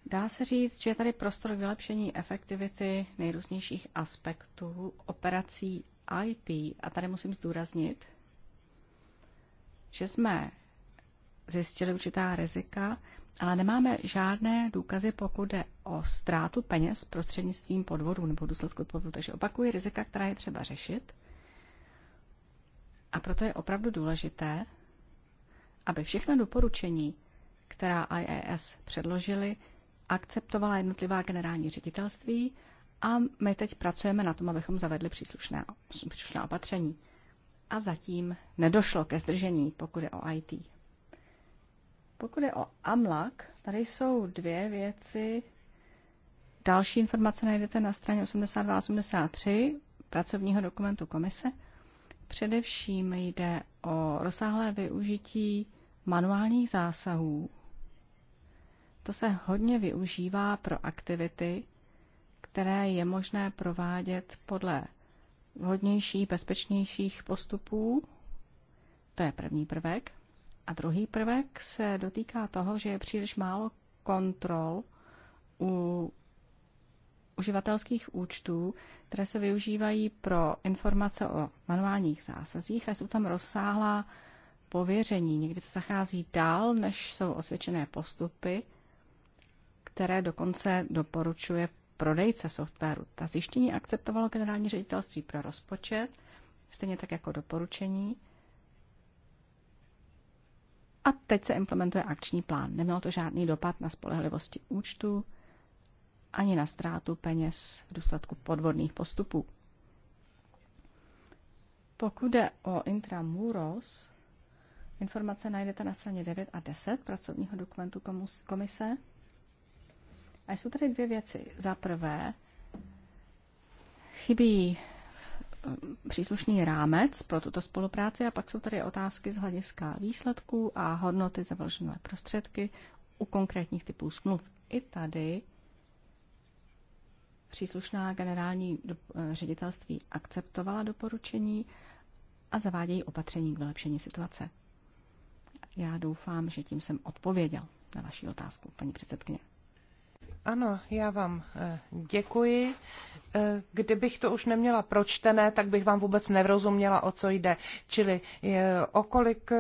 dá se říct, že je tady prostor k vylepšení efektivity nejrůznějších aspektů operací IP. A tady musím zdůraznit, že jsme zjistili určitá rizika, ale nemáme žádné důkazy, pokud jde o ztrátu peněz prostřednictvím podvodu nebo důsledku podvodu. Takže opakuji rizika, která je třeba řešit. A proto je opravdu důležité, aby všechna doporučení, která IAS předložili, akceptovala jednotlivá generální ředitelství a my teď pracujeme na tom, abychom zavedli příslušné, příslušné opatření. A zatím nedošlo ke zdržení, pokud je o IT. Pokud je o AMLAK, tady jsou dvě věci. Další informace najdete na straně 82-83 pracovního dokumentu komise – Především jde o rozsáhlé využití manuálních zásahů. To se hodně využívá pro aktivity, které je možné provádět podle vhodnějších, bezpečnějších postupů. To je první prvek. A druhý prvek se dotýká toho, že je příliš málo kontrol u uživatelských účtů, které se využívají pro informace o manuálních zásazích a jsou tam rozsáhlá pověření. Někdy to zachází dál, než jsou osvědčené postupy, které dokonce doporučuje prodejce softwaru. Ta zjištění akceptovalo generální ředitelství pro rozpočet, stejně tak jako doporučení. A teď se implementuje akční plán. Nemělo to žádný dopad na spolehlivosti účtu, ani na ztrátu peněz v důsledku podvodných postupů. Pokud jde o intramuros, informace najdete na straně 9 a 10 pracovního dokumentu komise. A jsou tady dvě věci. Za prvé, chybí eh, příslušný rámec pro tuto spolupráci a pak jsou tady otázky z hlediska výsledků a hodnoty za vložené prostředky u konkrétních typů smluv. I tady Příslušná generální eh, ředitelství akceptovala doporučení a zavádějí opatření k vylepšení situace. Já doufám, že tím jsem odpověděl na vaši otázku, paní předsedkyně. Ano, já vám eh, děkuji. Eh, kdybych to už neměla pročtené, tak bych vám vůbec nerozuměla, o co jde. Čili o kolik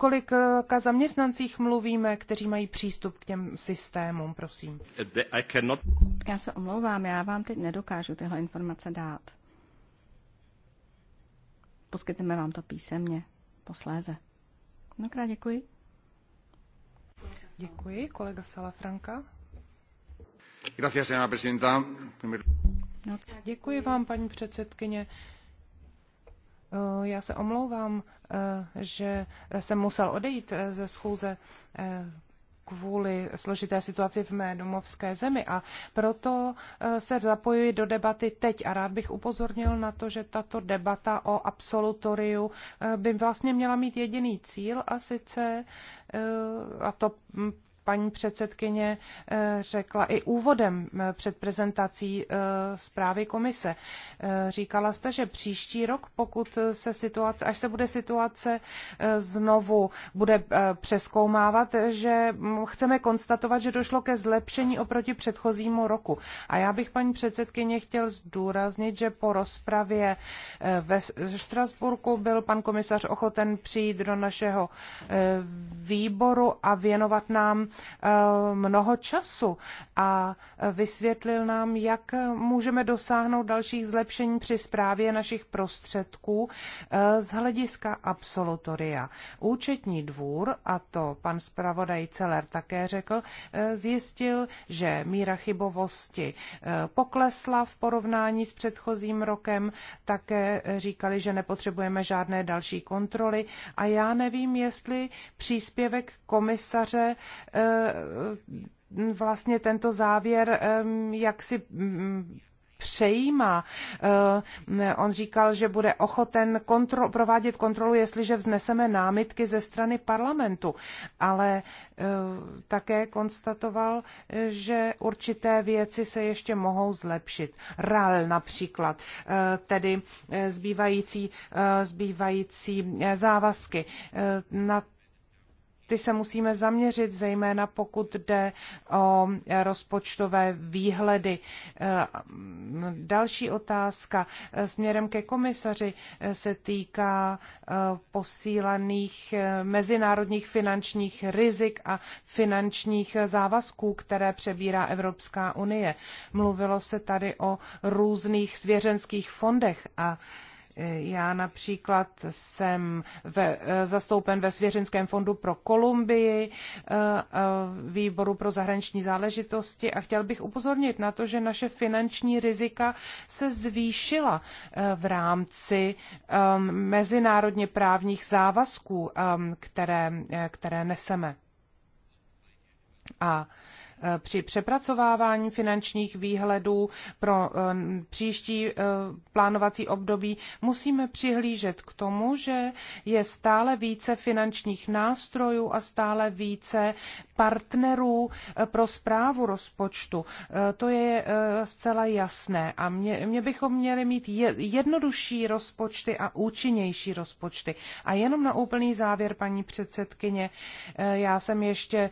kolika eh, zaměstnancích mluvíme, kteří mají přístup k těm systémům, prosím? Já se omlouvám, já vám teď nedokážu tyhle informace dát. Poskytneme vám to písemně, posléze. Mnohokrát děkuji. Děkuji, kolega Salafranka. Gracias, señora presidenta. No. Děkuji vám, paní předsedkyně. Eh, já se omlouvám, eh, že jsem musel odejít eh, ze schůze kvůli složité situaci v mé domovské zemi a proto se zapojuji do debaty teď a rád bych upozornil na to, že tato debata o absolutoriu by vlastně měla mít jediný cíl a sice, a to hm, paní předsedkyně eh, řekla i úvodem eh, před prezentací eh, zprávy komise. Říkala jste, že příští rok, pokud se situace, až se bude situace znovu bude přeskoumávat, že mm, chceme konstatovat, že došlo ke zlepšení oproti předchozímu roku. A já bych paní předsedkyně chtěl zdůraznit, že po rozpravě ve Štrasburku byl pan komisař ochoten přijít do našeho výboru a věnovat nám Eh, mnoho času a vysvětlil nám, jak můžeme dosáhnout dalších zlepšení při zprávě našich prostředků eh, z hlediska absolutoria. Účetní dvůr, a to pan zpravodaj Celer také řekl, eh, zjistil, že míra chybovosti poklesla v porovnání s předchozím rokem. Také říkali, že nepotřebujeme žádné další kontroly a já nevím, jestli příspěvek komisaře Eh, vlastně tento závěr jak si mm, přejímá. Eh, on říkal, že bude ochoten kontrol, provádět kontrolu, jestliže vzneseme námitky ze strany parlamentu, ale eh, také konstatoval, že určité věci se ještě mohou zlepšit. RAL například, tedy zbývající, zbývající závazky. Na ty se musíme zaměřit, zejména pokud jde o e, rozpočtové výhledy. E, další otázka e, směrem ke komisaři se týká posílených mezinárodních finančních rizik a finančních závazků, které přebírá Evropská unie. Mluvilo se tady o různých svěřenských fondech a já například jsem ve, zastoupen ve Svěřenském fondu pro Kolumbii, eh, eh, výboru pro zahraniční záležitosti a chtěl bych upozornit na to, že naše finanční rizika se zvýšila eh, v rámci mezinárodně právních závazků, které, které neseme. A Eh, při přepracovávání finančních výhledů pro eh, příští eh, plánovací období musíme přihlížet k tomu, že je stále více finančních nástrojů a stále více partnerů pro zprávu rozpočtu. To je zcela jasné a mě, mě bychom měli mít jednodušší rozpočty a účinnější rozpočty. A jenom na úplný závěr, paní předsedkyně, já jsem ještě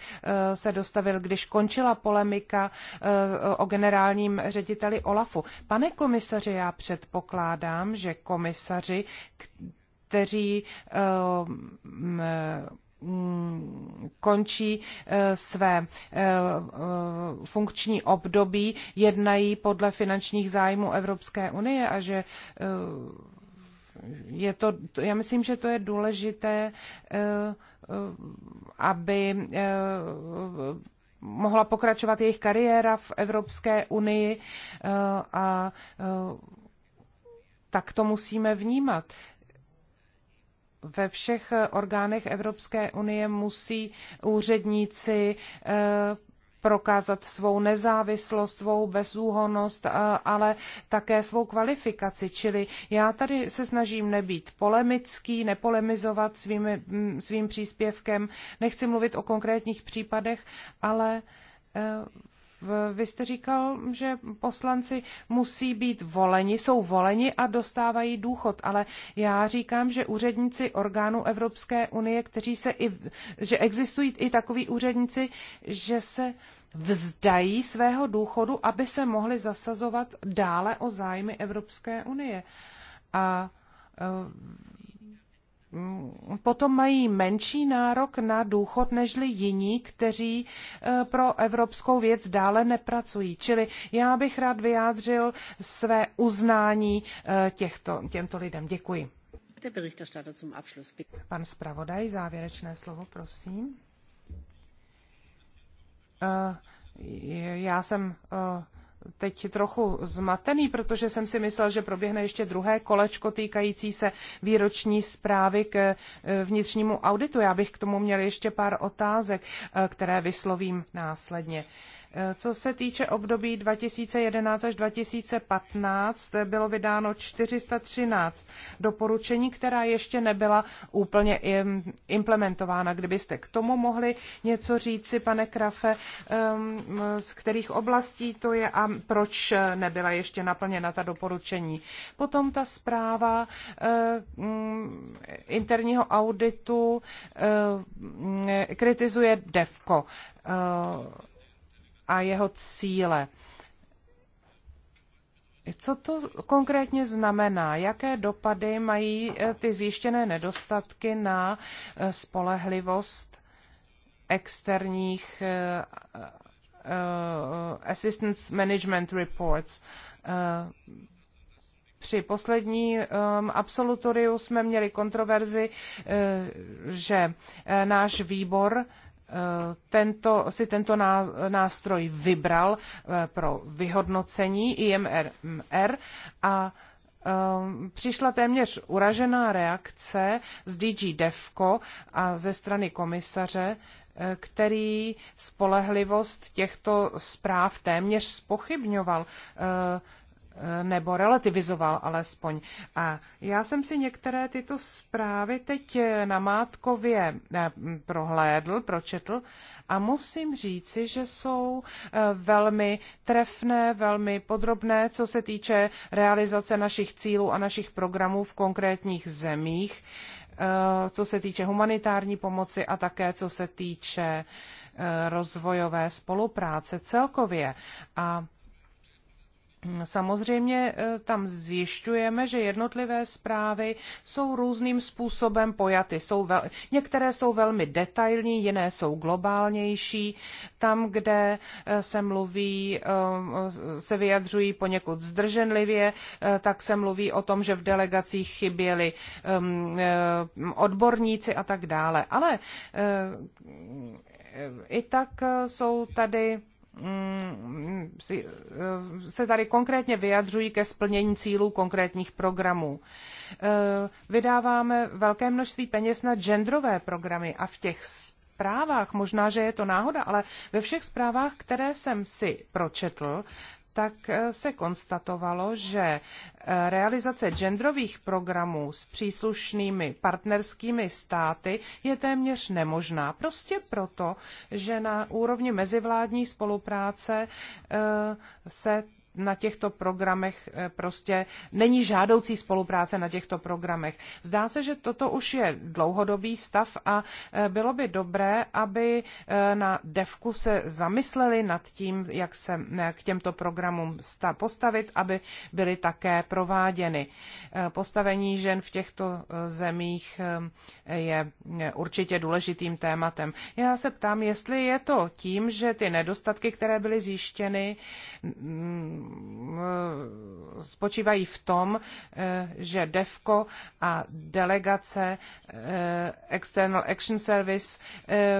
se dostavil, když končil skončila polemika eh, o generálním řediteli Olafu. Pane komisaři, já předpokládám, že komisaři, kteří eh, mm, končí eh, své funkční období, jednají podle finančních zájmů Evropské unie a že je to, já myslím, že to je důležité, aby mohla pokračovat jejich kariéra v Evropské unii eh, a eh, tak to musíme vnímat ve všech orgánech Evropské unie musí úředníci eh, prokázat svou nezávislost, svou bezúhonost, ale také svou kvalifikaci. Čili já tady se snažím nebýt polemický, nepolemizovat svým mm, svým příspěvkem, nechci mluvit o konkrétních případech, ale e, vy jste říkal, že poslanci musí být voleni, jsou voleni a dostávají důchod, ale já říkám, že úředníci orgánů Evropské unie, kteří se i, že existují i takoví úředníci, že se vzdají svého důchodu, aby se mohli zasazovat dále o zájmy Evropské unie. A eh, mm, potom mají menší nárok na důchod nežli jiní, kteří eh, pro evropskou věc dále nepracují. Čili já bych rád vyjádřil své uznání eh, těchto, těmto lidem. Děkuji. Pan zpravodaj, závěrečné slovo, prosím. Eh, já jsem eh, teď trochu zmatený, protože jsem si myslel, že proběhne ještě druhé kolečko týkající se výroční zprávy k eh, vnitřnímu auditu. Já bych k tomu měl ještě pár otázek, které vyslovím následně. Co se týče období 2011 až 2015, bylo vydáno 413 doporučení, která ještě nebyla úplně implementována. Kdybyste k tomu mohli něco říci, pane Krafe, z kterých oblastí to je a proč nebyla ještě naplněna ta doporučení. Potom ta zpráva eh, mm, interního auditu eh, mm, kritizuje Devko. Eh, a jeho cíle. Co to konkrétně znamená? Jaké dopady mají eh, ty zjištěné nedostatky na eh, spolehlivost externích eh, Assistance Management Reports? Při posledním absolutoriu jsme měli kontroverzi, že náš výbor tento, si tento nástroj vybral eh, pro vyhodnocení IMR a eh, přišla téměř uražená reakce z DG DEFCO a ze strany komisaře, eh, který spolehlivost těchto zpráv téměř spochybňoval nebo relativizoval alespoň. A já jsem si některé tyto zprávy teď na Mátkově eh, prohlédl, pročetl a musím říci, že jsou eh, velmi trefné, velmi podrobné, co se týče realizace našich cílů a našich programů v konkrétních zemích, eh, co se týče humanitární pomoci a také co se týče rozvojové spolupráce celkově. A Samozřejmě eh, tam zjišťujeme, že jednotlivé zprávy jsou různým způsobem pojaty. Jsou vel, některé jsou velmi detailní, jiné jsou globálnější. Tam, kde eh, se mluví, eh, se vyjadřují poněkud zdrženlivě, tak se mluví o tom, že v delegacích chyběli ehm, odborníci a tak dále. Ale i tak jsou tady Mm, eh, se tady konkrétně vyjadřují ke splnění cílů konkrétních programů. Eh, vydáváme velké množství peněz na genderové programy a v těch zprávách, možná, že je to náhoda, ale ve všech zprávách, které jsem si pročetl, tak eh, se konstatovalo, že eh, realizace genderových programů s příslušnými partnerskými státy je téměř nemožná. Prostě proto, že na úrovni mezivládní spolupráce eh, se na těchto programech eh, prostě není žádoucí spolupráce na těchto programech. Zdá se, že toto už je dlouhodobý stav a eh, bylo by dobré, aby eh, na devku se zamysleli nad tím, jak se k těmto programům postavit, aby byly také prováděny. Postavení žen v těchto zemích je určitě důležitým tématem. Já se ptám, jestli je to tím, že ty nedostatky, které byly zjištěny, Eh, spočívají v tom, eh, že DEFCO a delegace eh, External Action Service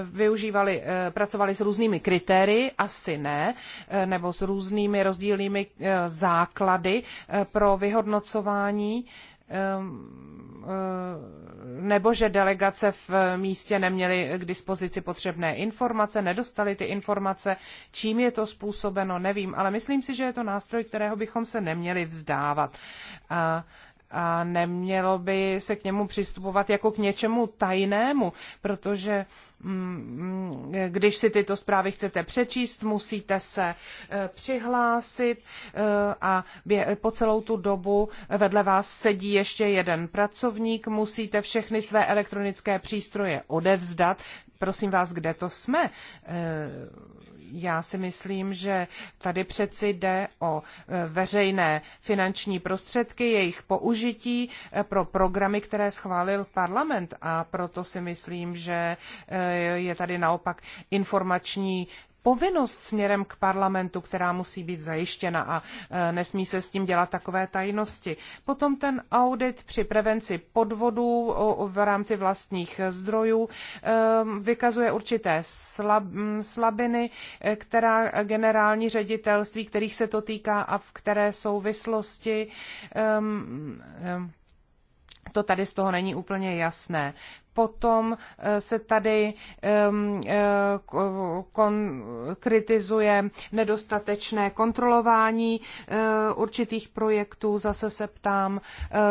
využívali, pracovali s různými kritérii, asi ne, nebo s různými rozdílnými základy pro vyhodnocování Eh, nebo že delegace v místě neměly k dispozici potřebné informace, nedostali ty informace, čím je to způsobeno, nevím, ale myslím si, že je to nástroj, kterého bychom se neměli vzdávat a nemělo by se k němu přistupovat jako k něčemu tajnému, protože mm, když si tyto zprávy chcete přečíst, musíte se e, přihlásit e, a po celou tu dobu vedle vás sedí ještě jeden pracovník, musíte všechny své elektronické přístroje odevzdat. Prosím vás, kde to jsme? E, já si myslím, že tady přeci jde o e, veřejné finanční prostředky, jejich použití e, pro programy, které schválil parlament a proto si myslím, že e, je tady naopak informační povinnost směrem k parlamentu, která musí být zajištěna a e, nesmí se s tím dělat takové tajnosti. Potom ten audit při prevenci podvodů v rámci vlastních zdrojů e, vykazuje určité slabiny, e, která generální ředitelství, kterých se to týká a v které souvislosti to tady z toho není úplně jasné potom eh, se tady eh, kon, kritizuje nedostatečné kontrolování eh, určitých projektů. Zase se ptám,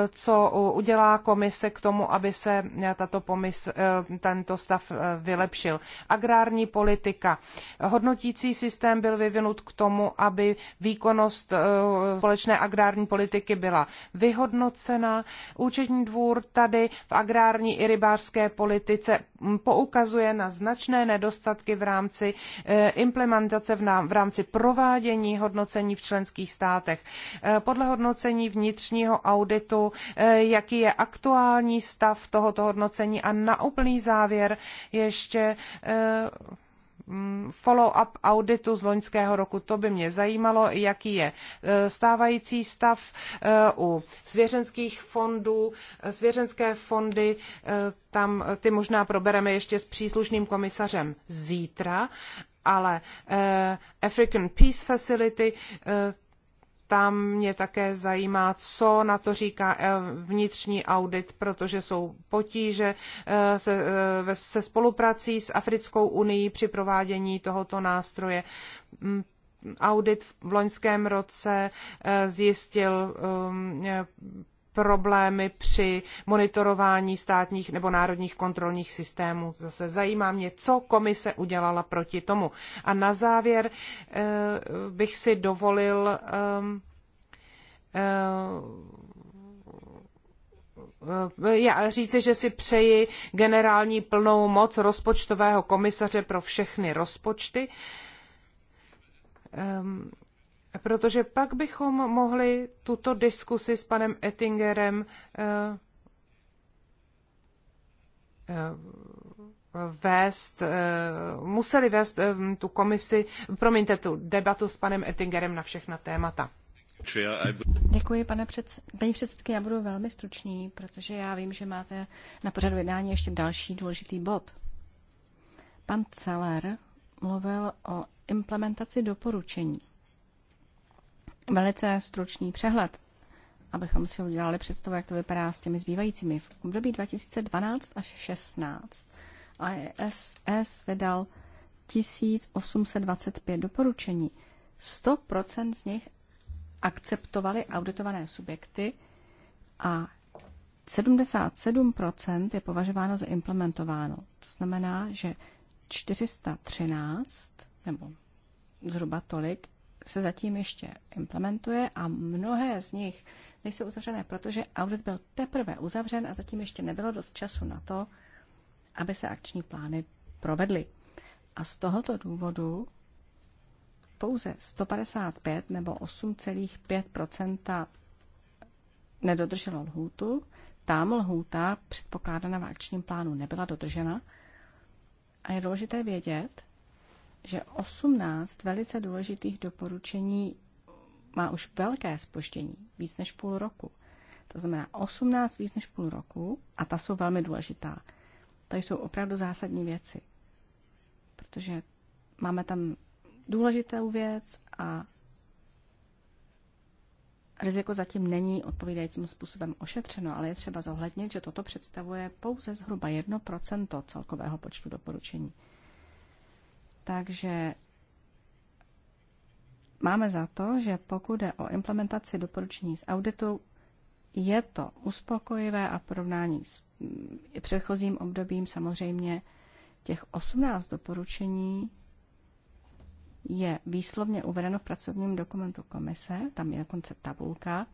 co udělá komise k tomu, aby se tato pomys, tento stav vylepšil. Agrární politika. Hodnotící systém byl vyvinut k tomu, aby výkonnost společné agrární politiky byla vyhodnocena. Účetní dvůr tady v agrární i rybářské evropské politice poukazuje na značné nedostatky v rámci e, implementace, v rámci provádění hodnocení v členských státech. E, podle hodnocení vnitřního auditu, e, jaký je aktuální stav tohoto hodnocení a na úplný závěr ještě Mm, follow-up auditu z loňského roku. To by mě zajímalo, jaký je e, stávající stav e, u svěřenských fondů, e, svěřenské fondy, tam ty možná probereme ještě s příslušným komisařem zítra, ale African Peace Facility, tam mě také zajímá, co na to říká eh, vnitřní audit, protože jsou potíže eh, se, eh, se spoluprací s Africkou unii při provádění tohoto nástroje. Mm, audit v loňském roce zjistil ehm, problémy při monitorování státních nebo národních kontrolních systémů. Zase zajímá mě, co komise udělala proti tomu. A na závěr eh, bych si dovolil ehm, ehm, eh, já říci, že si přeji generální plnou moc rozpočtového komisaře pro všechny rozpočty. Ehm, protože pak bychom mohli tuto diskusi s panem Ettingerem eh, eh, vést, eh, museli vést tu komisi, promiňte, tu debatu s panem Ettingerem na všechna témata. Děkuji, pane před... paní předsedky, já budu velmi stručný, protože já vím, že máte na pořadu jednání ještě další důležitý bod. Pan Celer mluvil o implementaci doporučení velice stručný přehled, abychom si udělali představu, jak to vypadá s těmi zbývajícími. V období 2012 až 16 ISS e vydal 1825 doporučení. 100% z nich akceptovali auditované subjekty a 77% je považováno za implementováno. To znamená, že 413 nebo zhruba tolik se zatím ještě implementuje a mnohé z nich nejsou uzavřené, protože audit byl teprve uzavřen a zatím ještě nebylo dost času na to, aby se akční plány provedly. A z tohoto důvodu pouze 155 nebo 8,5 nedodrželo lhůtu. Tam lhůta předpokládaná v akčním plánu nebyla dodržena. A je důležité vědět, že 18 velice důležitých doporučení má už velké spoštění, víc než půl roku. To znamená 18 víc než půl roku a ta jsou velmi důležitá. To jsou opravdu zásadní věci, protože máme tam důležitou věc a riziko zatím není odpovídajícím způsobem ošetřeno, ale je třeba zohlednit, že toto představuje pouze zhruba 1% celkového počtu doporučení. Takže máme za to, že pokud je o implementaci doporučení z auditu, je to uspokojivé a v porovnání s mm, předchozím obdobím samozřejmě těch 18 doporučení je výslovně uvedeno v pracovním dokumentu komise, tam je dokonce tabulka,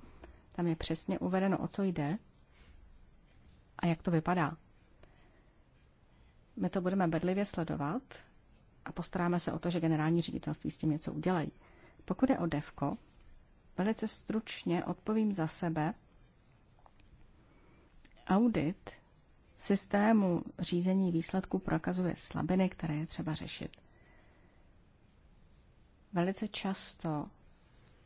tam je přesně uvedeno, o co jde a jak to vypadá. My to budeme bedlivě sledovat, a postaráme se o to, že generální ředitelství s tím něco udělají. Pokud je o DEVKO, velice stručně odpovím za sebe. Audit systému řízení výsledků prokazuje slabiny, které je třeba řešit. Velice často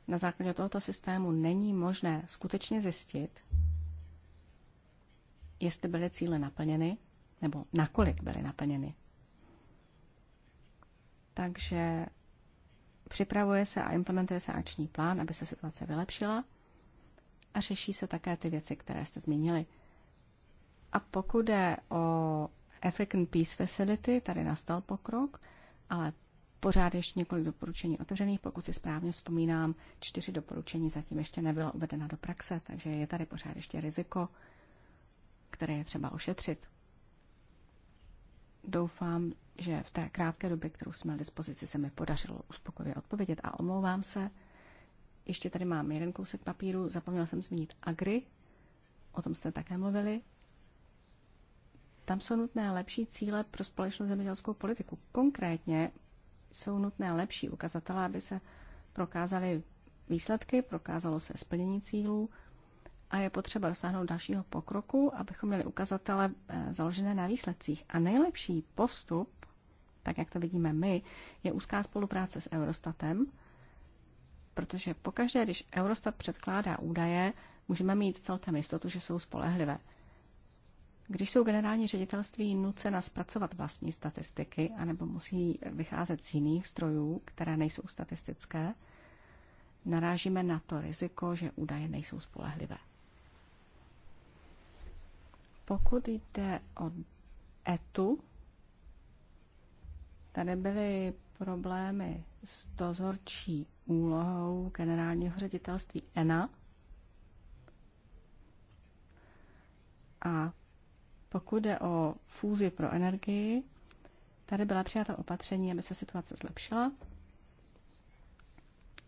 na základě tohoto systému není možné skutečně zjistit, jestli byly cíle naplněny nebo nakolik byly naplněny. Takže připravuje se a implementuje se akční plán, aby se situace vylepšila a řeší se také ty věci, které jste zmínili. A pokud jde o African Peace Facility, tady nastal pokrok, ale pořád ještě několik doporučení otevřených. Pokud si správně vzpomínám, čtyři doporučení zatím ještě nebyla uvedena do praxe, takže je tady pořád ještě riziko, které je třeba ošetřit doufám, že v té krátké době, kterou jsme měli dispozici, se mi podařilo uspokojivě odpovědět a omlouvám se. Ještě tady mám jeden kousek papíru, zapomněla jsem zmínit agri, o tom jste také mluvili. Tam jsou nutné lepší cíle pro společnou zemědělskou politiku. Konkrétně jsou nutné lepší ukazatele, aby se prokázaly výsledky, prokázalo se splnění cílů, a je potřeba dosáhnout dalšího pokroku, abychom měli ukazatele eh, založené na výsledcích. A nejlepší postup, tak jak to vidíme my, je úzká spolupráce s Eurostatem, protože pokaždé, když Eurostat předkládá údaje, můžeme mít celkem jistotu, že jsou spolehlivé. Když jsou generální ředitelství nucena zpracovat vlastní statistiky, anebo musí vycházet z jiných strojů, které nejsou statistické, narážíme na to riziko, že údaje nejsou spolehlivé. Pokud jde o ETU, tady byly problémy s dozorčí úlohou generálního ředitelství ENA. A pokud jde o fúzi pro energii, tady byla přijata opatření, aby se situace zlepšila.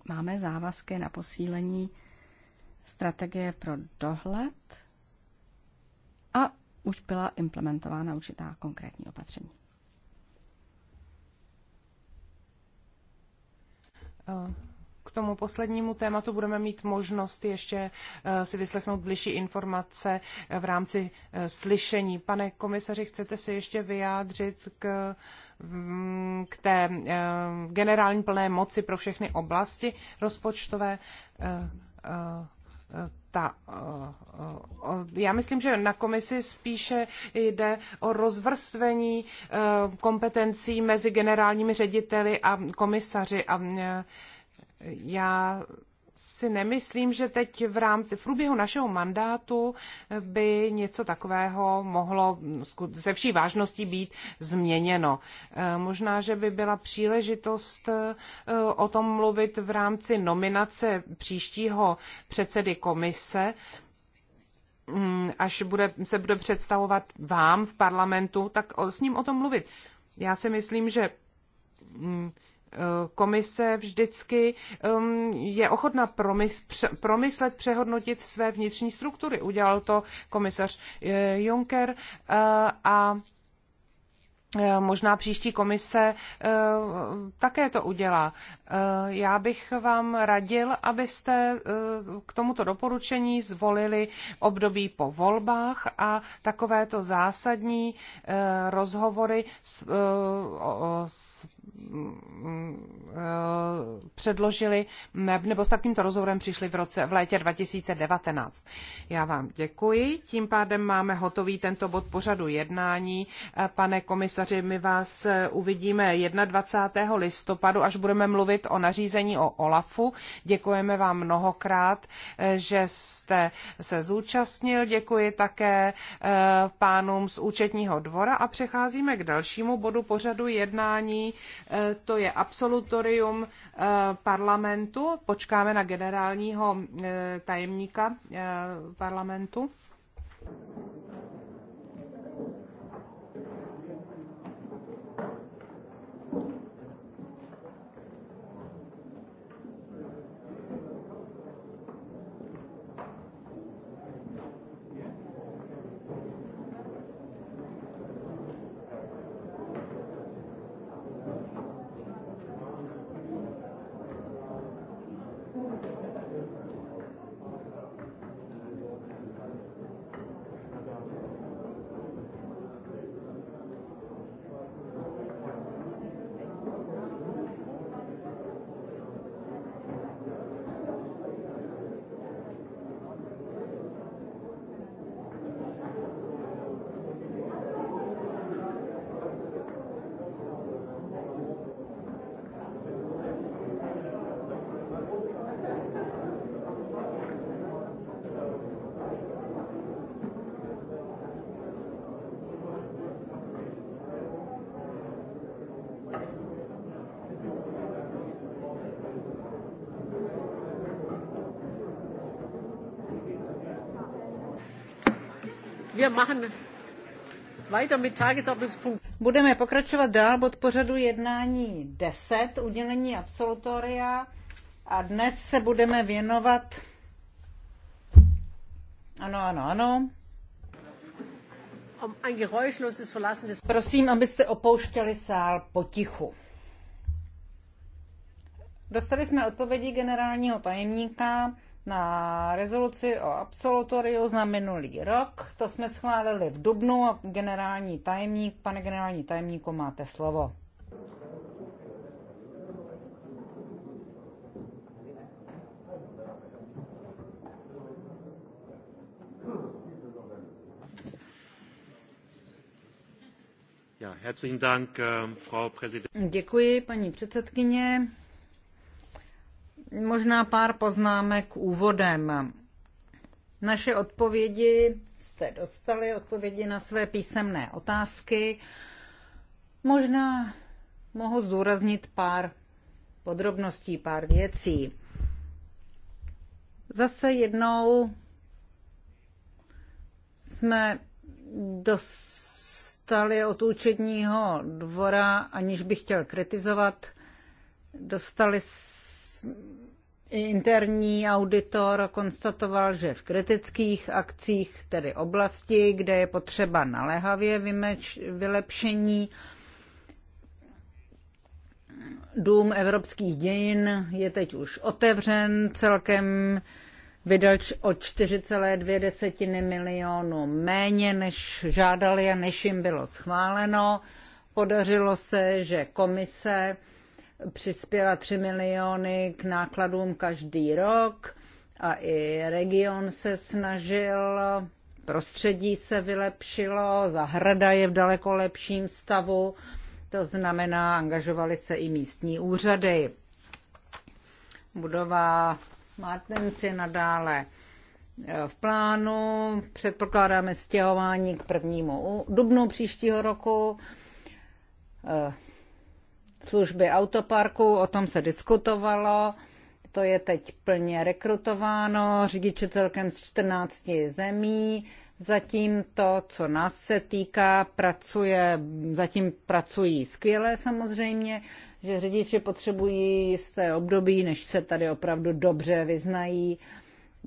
Máme závazky na posílení strategie pro dohled a už byla implementována určitá konkrétní opatření. K tomu poslednímu tématu budeme mít možnost ještě eh, si vyslechnout bližší informace eh, v rámci eh, slyšení. Pane komisaři, chcete se ještě vyjádřit k, mm, k té generální plné moci pro všechny oblasti rozpočtové? ta, já myslím, že na komisi spíše jde o rozvrstvení e, kompetencí mezi generálními řediteli a komisaři a e, já si nemyslím, že teď v rámci, v průběhu našeho mandátu by něco takového mohlo ze vší vážností být změněno. Eh, možná, že by byla příležitost eh, o tom mluvit v rámci nominace příštího předsedy komise, mm, až bude, se bude představovat vám v parlamentu, tak s ním o tom mluvit. Já si myslím, že mm, komise vždycky um, je ochotna promys, promyslet, přehodnotit své vnitřní struktury. Udělal to komisař eh, Juncker eh, a eh, Možná příští komise také to udělá. Já bych vám radil, abyste k tomuto doporučení zvolili období po volbách a takovéto zásadní rozhovory s, s předložili, nebo s takýmto rozhovorem přišli v, roce, v létě 2019. Já vám děkuji. Tím pádem máme hotový tento bod pořadu jednání. Pane komisaři, my vás uvidíme 21. listopadu, až budeme mluvit o nařízení o OLAFu. Děkujeme vám mnohokrát, že jste se zúčastnil. Děkuji také eh, pánům z účetního dvora a přecházíme k dalšímu bodu pořadu jednání. Eh, to je absolutorium eh, parlamentu. Počkáme na generálního eh, tajemníka parlamentu. Budeme pokračovat dál bod pořadu jednání 10, udělení absolutoria. A dnes se budeme věnovat... Ano, ano, ano. Um, Prosím, abyste opouštěli sál potichu. Dostali jsme odpovědi generálního tajemníka na rezoluci o absolutoriu za minulý rok. To jsme schválili v Dubnu a generální tajemník, pane generální tajemníku, máte slovo. Ähm, Děkuji, paní předsedkyně. Možná pár poznámek úvodem. Naše odpovědi jste dostali, odpovědi na své písemné otázky. Možná mohu zdůraznit pár podrobností, pár věcí. Zase jednou jsme dostali od účetního dvora, aniž bych chtěl kritizovat, dostali interní auditor konstatoval, že v kritických akcích, tedy oblasti, kde je potřeba naléhavě vylepšení, Dům evropských dějin je teď už otevřen, celkem vydal o 4,2 milionu méně, než žádali a než jim bylo schváleno. Podařilo se, že komise přispěla 3 miliony k nákladům každý rok a i region se snažil, prostředí se vylepšilo, zahrada je v daleko lepším stavu, to znamená, angažovaly se i místní úřady. Budova Martenci nadále e, v plánu. Předpokládáme stěhování k prvnímu dubnu příštího roku. E, služby autoparku, o tom se diskutovalo, to je teď plně rekrutováno, řidiče celkem z 14 zemí, zatím to, co nás se týká, pracuje, zatím pracují skvěle samozřejmě, že řidiči potřebují jisté období, než se tady opravdu dobře vyznají.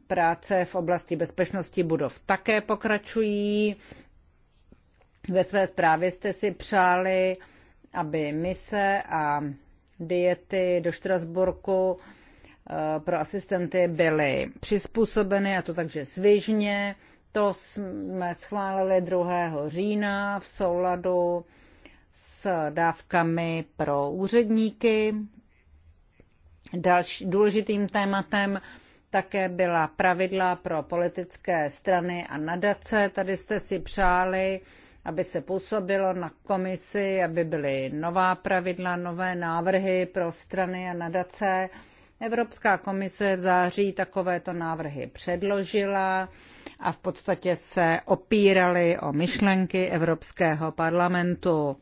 Práce v oblasti bezpečnosti budov také pokračují. Ve své zprávě jste si přáli aby mise a diety do Štrasburku eh, pro asistenty byly přizpůsobeny, a to takže svižně. To jsme schválili 2. října v souladu s dávkami pro úředníky. Další důležitým tématem také byla pravidla pro politické strany a nadace. Tady jste si přáli aby se působilo na komisi, aby byly nová pravidla, nové návrhy pro strany a nadace. Evropská komise v září takovéto návrhy předložila a v podstatě se opíraly o myšlenky Evropského parlamentu.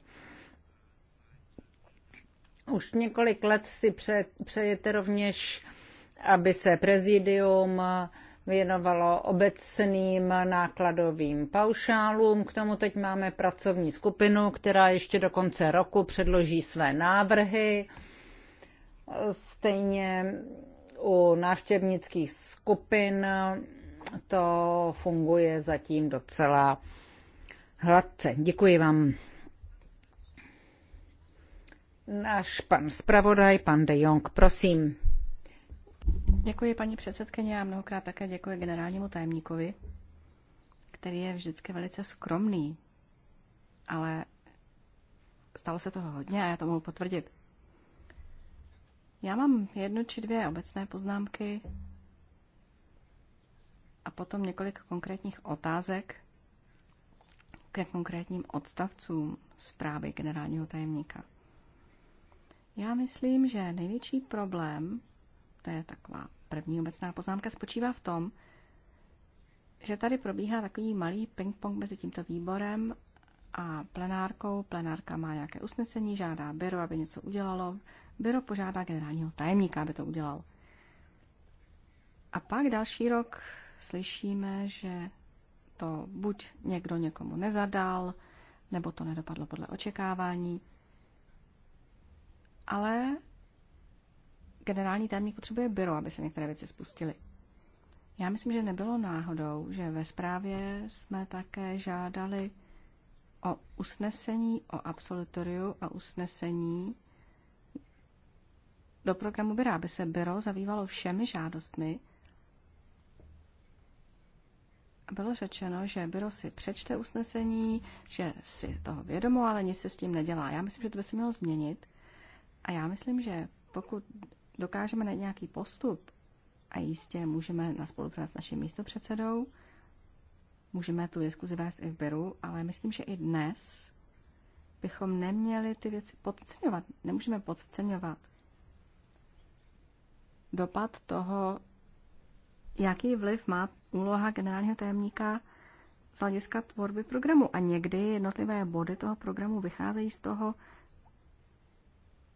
Už několik let si pře, přejete rovněž, aby se prezidium věnovalo obecným nákladovým paušálům. K tomu teď máme pracovní skupinu, která ještě do konce roku předloží své návrhy. Stejně u návštěvnických skupin to funguje zatím docela hladce. Děkuji vám. Náš pan zpravodaj, pan de Jong, prosím. Děkuji paní předsedkyně a mnohokrát také děkuji generálnímu tajemníkovi, který je vždycky velice skromný, ale stalo se toho hodně a já to mohu potvrdit. Já mám jednu či dvě obecné poznámky a potom několik konkrétních otázek ke konkrétním odstavcům zprávy generálního tajemníka. Já myslím, že největší problém to je taková první obecná poznámka, spočívá v tom, že tady probíhá takový malý ping-pong mezi tímto výborem a plenárkou. Plenárka má nějaké usnesení, žádá Byro, aby něco udělalo. Byro požádá generálního tajemníka, aby to udělal. A pak další rok slyšíme, že to buď někdo někomu nezadal, nebo to nedopadlo podle očekávání. Ale generální tajemník potřebuje byro, aby se některé věci spustily. Já myslím, že nebylo náhodou, že ve zprávě jsme také žádali o usnesení o absolutoriu a usnesení do programu Byra, aby se Byro zavývalo všemi žádostmi. bylo řečeno, že Byro si přečte usnesení, že si toho vědomo, ale nic se s tím nedělá. Já myslím, že to by se mělo změnit. A já myslím, že pokud dokážeme najít nějaký postup a jistě můžeme na spolupráci s naším místopředsedou, můžeme tu diskuzi vést i v Beru, ale myslím, že i dnes bychom neměli ty věci podceňovat. Nemůžeme podceňovat dopad toho, jaký vliv má úloha generálního tajemníka z hlediska tvorby programu. A někdy jednotlivé body toho programu vycházejí z toho,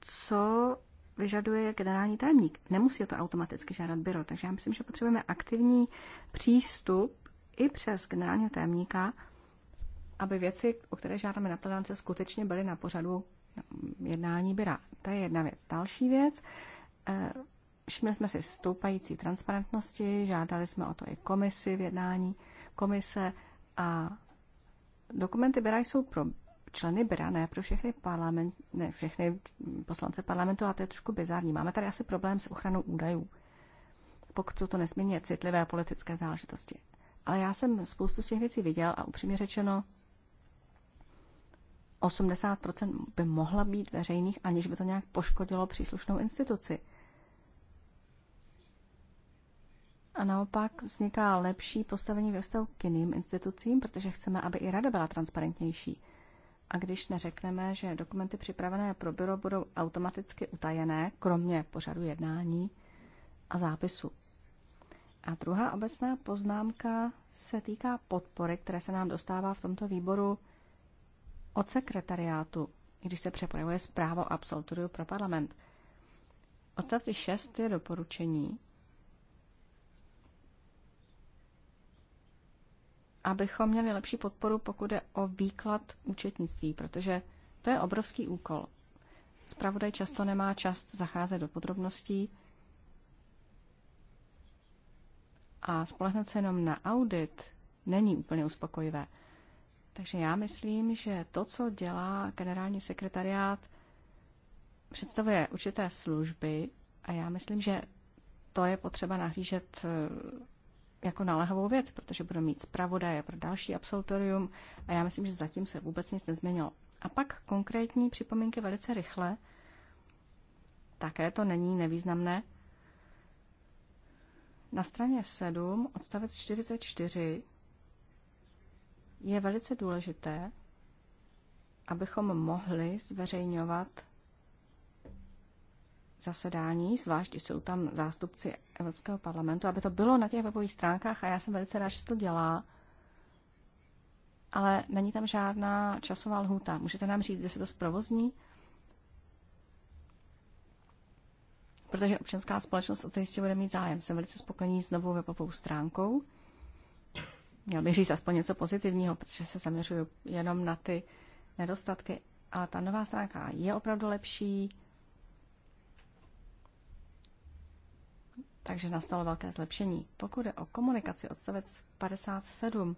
co vyžaduje generální tajemník. Nemusí o to automaticky žádat byro, takže já myslím, že potřebujeme aktivní přístup i přes generálního tajemníka, aby věci, o které žádáme na plenance, skutečně byly na pořadu jednání byra. To je jedna věc. Další věc, eh, všimli jsme si stoupající transparentnosti, žádali jsme o to i komisi v jednání komise a dokumenty byra jsou pro členy BRA, ne pro všechny, parlament, ne všechny poslance parlamentu, a to je trošku bizární. Máme tady asi problém s ochranou údajů, pokud jsou to nesmírně citlivé politické záležitosti. Ale já jsem spoustu z těch věcí viděl a upřímně řečeno, 80% by mohla být veřejných, aniž by to nějak poškodilo příslušnou instituci. A naopak vzniká lepší postavení ve vztahu k jiným institucím, protože chceme, aby i rada byla transparentnější a když neřekneme, že dokumenty připravené pro byro budou automaticky utajené, kromě pořadu jednání a zápisu. A druhá obecná poznámka se týká podpory, které se nám dostává v tomto výboru od sekretariátu, když se přepravuje zpráva o absolutoriu pro parlament. Odstavci 6 je doporučení, abychom měli lepší podporu, pokud je o výklad účetnictví, protože to je obrovský úkol. Spravodaj často nemá čas zacházet do podrobností a spolehnout se jenom na audit není úplně uspokojivé. Takže já myslím, že to, co dělá generální sekretariát, představuje určité služby a já myslím, že to je potřeba nahlížet eh, jako naléhavou věc, protože budeme mít zpravodaje pro další absolutorium a já myslím, že zatím se vůbec nic nezměnilo. A pak konkrétní připomínky velice rychle. Také to není nevýznamné. Na straně 7, odstavec 44, je velice důležité, abychom mohli zveřejňovat zasedání, zvlášť jsou tam zástupci Evropského parlamentu, aby to bylo na těch webových stránkách a já jsem velice rád, že se to dělá. Ale není tam žádná časová lhůta. Můžete nám říct, kde se to zprovozní? Protože občanská společnost o to ještě bude mít zájem. Jsem velice spokojený s novou webovou stránkou. Měl bych říct aspoň něco pozitivního, protože se zaměřuju jenom na ty nedostatky. Ale ta nová stránka je opravdu lepší takže nastalo velké zlepšení. Pokud je o komunikaci, odstavec 57,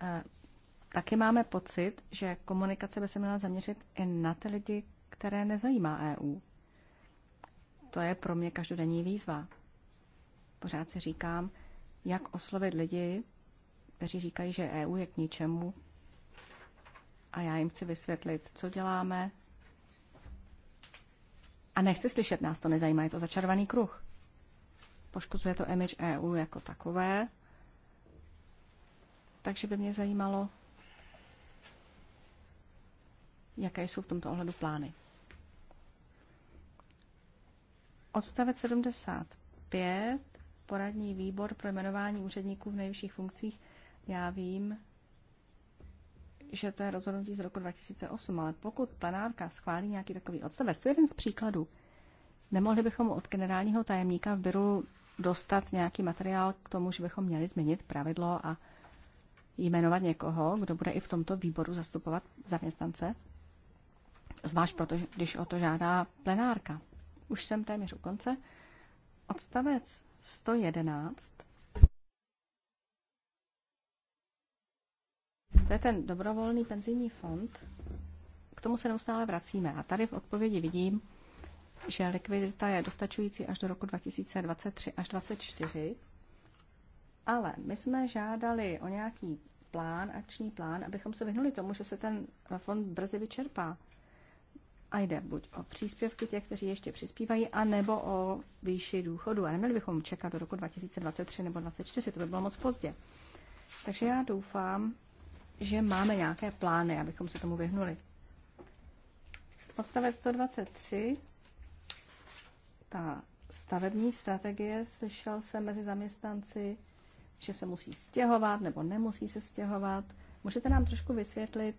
eh, taky máme pocit, že komunikace by se měla zaměřit i na ty lidi, které nezajímá EU. To je pro mě každodenní výzva. Pořád si říkám, jak oslovit lidi, kteří říkají, že EU je k ničemu. A já jim chci vysvětlit, co děláme. A nechci slyšet, nás to nezajímá, je to začarovaný kruh poškozuje to image EU jako takové. Takže by mě zajímalo, jaké jsou v tomto ohledu plány. Odstavec 75, poradní výbor pro jmenování úředníků v nejvyšších funkcích. Já vím, že to je rozhodnutí z roku 2008, ale pokud plenárka schválí nějaký takový odstavec, to je jeden z příkladů, nemohli bychom od generálního tajemníka v Byru dostat nějaký materiál k tomu, že bychom měli změnit pravidlo a jmenovat někoho, kdo bude i v tomto výboru zastupovat zaměstnance? Zvlášť proto, když o to žádá plenárka. Už jsem téměř u konce. Odstavec 111. To je ten dobrovolný penzijní fond. K tomu se neustále vracíme. A tady v odpovědi vidím, že likvidita je dostačující až do roku 2023 až 2024, ale my jsme žádali o nějaký plán, akční plán, abychom se vyhnuli tomu, že se ten fond brzy vyčerpá. A jde buď o příspěvky těch, kteří ještě přispívají, anebo o výši důchodu. A neměli bychom čekat do roku 2023 nebo 2024, to by bylo moc pozdě. Takže já doufám, že máme nějaké plány, abychom se tomu vyhnuli. Odstavec 123 ta stavební strategie, slyšel jsem mezi zaměstnanci, že se musí stěhovat nebo nemusí se stěhovat. Můžete nám trošku vysvětlit,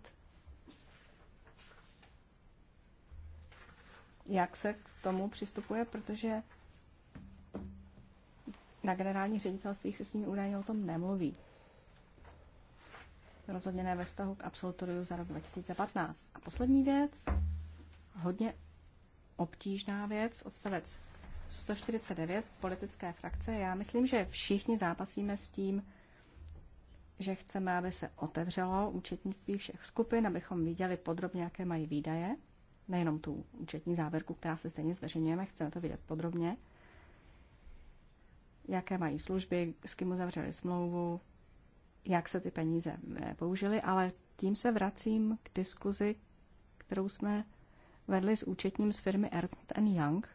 jak se k tomu přistupuje, protože na generálních ředitelstvích se s nimi údajně o tom nemluví. Rozhodně ne ve vztahu k absolutoriu za rok 2015. A poslední věc, hodně obtížná věc. Odstavec 149 politické frakce. Já myslím, že všichni zápasíme s tím, že chceme, aby se otevřelo účetnictví všech skupin, abychom viděli podrobně, jaké mají výdaje. Nejenom tu účetní závěrku, která se stejně zveřejňujeme, chceme to vidět podrobně. Jaké mají služby, s kým uzavřeli smlouvu, jak se ty peníze použily, ale tím se vracím k diskuzi, kterou jsme vedli s účetním z firmy Ernst Young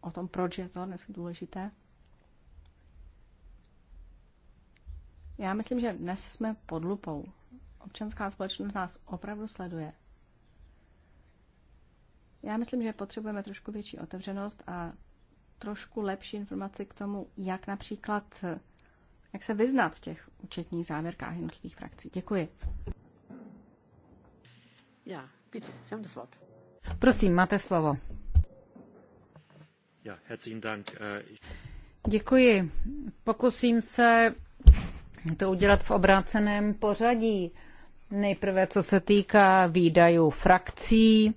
o tom, proč je to dnes důležité. Já myslím, že dnes jsme pod lupou. Občanská společnost nás opravdu sleduje. Já myslím, že potřebujeme trošku větší otevřenost a trošku lepší informaci k tomu, jak například, jak se vyznat v těch účetních závěrkách jednotlivých frakcí. Děkuji. Já. Bitte, Sie haben das Wort. Prosím, máte slovo. Ja, herzlichen Dank. Äh, Děkuji. Pokusím se to udělat v obráceném pořadí. Nejprve, co se týká výdajů frakcí,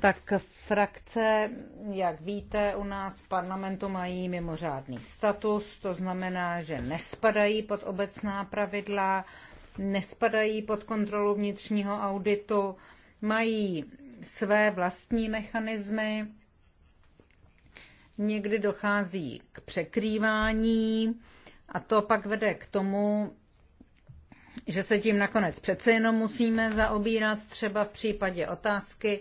tak frakce, jak víte, u nás v parlamentu mají mimořádný status, to znamená, že nespadají pod obecná pravidla, nespadají pod kontrolu vnitřního auditu, mají své vlastní mechanismy, někdy dochází k překrývání a to pak vede k tomu, že se tím nakonec přece jenom musíme zaobírat, třeba v případě otázky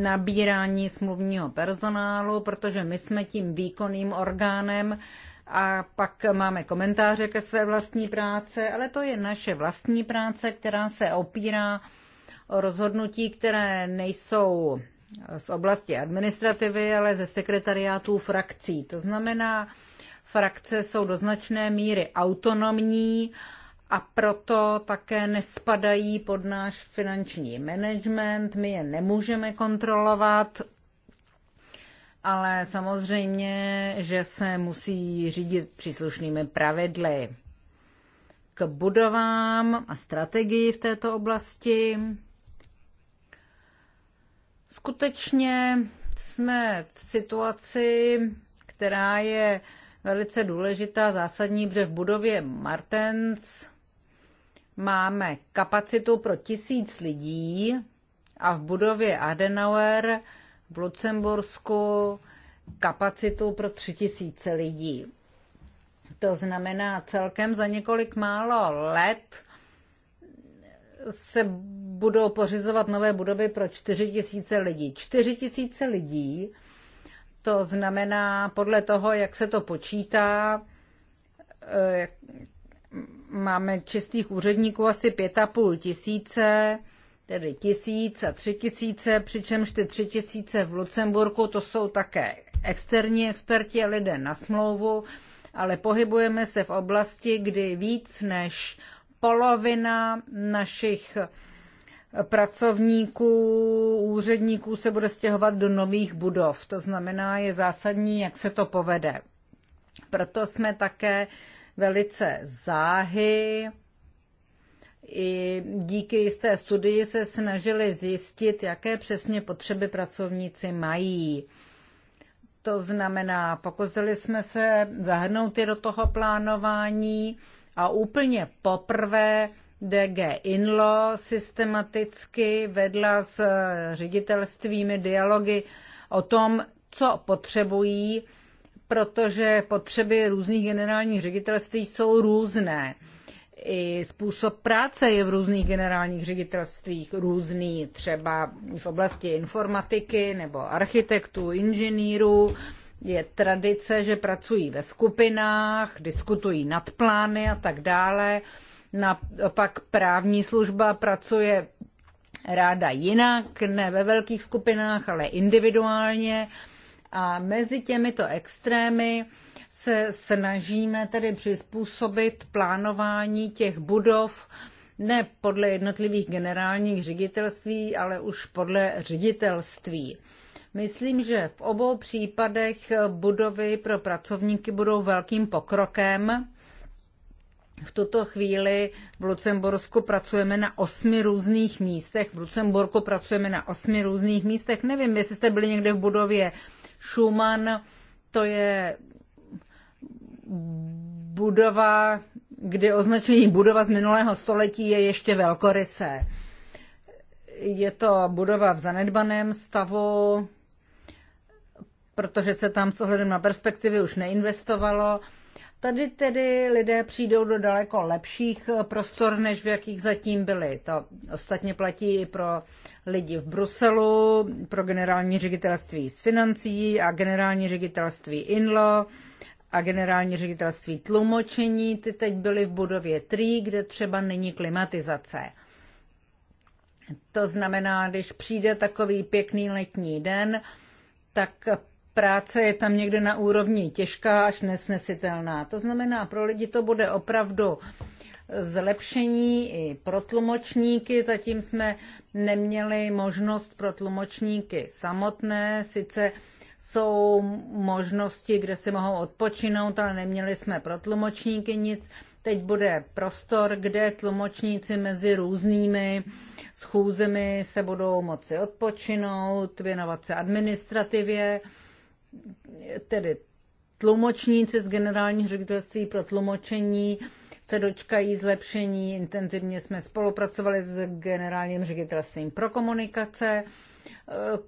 nabírání smluvního personálu, protože my jsme tím výkonným orgánem a pak máme komentáře ke své vlastní práce, ale to je naše vlastní práce, která se opírá rozhodnutí, které nejsou z oblasti administrativy, ale ze sekretariátů frakcí. To znamená, frakce jsou do značné míry autonomní a proto také nespadají pod náš finanční management, my je nemůžeme kontrolovat, ale samozřejmě, že se musí řídit příslušnými pravidly. K budovám a strategii v této oblasti Skutečně jsme v situaci, která je velice důležitá, zásadní, protože v budově Martens máme kapacitu pro tisíc lidí a v budově Adenauer v Lucembursku kapacitu pro tři tisíce lidí. To znamená, celkem za několik málo let se budou pořizovat nové budovy pro 4 tisíce lidí. 4 tisíce lidí, to znamená podle toho, jak se to počítá, eh, máme čistých úředníků asi 5,5 tisíce, tedy tisíc a tři tisíce, přičemž ty tři tisíce v Lucemburku to jsou také externí experti a lidé na smlouvu, ale pohybujeme se v oblasti, kdy víc než polovina našich pracovníků, úředníků se bude stěhovat do nových budov. To znamená, je zásadní, jak se to povede. Proto jsme také velice záhy. I díky jisté studii se snažili zjistit, jaké přesně potřeby pracovníci mají. To znamená, pokusili jsme se zahrnout je do toho plánování a úplně poprvé DG Inlo systematicky vedla s ředitelstvími dialogy o tom, co potřebují, protože potřeby různých generálních ředitelství jsou různé. I způsob práce je v různých generálních ředitelstvích různý, třeba v oblasti informatiky nebo architektů, inženýrů. Je tradice, že pracují ve skupinách, diskutují nad plány a tak dále. Naopak právní služba pracuje ráda jinak, ne ve velkých skupinách, ale individuálně. A mezi těmito extrémy se snažíme tedy přizpůsobit plánování těch budov ne podle jednotlivých generálních ředitelství, ale už podle ředitelství. Myslím, že v obou případech budovy pro pracovníky budou velkým pokrokem v tuto chvíli v Lucembursku pracujeme na osmi různých místech. V Lucemburku pracujeme na osmi různých místech. Nevím, jestli jste byli někde v budově Schumann, to je budova, kde označení budova z minulého století je ještě velkorysé. Je to budova v zanedbaném stavu, protože se tam s ohledem na perspektivy už neinvestovalo Tady tedy lidé přijdou do daleko lepších prostor, než v jakých zatím byli. To ostatně platí i pro lidi v Bruselu, pro generální ředitelství s financí a generální ředitelství INLO a generální ředitelství tlumočení. Ty teď byly v budově 3, kde třeba není klimatizace. To znamená, když přijde takový pěkný letní den, tak práce je tam někde na úrovni těžká až nesnesitelná. To znamená, pro lidi to bude opravdu zlepšení i pro tlumočníky. Zatím jsme neměli možnost pro tlumočníky samotné. Sice jsou možnosti, kde si mohou odpočinout, ale neměli jsme pro tlumočníky nic. Teď bude prostor, kde tlumočníci mezi různými schůzemi se budou moci odpočinout, věnovat se administrativě tedy tlumočníci z generálního ředitelství pro tlumočení se dočkají zlepšení. Intenzivně jsme spolupracovali s generálním ředitelstvím pro komunikace.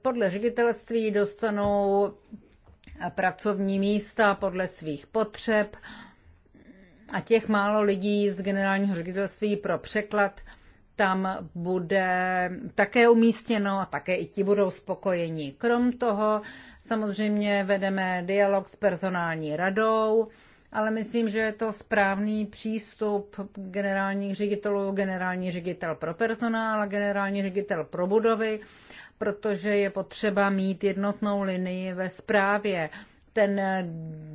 Podle ředitelství dostanou pracovní místa podle svých potřeb a těch málo lidí z generálního ředitelství pro překlad tam bude také umístěno a také i ti budou spokojeni. Krom toho samozřejmě vedeme dialog s personální radou, ale myslím, že je to správný přístup generálních ředitelů, generální ředitel pro personál a generální ředitel pro budovy, protože je potřeba mít jednotnou linii ve správě ten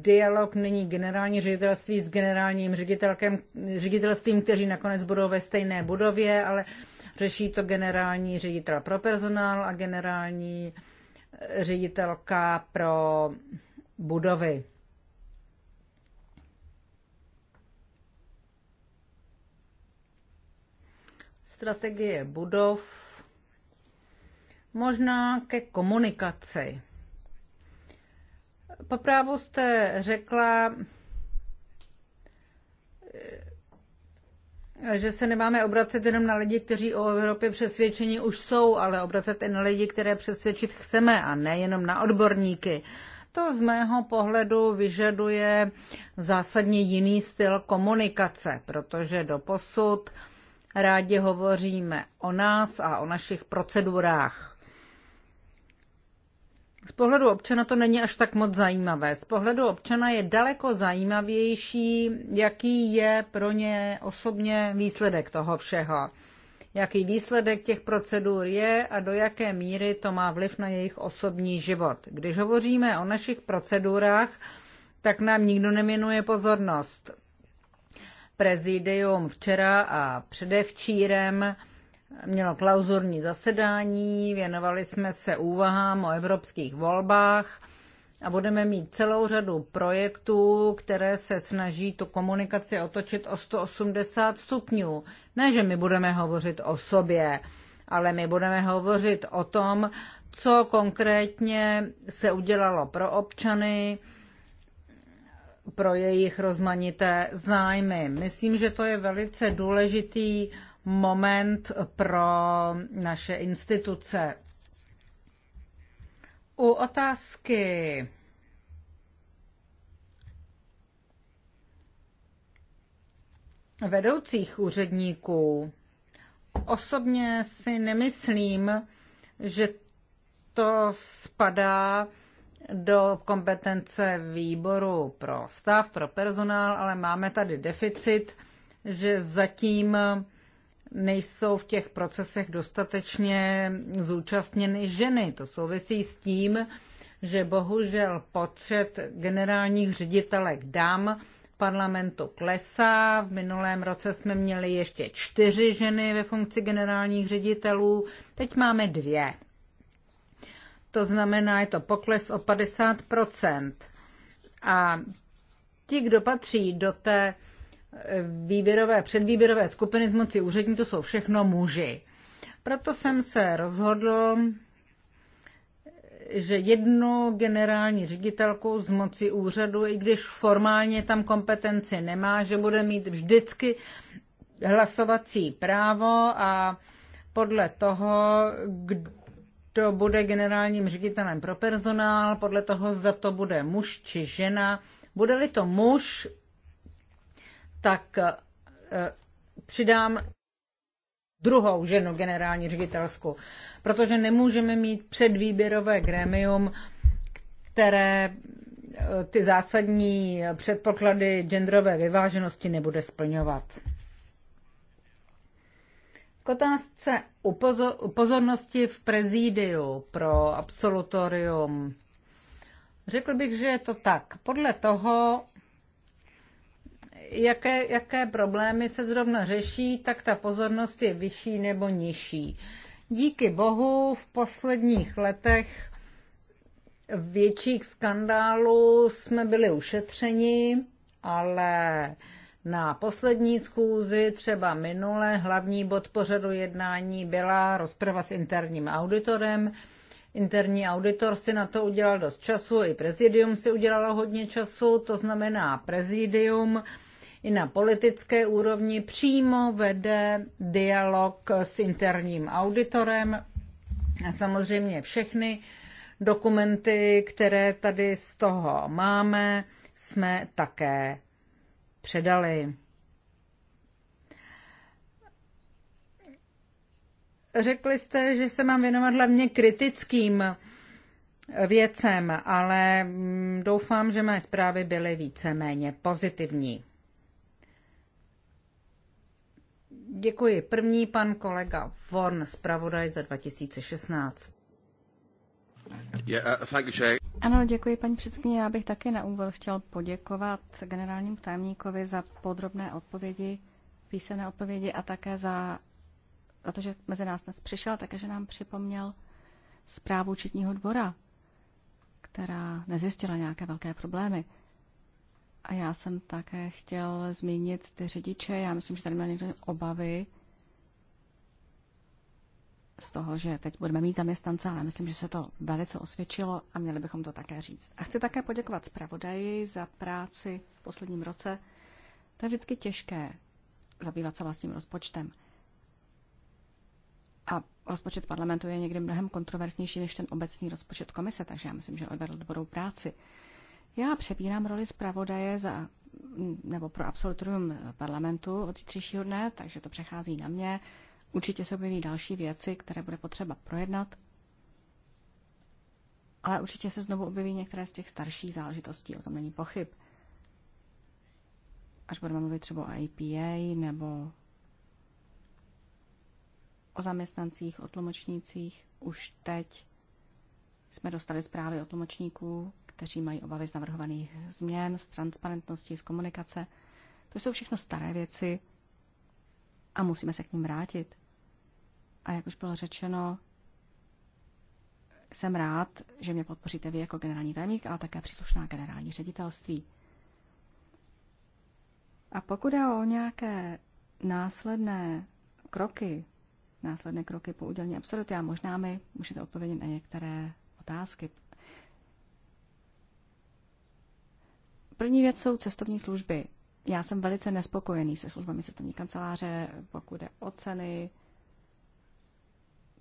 dialog není generální ředitelství s generálním ředitelkem, ředitelstvím, kteří nakonec budou ve stejné budově, ale řeší to generální ředitel pro personál a generální ředitelka pro budovy. Strategie budov, možná ke komunikaci. Poprávu jste eh, řekla, eh, že se nemáme obracet jenom na lidi, kteří o Evropě přesvědčení už jsou, ale obracet i na lidi, které přesvědčit chceme a nejenom na odborníky. To z mého pohledu vyžaduje zásadně jiný styl komunikace, protože do posud rádi hovoříme o nás a o našich procedurách z pohledu občana to není až tak moc zajímavé. Z pohledu občana je daleko zajímavější, jaký je pro ně osobně výsledek toho všeho. Jaký výsledek těch procedur je a do jaké míry to má vliv na jejich osobní život. Když hovoříme o našich procedurách, tak nám nikdo neměnuje pozornost. Prezidium včera a předevčírem mělo klauzurní zasedání, věnovali jsme se úvahám o evropských volbách a budeme mít celou řadu projektů, které se snaží tu komunikaci otočit o 180 stupňů. Ne, že my budeme hovořit o sobě, ale my budeme hovořit o tom, co konkrétně se udělalo pro občany, pro jejich rozmanité zájmy. Myslím, že to je velice důležitý moment pro naše instituce. U otázky vedoucích úředníků osobně si nemyslím, že to spadá do kompetence výboru pro stav, pro personál, ale máme tady deficit, že zatím nejsou v těch procesech dostatečně zúčastněny ženy. To souvisí s tím, že bohužel počet generálních ředitelek dám parlamentu klesá. V minulém roce jsme měli ještě čtyři ženy ve funkci generálních ředitelů, teď máme dvě. To znamená, je to pokles o 50 A ti, kdo patří do té výběrové, předvýběrové skupiny z moci úřední to jsou všechno muži. Proto jsem se rozhodl, že jednu generální ředitelku z moci úřadu, i když formálně tam kompetenci nemá, že bude mít vždycky hlasovací právo a podle toho, kdo bude generálním ředitelem pro personál, podle toho, zda to bude muž či žena, bude-li to muž, tak eh, přidám druhou ženu generální ředitelskou, protože nemůžeme mít předvýběrové grémium, které eh, ty zásadní předpoklady genderové vyváženosti nebude splňovat. K otázce pozornosti v prezídiu pro absolutorium. Řekl bych, že je to tak. Podle toho, jaké, jaké problémy se zrovna řeší, tak ta pozornost je vyšší nebo nižší. Díky bohu v posledních letech větších skandálů jsme byli ušetřeni, ale na poslední schůzi, třeba minule, hlavní bod pořadu jednání byla rozprava s interním auditorem. Interní auditor si na to udělal dost času, i prezidium si udělalo hodně času, to znamená prezidium i na politické úrovni přímo vede dialog s interním auditorem a samozřejmě všechny dokumenty, které tady z toho máme, jsme také předali. Řekli jste, že se mám věnovat hlavně kritickým věcem, ale mm, doufám, že mé zprávy byly víceméně pozitivní. Děkuji. První pan kolega Vorn, zpravodaj za 2016. Uh, you, ano, děkuji paní předsedkyně. Já bych také na úvod chtěl poděkovat generálnímu tajemníkovi za podrobné odpovědi, písemné odpovědi a také za, za to, že mezi nás dnes přišel, také, že nám připomněl zprávu Četního dvora, která nezjistila nějaké velké problémy. A já jsem také chtěl zmínit ty řidiče. Já myslím, že tady měl někdo obavy z toho, že teď budeme mít zaměstnance, ale myslím, že se to velice osvědčilo a měli bychom to také říct. A chci také poděkovat zpravodaji za práci v posledním roce. To je vždycky těžké zabývat se vlastním rozpočtem. A rozpočet parlamentu je někdy mnohem kontroverznější než ten obecný rozpočet komise, takže já myslím, že odvedl dobrou práci. Já přebírám roli zpravodaje za nebo pro absolutorium parlamentu od zítřejšího dne, takže to přechází na mě. Určitě se objeví další věci, které bude potřeba projednat. Ale určitě se znovu objeví některé z těch starších záležitostí, o tom není pochyb. Až budeme mluvit třeba o IPA nebo o zaměstnancích, o tlumočnících, už teď jsme dostali zprávy o tlumočníků, kteří mají obavy z navrhovaných změn, z transparentnosti, z komunikace. To jsou všechno staré věci a musíme se k ním vrátit. A jak už bylo řečeno, jsem rád, že mě podpoříte vy jako generální tajemník, ale také příslušná generální ředitelství. A pokud je o nějaké následné kroky, následné kroky po udělení a možná mi můžete odpovědět na některé otázky, První věc jsou cestovní služby. Já jsem velice nespokojený se službami cestovní kanceláře, pokud jde o ceny.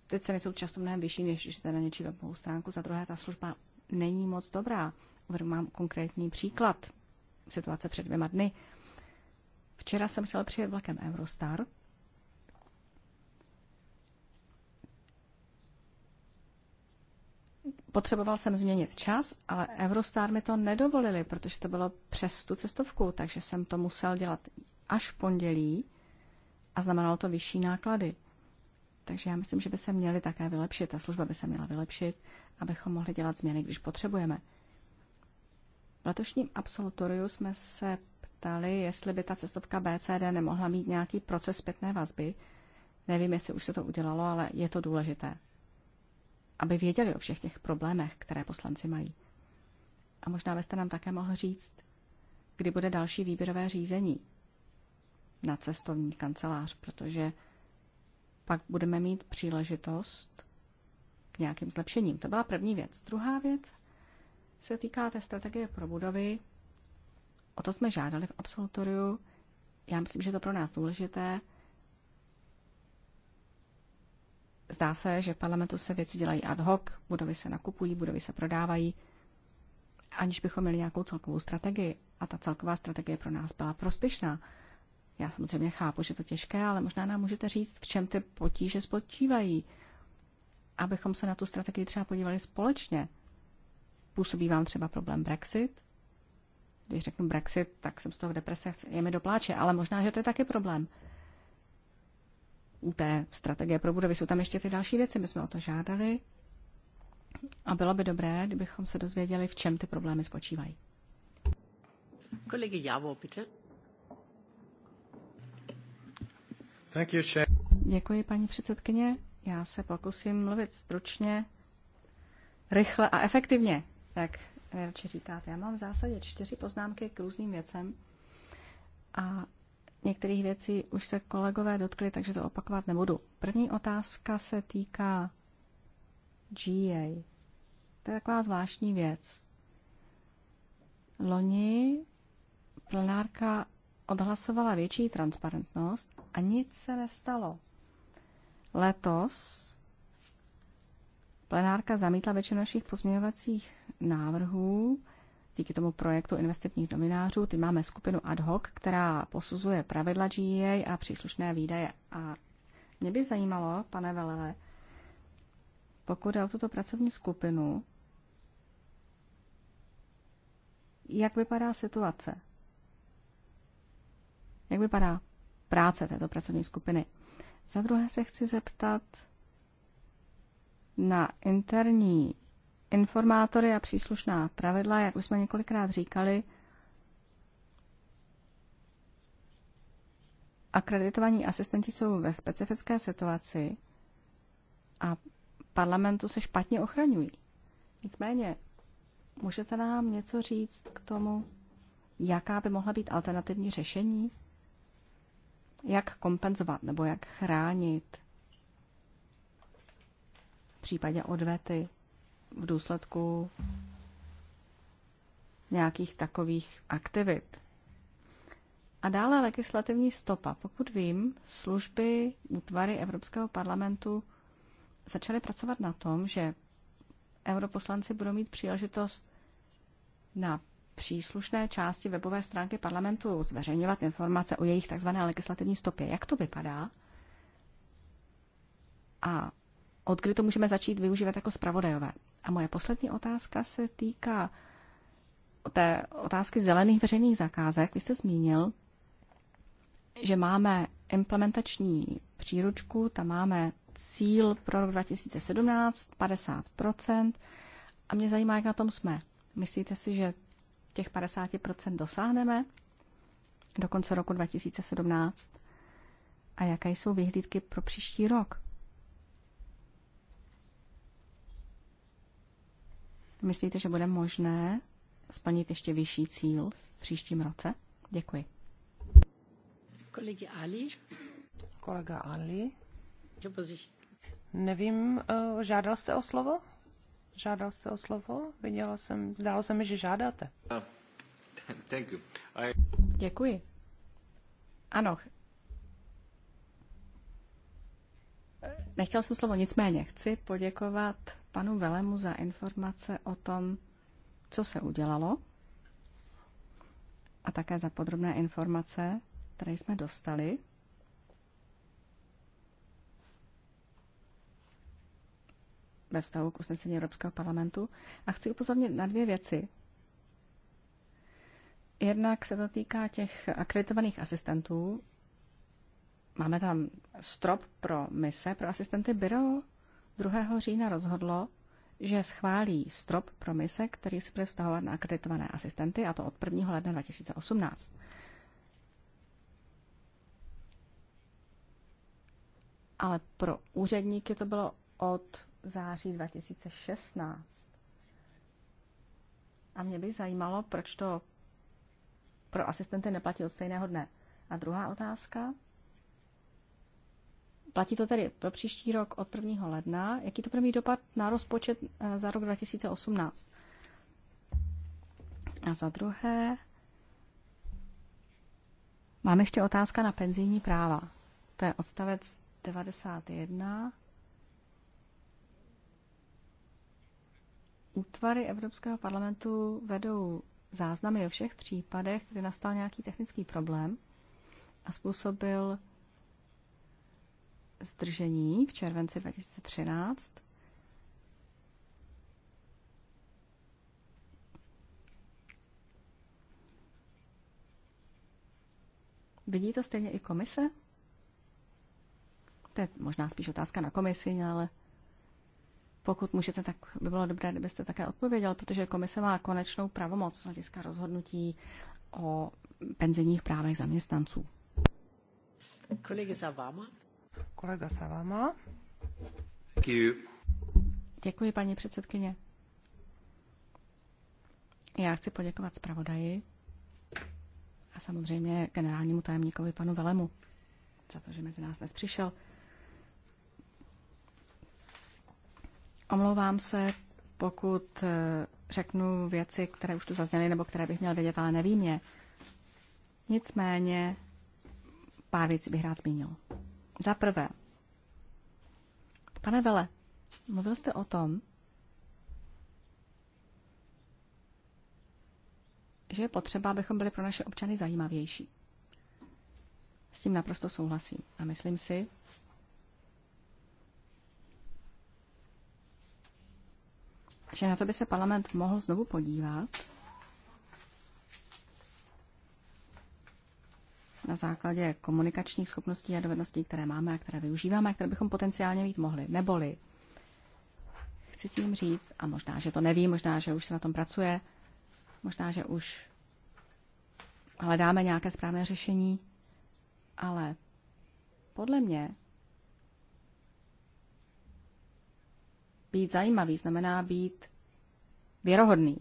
Ty ceny jsou často mnohem vyšší, než když jste na něčí webovou stránku. Za druhé, ta služba není moc dobrá. Uvedu mám konkrétní příklad. Situace před dvěma dny. Včera jsem chtěl přijet vlakem Eurostar – Potřeboval jsem změnit čas, ale Eurostar mi to nedovolili, protože to bylo přes tu cestovku, takže jsem to musel dělat až v pondělí a znamenalo to vyšší náklady. Takže já myslím, že by se měly také vylepšit, ta služba by se měla vylepšit, abychom mohli dělat změny, když potřebujeme. V letošním absolutoriu jsme se ptali, jestli by ta cestovka BCD nemohla mít nějaký proces zpětné vazby. Nevím, jestli už se to udělalo, ale je to důležité aby věděli o všech těch problémech, které poslanci mají. A možná byste nám také mohl říct, kdy bude další výběrové řízení na cestovní kancelář, protože pak budeme mít příležitost k nějakým zlepšením. To byla první věc. Druhá věc se týká té strategie pro budovy. O to jsme žádali v absolutoriu. Já myslím, že to pro nás důležité. Zdá se, že v parlamentu se věci dělají ad hoc, budovy se nakupují, budovy se prodávají, aniž bychom měli nějakou celkovou strategii. A ta celková strategie pro nás byla prospěšná. Já samozřejmě chápu, že to těžké, ale možná nám můžete říct, v čem ty potíže spočívají, abychom se na tu strategii třeba podívali společně. Působí vám třeba problém Brexit? Když řeknu Brexit, tak jsem z toho v depresech, je mi dopláče, ale možná, že to je taky problém. U té strategie pro budovy. Jsou tam ještě ty další věci, my jsme o to žádali. A bylo by dobré, kdybychom se dozvěděli, v čem ty problémy spočívají. Kolegy Javo, bitte. Thank you, Chair. Děkuji, paní předsedkyně. Já se pokusím mluvit stručně, rychle a efektivně, jak radši říkáte. Já mám v zásadě čtyři poznámky k různým věcem a Některých věcí už se kolegové dotkli, takže to opakovat nebudu. První otázka se týká GA. To je taková zvláštní věc. Loni plenárka odhlasovala větší transparentnost a nic se nestalo. Letos plenárka zamítla většinu našich pozměňovacích návrhů díky tomu projektu investičních novinářů. Teď máme skupinu ad hoc, která posuzuje pravidla GEA a příslušné výdaje. A mě by zajímalo, pane Velele, pokud je o tuto pracovní skupinu, jak vypadá situace? Jak vypadá práce této pracovní skupiny? Za druhé se chci zeptat na interní informátory a příslušná pravidla, jak už jsme několikrát říkali, akreditovaní asistenti jsou ve specifické situaci a parlamentu se špatně ochraňují. Nicméně, můžete nám něco říct k tomu, jaká by mohla být alternativní řešení? Jak kompenzovat nebo jak chránit v případě odvety v důsledku nějakých takových aktivit. A dále legislativní stopa. Pokud vím, služby útvary Evropského parlamentu začaly pracovat na tom, že europoslanci budou mít příležitost na příslušné části webové stránky parlamentu zveřejňovat informace o jejich tzv. legislativní stopě. Jak to vypadá? A od kdy to můžeme začít využívat jako spravodajové. A moje poslední otázka se týká té otázky zelených veřejných zakázek. Vy jste zmínil, že máme implementační příručku, tam máme cíl pro rok 2017 50 a mě zajímá, jak na tom jsme. Myslíte si, že těch 50 dosáhneme do konce roku 2017? A jaké jsou vyhlídky pro příští rok? Myslíte, že bude možné splnit ještě vyšší cíl v příštím roce? Děkuji. Kolegy Ali. Kolega Ali. Nevím, eh, žádal jste o slovo? Žádal jste o slovo? Viděla jsem, zdálo se mi, že žádáte. Thank you. I... Děkuji. Ano. Nechtěl jsem slovo, nicméně chci poděkovat panu Velemu za informace o tom, co se udělalo a také za podrobné informace, které jsme dostali. ve vztahu k usnesení Evropského parlamentu. A chci upozornit na dvě věci. Jednak se to týká těch akreditovaných asistentů. Máme tam strop pro mise pro asistenty byro 2. října rozhodlo, že schválí strop pro mise, který se bude vztahovat na akreditované asistenty, a to od 1. ledna 2018. Ale pro úředníky to bylo od září 2016. A mě by zajímalo, proč to pro asistenty neplatí od stejného dne. A druhá otázka, Platí to tedy pro příští rok od 1. ledna. Jaký to bude mít dopad na rozpočet eh, za rok 2018? A za druhé, mám ještě otázka na penzijní práva. To je odstavec 91. Útvary Evropského parlamentu vedou záznamy o všech případech, kdy nastal nějaký technický problém a způsobil zdržení v červenci 2013. Vidí to stejně i komise? To je možná spíš otázka na komisi, ale pokud můžete, tak by bylo dobré, kdybyste také odpověděl, protože komise má konečnou pravomoc z hlediska rozhodnutí o penzijních právech zaměstnanců. za Savama. Kolega Salama. Děkuji, paní předsedkyně. Já chci poděkovat zpravodaji a samozřejmě generálnímu tajemníkovi panu Velemu za to, že mezi nás dnes přišel. Omlouvám se, pokud eh, řeknu věci, které už tu zazněly nebo které bych měl vědět, ale nevím je. Nicméně pár věcí bych rád zmínil. Za prvé, pane Vele, mluvil jste o tom, že je potřeba, abychom byli pro naše občany zajímavější. S tím naprosto souhlasím. A myslím si, že na to by se parlament mohl znovu podívat na základě komunikačních schopností a dovedností, které máme a které využíváme a které bychom potenciálně mít mohli. Neboli, chci tím říct, a možná, že to neví, možná, že už se na tom pracuje, možná, že už hledáme nějaké správné řešení, ale podle mě být zajímavý znamená být věrohodný.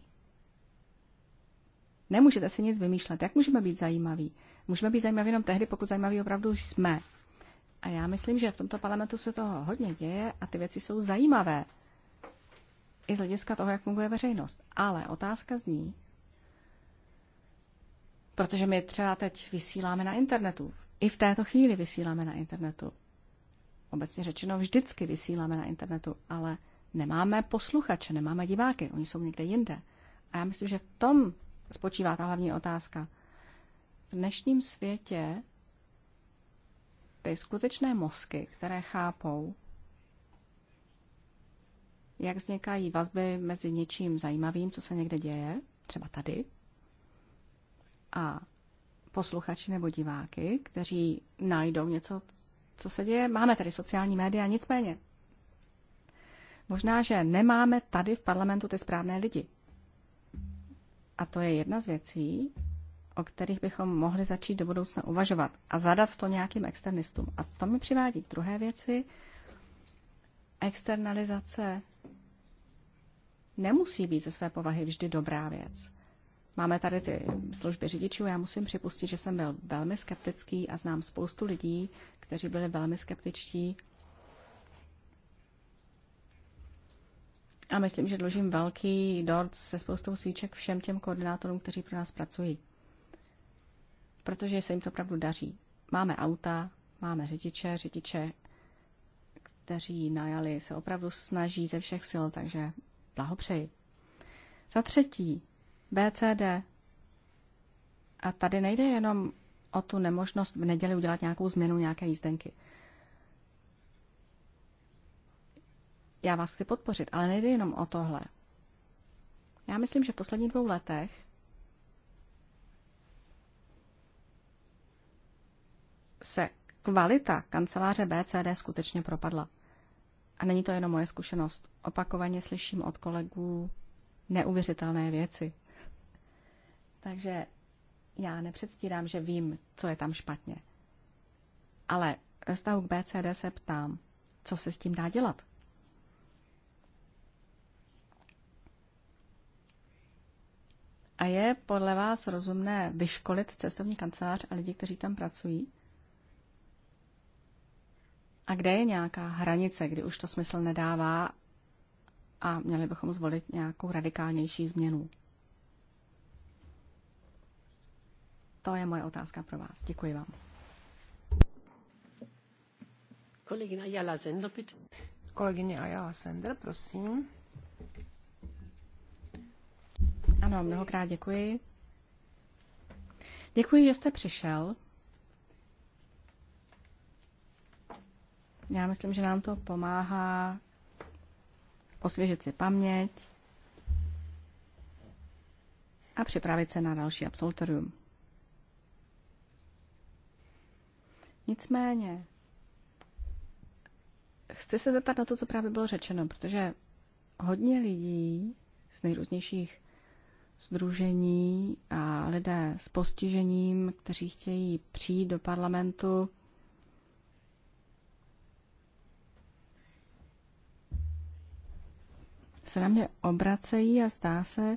Nemůžete si nic vymýšlet. Jak můžeme být zajímaví? Můžeme být zajímaví jenom tehdy, pokud zajímaví opravdu jsme. A já myslím, že v tomto parlamentu se toho hodně děje a ty věci jsou zajímavé. I z hlediska toho, jak funguje veřejnost. Ale otázka zní, protože my třeba teď vysíláme na internetu. I v této chvíli vysíláme na internetu. Obecně řečeno, vždycky vysíláme na internetu, ale nemáme posluchače, nemáme diváky, oni jsou někde jinde. A já myslím, že v tom spočívá ta hlavní otázka. V dnešním světě ty skutečné mozky, které chápou, jak vznikají vazby mezi něčím zajímavým, co se někde děje, třeba tady, a posluchači nebo diváky, kteří najdou něco, co se děje. Máme tady sociální média, nicméně. Možná, že nemáme tady v parlamentu ty správné lidi. A to je jedna z věcí, o kterých bychom mohli začít do budoucna uvažovat a zadat to nějakým externistům. A to mi přivádí k druhé věci. Externalizace nemusí být ze své povahy vždy dobrá věc. Máme tady ty služby řidičů. Já musím připustit, že jsem byl velmi skeptický a znám spoustu lidí, kteří byli velmi skeptičtí. A myslím, že dlužím velký dort se spoustou svíček všem těm koordinátorům, kteří pro nás pracují protože se jim to opravdu daří. Máme auta, máme řidiče, řidiče, kteří najali, se opravdu snaží ze všech sil, takže blahopřeji. Za třetí, BCD. A tady nejde jenom o tu nemožnost v neděli udělat nějakou změnu nějaké jízdenky. Já vás chci podpořit, ale nejde jenom o tohle. Já myslím, že v posledních dvou letech se kvalita kanceláře BCD skutečně propadla. A není to jenom moje zkušenost. Opakovaně slyším od kolegů neuvěřitelné věci. Takže já nepředstírám, že vím, co je tam špatně. Ale ve vztahu k BCD se ptám, co se s tím dá dělat? A je podle vás rozumné vyškolit cestovní kancelář a lidi, kteří tam pracují? A kde je nějaká hranice, kdy už to smysl nedává a měli bychom zvolit nějakou radikálnější změnu? To je moje otázka pro vás. Děkuji vám. Kolegyně Ayala Sender, bitte. Kolegyně Ayala Sender, prosím. Ano, mnohokrát děkuji. Děkuji, že jste přišel. Já myslím, že nám to pomáhá osvěžit si paměť a připravit se na další absolutorium. Nicméně, chci se zeptat na to, co právě bylo řečeno, protože hodně lidí z nejrůznějších združení a lidé s postižením, kteří chtějí přijít do parlamentu, se na mě obracejí a zdá se,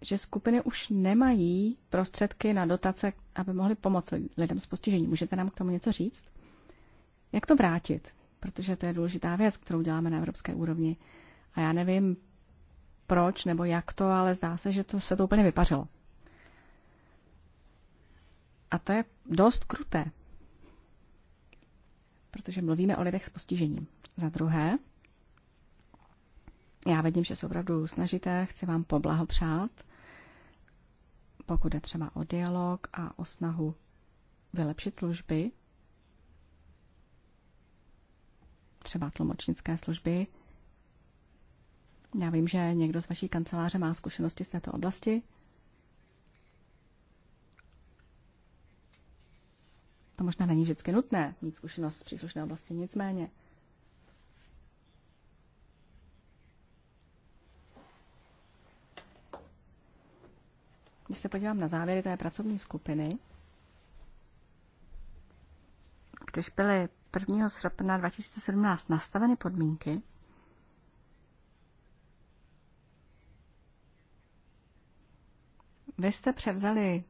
že skupiny už nemají prostředky na dotace, aby mohly pomoci lidem s postižením. Můžete nám k tomu něco říct? Jak to vrátit? Protože to je důležitá věc, kterou děláme na evropské úrovni. A já nevím, proč nebo jak to, ale zdá se, že to se to úplně vypařilo. A to je dost kruté, protože mluvíme o lidech s postižením. Za druhé, já vidím, že se opravdu snažíte, chci vám poblahopřát, pokud je třeba o dialog a o snahu vylepšit služby, třeba tlumočnické služby. Já vím, že někdo z vaší kanceláře má zkušenosti z této oblasti. To možná není vždycky nutné mít zkušenost z příslušné oblasti, nicméně Když se podívám na závěry té pracovní skupiny, když byly 1. srpna 2017 nastaveny podmínky, vy jste převzali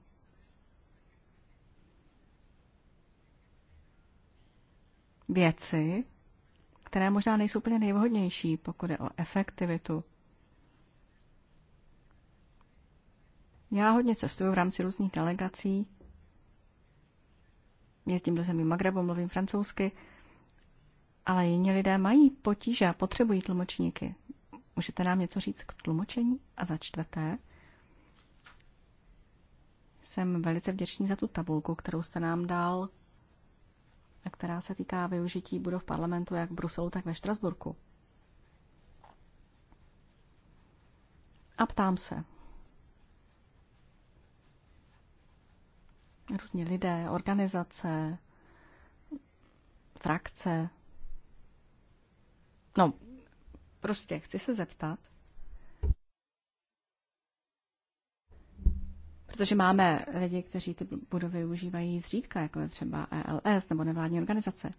věci, které možná nejsou úplně nejvhodnější, pokud je o efektivitu Já hodně cestuju v rámci různých delegací. Jezdím do zemí Magrebu, mluvím francouzsky, ale jiní lidé mají potíže a potřebují tlumočníky. Můžete nám něco říct k tlumočení? A za čtvrté, jsem velice vděčný za tu tabulku, kterou jste nám dal a která se týká využití budov parlamentu jak v Bruselu, tak ve Štrasburku. A ptám se, různí lidé, organizace, frakce. No, prostě chci se zeptat, protože máme lidi, kteří ty budovy užívají zřídka, jako je třeba ELS nebo nevládní organizace.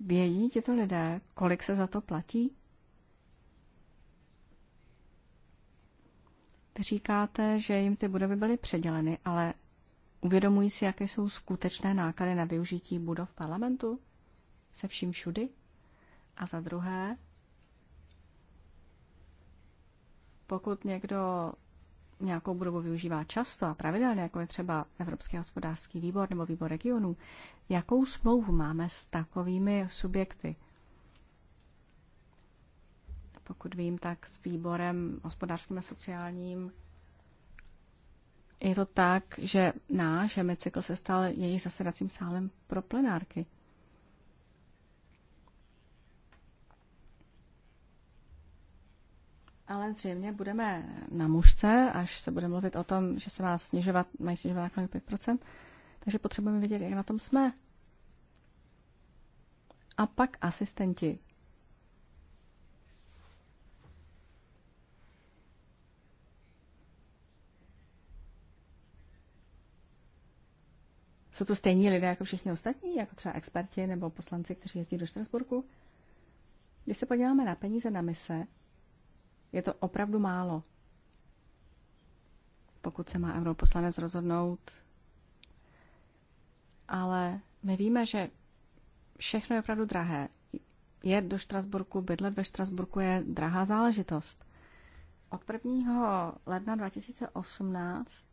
Vědí tito lidé, kolik se za to platí? Říkáte, že jim ty budovy byly předěleny, ale uvědomují si, jaké jsou skutečné náklady na využití budov parlamentu? Se vším všudy? A za druhé, pokud někdo nějakou budovu využívá často a pravidelně, jako je třeba Evropský hospodářský výbor nebo výbor regionů, jakou smlouvu máme s takovými subjekty? pokud vím, tak s výborem hospodářským a sociálním je to tak, že náš hemicykl se stal jejich zasedacím sálem pro plenárky. Ale zřejmě budeme na mužce, až se bude mluvit o tom, že se má snižovat, mají snižovat náklady 5%, takže potřebujeme vědět, jak na tom jsme. A pak asistenti. Jsou to stejní lidé jako všichni ostatní, jako třeba experti nebo poslanci, kteří jezdí do Štrasburku? Když se podíváme na peníze na mise, je to opravdu málo. Pokud se má europoslanec rozhodnout. Ale my víme, že všechno je opravdu drahé. Je do Štrasburku, bydlet ve Štrasburku je drahá záležitost. Od 1. ledna 2018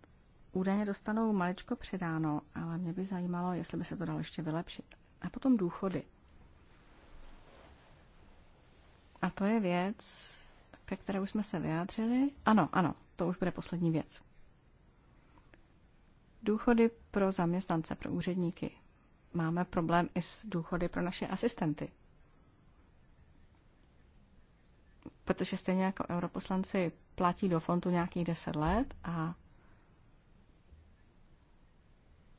údajně dostanou maličko přidáno, ale mě by zajímalo, jestli by se to dalo ještě vylepšit. A potom důchody. A to je věc, ke které už jsme se vyjádřili. Ano, ano, to už bude poslední věc. Důchody pro zaměstnance, pro úředníky. Máme problém i s důchody pro naše asistenty. Protože stejně jako europoslanci platí do fondu nějakých 10 let a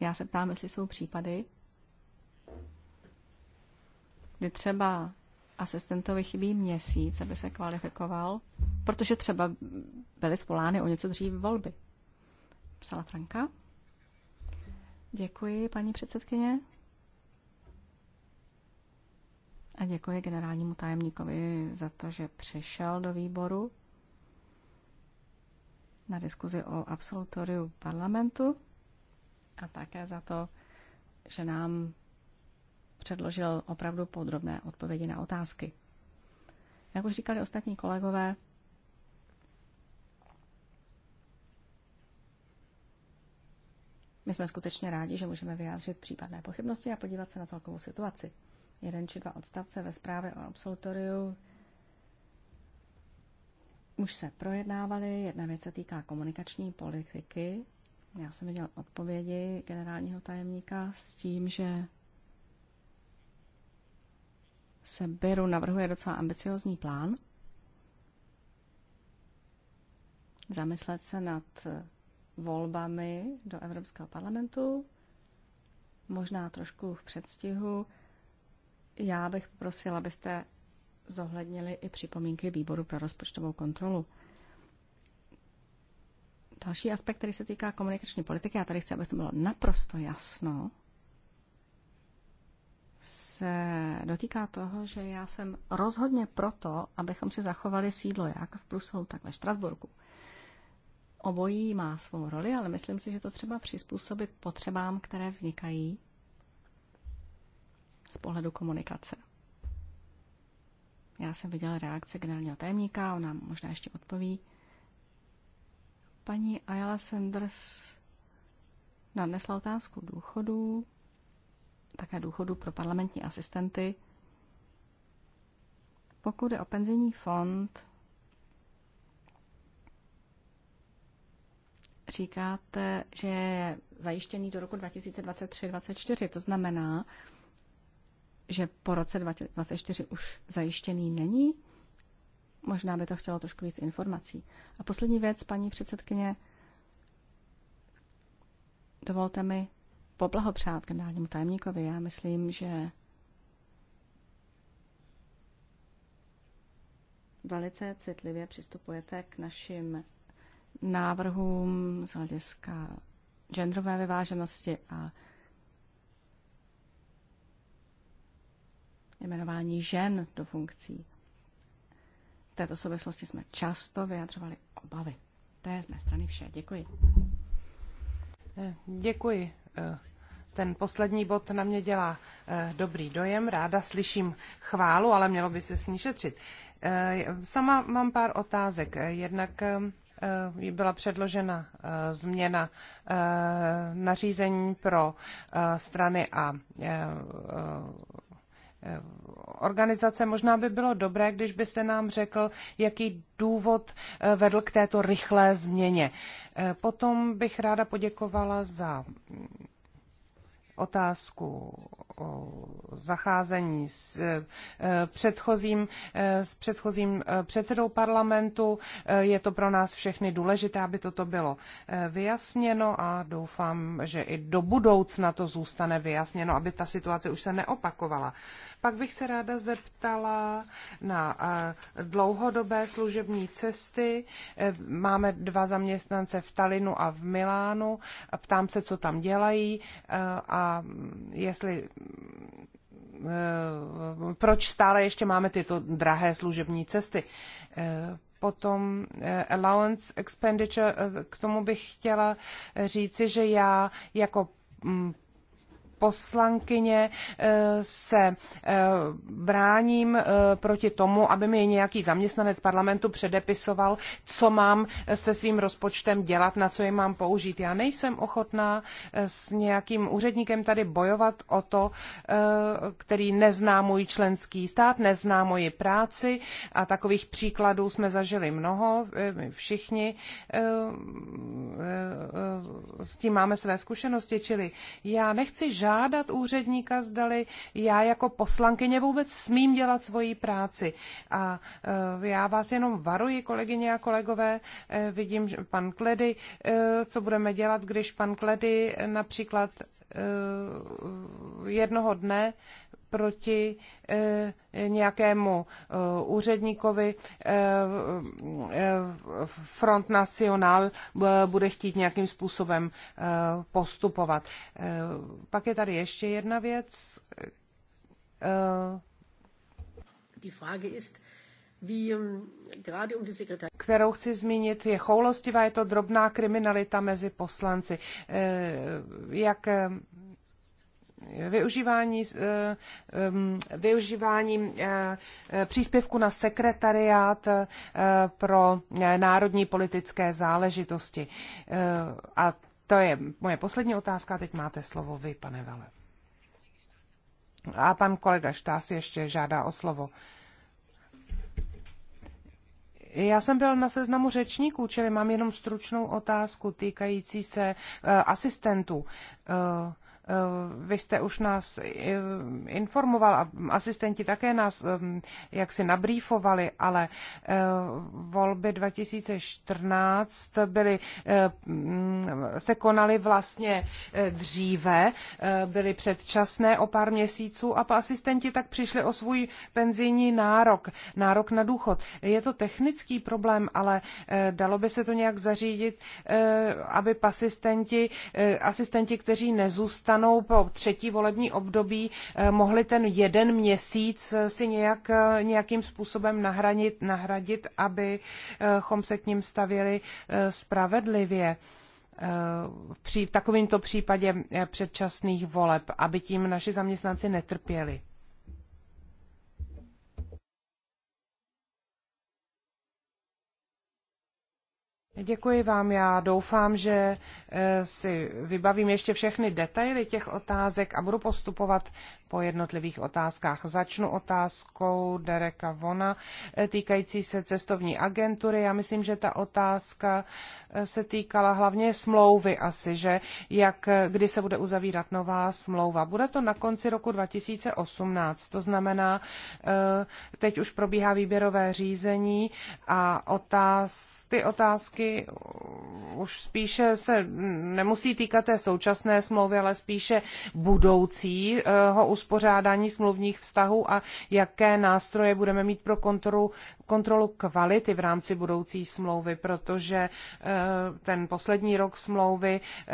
já se ptám, jestli jsou případy, kdy třeba asistentovi chybí měsíc, aby se kvalifikoval, protože třeba byly spolány o něco dřív volby. Psala Franka. Děkuji, paní předsedkyně. A děkuji generálnímu tajemníkovi za to, že přišel do výboru na diskuzi o absolutoriu parlamentu a také za to, že nám předložil opravdu podrobné odpovědi na otázky. Jak už říkali ostatní kolegové, my jsme skutečně rádi, že můžeme vyjádřit případné pochybnosti a podívat se na celkovou situaci. Jeden či dva odstavce ve zprávě o absolutoriu už se projednávaly. Jedna věc se týká komunikační politiky já jsem viděl odpovědi generálního tajemníka s tím, že se Beru navrhuje docela ambiciozní plán. Zamyslet se nad volbami do Evropského parlamentu, možná trošku v předstihu. Já bych poprosila, abyste zohlednili i připomínky výboru pro rozpočtovou kontrolu. Další aspekt, který se týká komunikační politiky, a tady chci, aby to bylo naprosto jasno, se dotýká toho, že já jsem rozhodně proto, abychom si zachovali sídlo jak v Bruselu, tak ve Štrasburku. Obojí má svou roli, ale myslím si, že to třeba přizpůsobit potřebám, které vznikají z pohledu komunikace. Já jsem viděla reakce generálního tajemníka, ona možná ještě odpoví. Paní Ayala Sanders nadnesla otázku důchodu, také důchodu pro parlamentní asistenty. Pokud je o penzijní fond, říkáte, že je zajištěný do roku 2023-2024. To znamená, že po roce 2024 už zajištěný není? Možná by to chtělo trošku víc informací. A poslední věc, paní předsedkyně, dovolte mi poblahopřát generálnímu tajemníkovi. Já myslím, že velice citlivě přistupujete k našim návrhům z hlediska genderové vyváženosti a jmenování žen do funkcí této souvislosti jsme často vyjadřovali obavy. To je z mé strany vše. Děkuji. Eh, děkuji. Eh, ten poslední bod na mě dělá eh, dobrý dojem. Ráda slyším chválu, ale mělo by se s ní šetřit. Sama mám pár otázek. Jednak byla předložena změna nařízení pro strany a organizace. Možná by bylo dobré, když byste nám řekl, jaký důvod eh, vedl k této rychlé změně. Eh, potom bych ráda poděkovala za otázku o zacházení s e, e, předchozím, e, s předchozím předsedou parlamentu. Je to pro nás všechny důležité, aby toto bylo vyjasněno a doufám, že i do budoucna to zůstane vyjasněno, aby ta situace už se neopakovala. Pak bych se ráda zeptala na dlouhodobé služební cesty. Máme dva zaměstnance v Talinu a v Milánu. Ptám se, co tam dělají a a jestli eh, proč stále ještě máme tyto drahé služební cesty. Eh, potom eh, allowance expenditure, k tomu bych chtěla říci, že já jako mm, poslankyně eh, se eh, bráním eh, proti tomu, aby mi nějaký zaměstnanec parlamentu předepisoval, co mám se svým rozpočtem dělat, na co je mám použít. Já nejsem ochotná s nějakým úředníkem tady bojovat o to, který nezná můj členský stát, nezná moji práci a takových příkladů jsme zažili mnoho, my všichni s tím máme své zkušenosti, čili já nechci žádný žádat úředníka, zdali já jako poslankyně vůbec smím dělat svoji práci. A eh, já vás jenom varuji, kolegyně a kolegové, eh, vidím, že pan Kledy, eh, co budeme dělat, když pan Kledy například jednoho dne proti eh, nějakému eh, úředníkovi eh, Front National bude chtít nějakým způsobem postupovat. Pak je tady ještě jedna věc. Die Frage ist, ähm, um kterou chci zmínit, je choulostivá, je to drobná kriminalita mezi poslanci. Jak využívání, eh, využívání eh, eh, příspěvku na sekretariát pro národní politické záležitosti. A to je moje poslední otázka. Teď máte slovo vy, pane Vele. A pan kolega Štás ještě žádá o slovo. Já jsem byl na seznamu řečníků, čili mám jenom stručnou otázku týkající se uh, asistentů. Uh, vy jste už nás informoval a asistenti také nás jak si nabrýfovali, ale eh, volby 2014 byly, eh, se konaly vlastně eh, dříve, byly předčasné o pár měsíců a asistenti tak přišli o svůj penzijní nárok, nárok na důchod. Je to technický problém, ale dalo by se to nějak zařídit, aby asistenti, asistenti kteří nezůstali, stranou po třetí volební období eh, mohli ten jeden měsíc eh, si nějak, eh, nějakým způsobem nahradit, nahradit, abychom se k ním stavěli spravedlivě v takovémto případě předčasných voleb, aby tím naši zaměstnanci netrpěli. Děkuji vám. Já doufám, že eh, si vybavím ještě všechny detaily těch otázek a budu postupovat po jednotlivých otázkách. Začnu otázkou Dereka Vona eh, týkající se cestovní agentury. Já myslím, že ta otázka eh, se týkala hlavně smlouvy asi, že jak, kdy se bude uzavírat nová smlouva. Bude to na konci roku 2018, to znamená, teď už probíhá výběrové řízení a otáz, ty otázky otázky už spíše se nemusí týkat té současné smlouvy, ale spíše budoucího uspořádání smluvních vztahů a jaké nástroje budeme mít pro kontrolu kontrolu kvality v rámci budoucí smlouvy, protože eh, ten poslední rok smlouvy eh,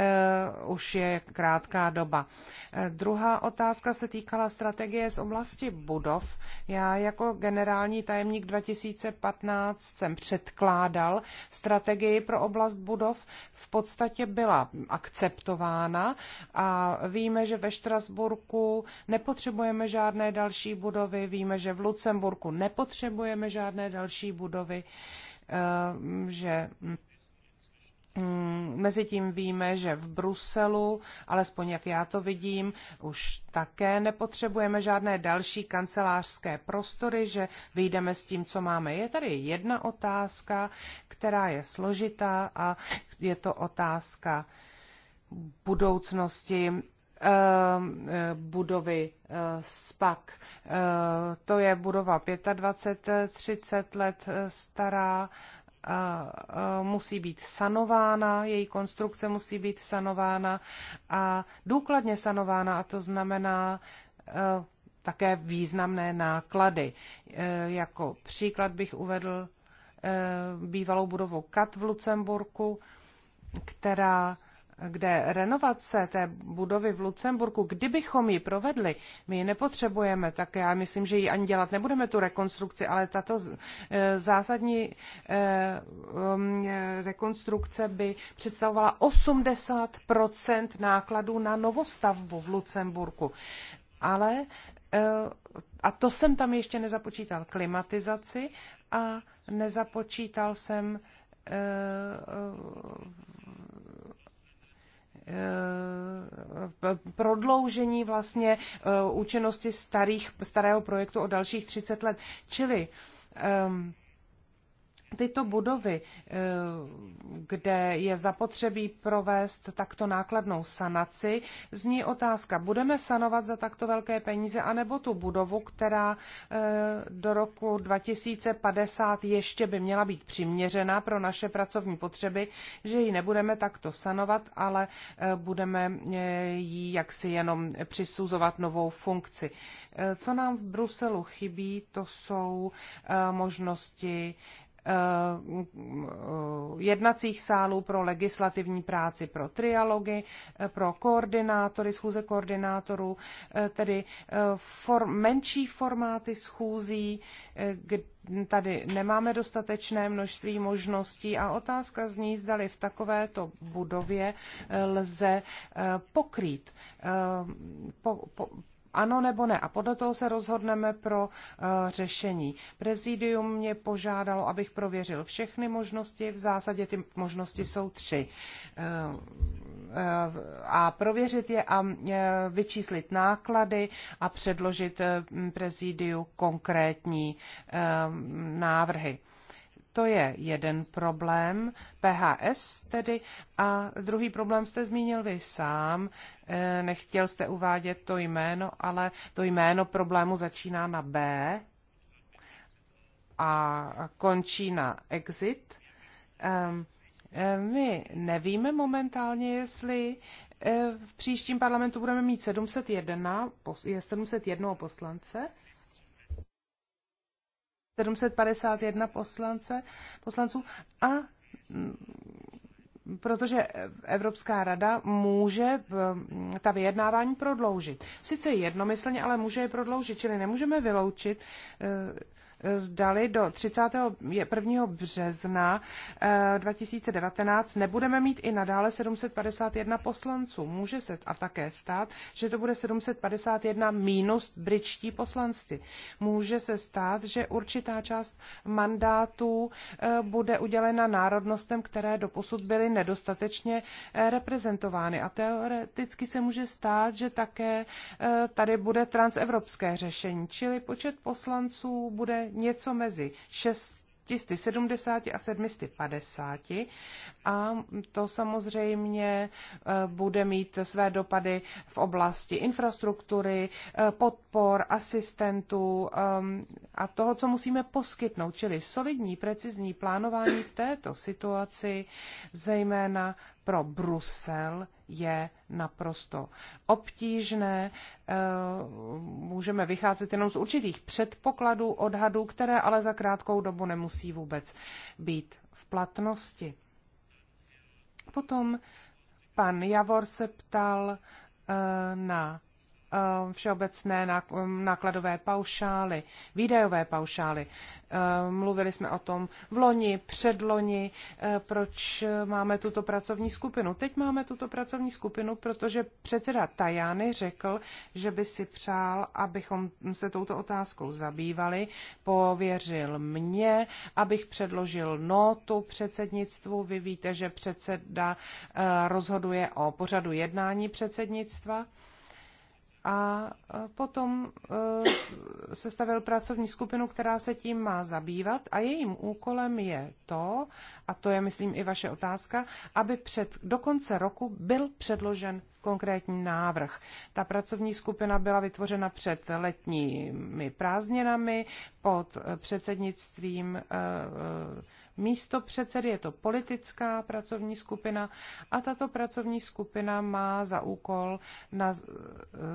už je krátká doba. Eh, druhá otázka se týkala strategie z oblasti budov. Já jako generální tajemník 2015 jsem předkládal strategii pro oblast budov. V podstatě byla akceptována a víme, že ve Štrasburku nepotřebujeme žádné další budovy, víme, že v Lucemburku nepotřebujeme žádné žádné další budovy, ehm, že mm, Mezitím víme, že v Bruselu, alespoň jak já to vidím, už také nepotřebujeme žádné další kancelářské prostory, že vyjdeme s tím, co máme. Je tady jedna otázka, která je složitá a je to otázka budoucnosti Um, eh, budovy eh, SPAK. Eh, to je budova 25-30 let stará, musí být sanována, její konstrukce musí být sanována a důkladně sanována, a to znamená také významné náklady. Jako příklad bych uvedl bývalou budovu KAT v Lucemburku, která kde renovace té budovy v Lucemburku, kdybychom ji provedli, my ji nepotřebujeme, tak já myslím, že ji ani dělat nebudeme, tu rekonstrukci, ale tato e, zásadní e, um, e, rekonstrukce by představovala 80 nákladů na novostavbu v Lucemburku. Ale a to jsem tam ještě nezapočítal klimatizaci a nezapočítal jsem Eh, eh, prodloužení vlastně eh, účinnosti starých, starého projektu o dalších 30 let. Čili um, tyto budovy, eh, kde je zapotřebí provést takto nákladnou sanaci, zní otázka, budeme sanovat za takto velké peníze, anebo tu budovu, která eh, do roku 2050 ještě by měla být přiměřená pro naše pracovní potřeby, že ji nebudeme takto sanovat, ale eh, budeme ji jaksi jenom přisuzovat novou funkci. Co nám v Bruselu chybí, to jsou možnosti Eh, jednacích sálů pro legislativní práci, pro trialogy, eh, pro koordinátory, schůze koordinátorů, eh, tedy for, menší formáty schůzí, kde tady nemáme dostatečné množství možností a otázka zní, zdali v takovéto budově lze pokrýt po, po, ano nebo ne. A podle toho se rozhodneme pro uh, řešení. Prezidium mě požádalo, abych prověřil všechny možnosti. V zásadě ty možnosti jsou tři. Uh, uh, a prověřit je a vyčíslit náklady a předložit prezidiu konkrétní návrhy. To je jeden problém PHS tedy a druhý problém jste zmínil vy sám. Eh, nechtěl jste uvádět to jméno, ale to jméno problému začíná na B a končí na exit. Ehm, eh, my nevíme momentálně, jestli eh, v příštím parlamentu budeme mít 701, je 701 poslance 751 poslance, poslanců a protože Evropská rada může ta vyjednávání prodloužit. Sice jednomyslně, ale může je prodloužit, čili nemůžeme vyloučit e, zdali do 31. března 2019 eh, nebudeme mít i nadále 751 poslanců. Může se a také stát, že to bude 751 minus britští poslanci. Může se stát, že určitá část mandátů eh, bude udělena národnostem, které doposud byly nedostatečně eh, reprezentovány. A teoreticky se může stát, že také tady bude transevropské řešení, čili počet poslanců bude něco mezi 6 70 a 750 a to samozřejmě eh, bude mít své dopady v oblasti infrastruktury, eh, podpor, asistentů eh, a toho, co musíme poskytnout, čili solidní, precizní plánování v této situaci, zejména pro Brusel, je naprosto obtížné. Eh, můžeme vycházet jenom z určitých předpokladů, odhadů, které ale za krátkou dobu nemusí vůbec být v platnosti. Potom pan Javor se ptal eh, na Eh, všeobecné nákladové paušály, výdajové paušály. Eh, mluvili jsme o tom v loni, předloni, eh, proč máme tuto pracovní skupinu. Teď máme tuto pracovní skupinu, protože předseda Tajány řekl, že by si přál, abychom se touto otázkou zabývali. Pověřil mě, abych předložil notu předsednictvu. Vy víte, že předseda rozhoduje o pořadu jednání předsednictva. A potom e, sestavil pracovní skupinu, která se tím má zabývat a jejím úkolem je to, a to je, myslím, i vaše otázka, aby před, do konce roku byl předložen konkrétní návrh. Ta pracovní skupina byla vytvořena před letními prázdninami pod e, předsednictvím e, místo předsedy. Je to politická pracovní skupina a tato pracovní skupina má za úkol na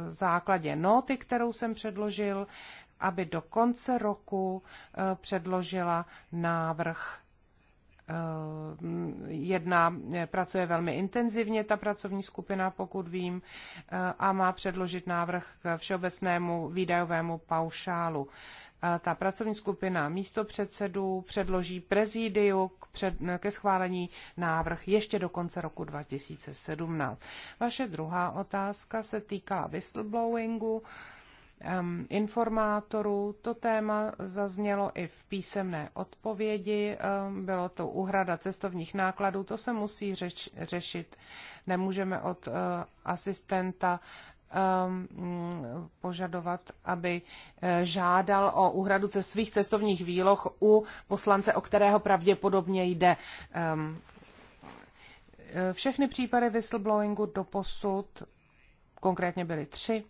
základě noty, kterou jsem předložil, aby do konce roku eh, předložila návrh eh, jedna eh, pracuje velmi intenzivně, ta pracovní skupina, pokud vím, a má předložit návrh k všeobecnému výdajovému paušálu ta pracovní skupina místo předsedů předloží prezidiu k před, ke schválení návrh ještě do konce roku 2017. Vaše druhá otázka se týká whistleblowingu um, informátorů. To téma zaznělo i v písemné odpovědi. Um, bylo to uhrada cestovních nákladů. To se musí řeč, řešit. Nemůžeme od uh, asistenta Um, požadovat, aby eh, žádal o úhradu ze svých cestovních výloh u poslance, o kterého pravděpodobně jde. Um, eh, všechny případy whistleblowingu do posud, konkrétně byly tři,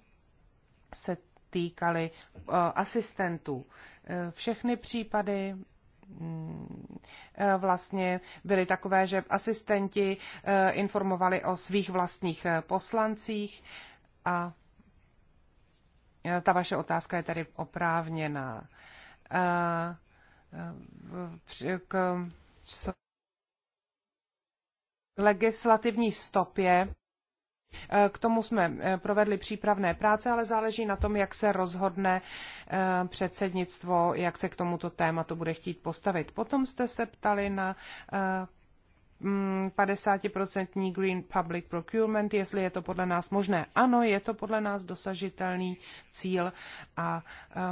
se týkaly eh, asistentů. Všechny případy mm, vlastně byly takové, že asistenti informovali o svých vlastních poslancích. A ta vaše otázka je tady oprávněná. K legislativní stopě k tomu jsme e, provedli přípravné práce, ale záleží na tom, jak se rozhodne e, předsednictvo, jak se k tomuto tématu bude chtít postavit. Potom jste se ptali na e, 50% Green Public Procurement, jestli je to podle nás možné. Ano, je to podle nás dosažitelný cíl a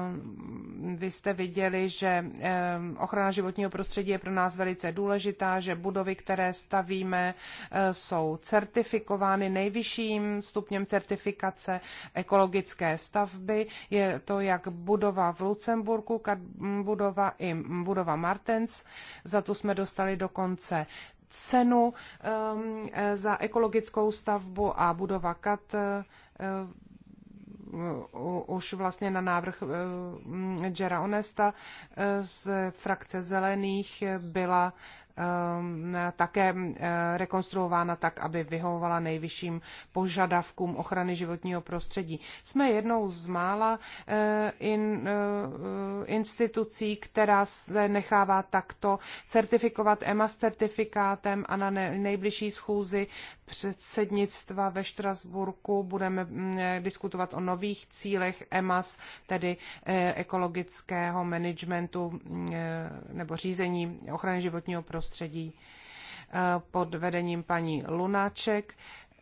um, vy jste viděli, že um, ochrana životního prostředí je pro nás velice důležitá, že budovy, které stavíme, uh, jsou certifikovány nejvyšším stupněm certifikace ekologické stavby. Je to jak budova v Lucemburku, budova i budova Martens. Za to jsme dostali dokonce cenu um, eh, za ekologickou stavbu a budova KAT eh, už vlastně na návrh eh, Jera Onesta z frakce zelených byla Um, také um, rekonstruována tak, aby vyhovovala nejvyšším požadavkům ochrany životního prostředí. Jsme jednou z mála uh, uh, institucí, která se nechává takto certifikovat EMA certifikátem a na nejbližší schůzi předsednictva ve Štrasburku budeme mm, diskutovat o nových cílech EMAS, tedy eh, ekologického managementu mm, eh, nebo řízení ochrany životního prostředí prostředí eh, pod vedením paní Lunáček.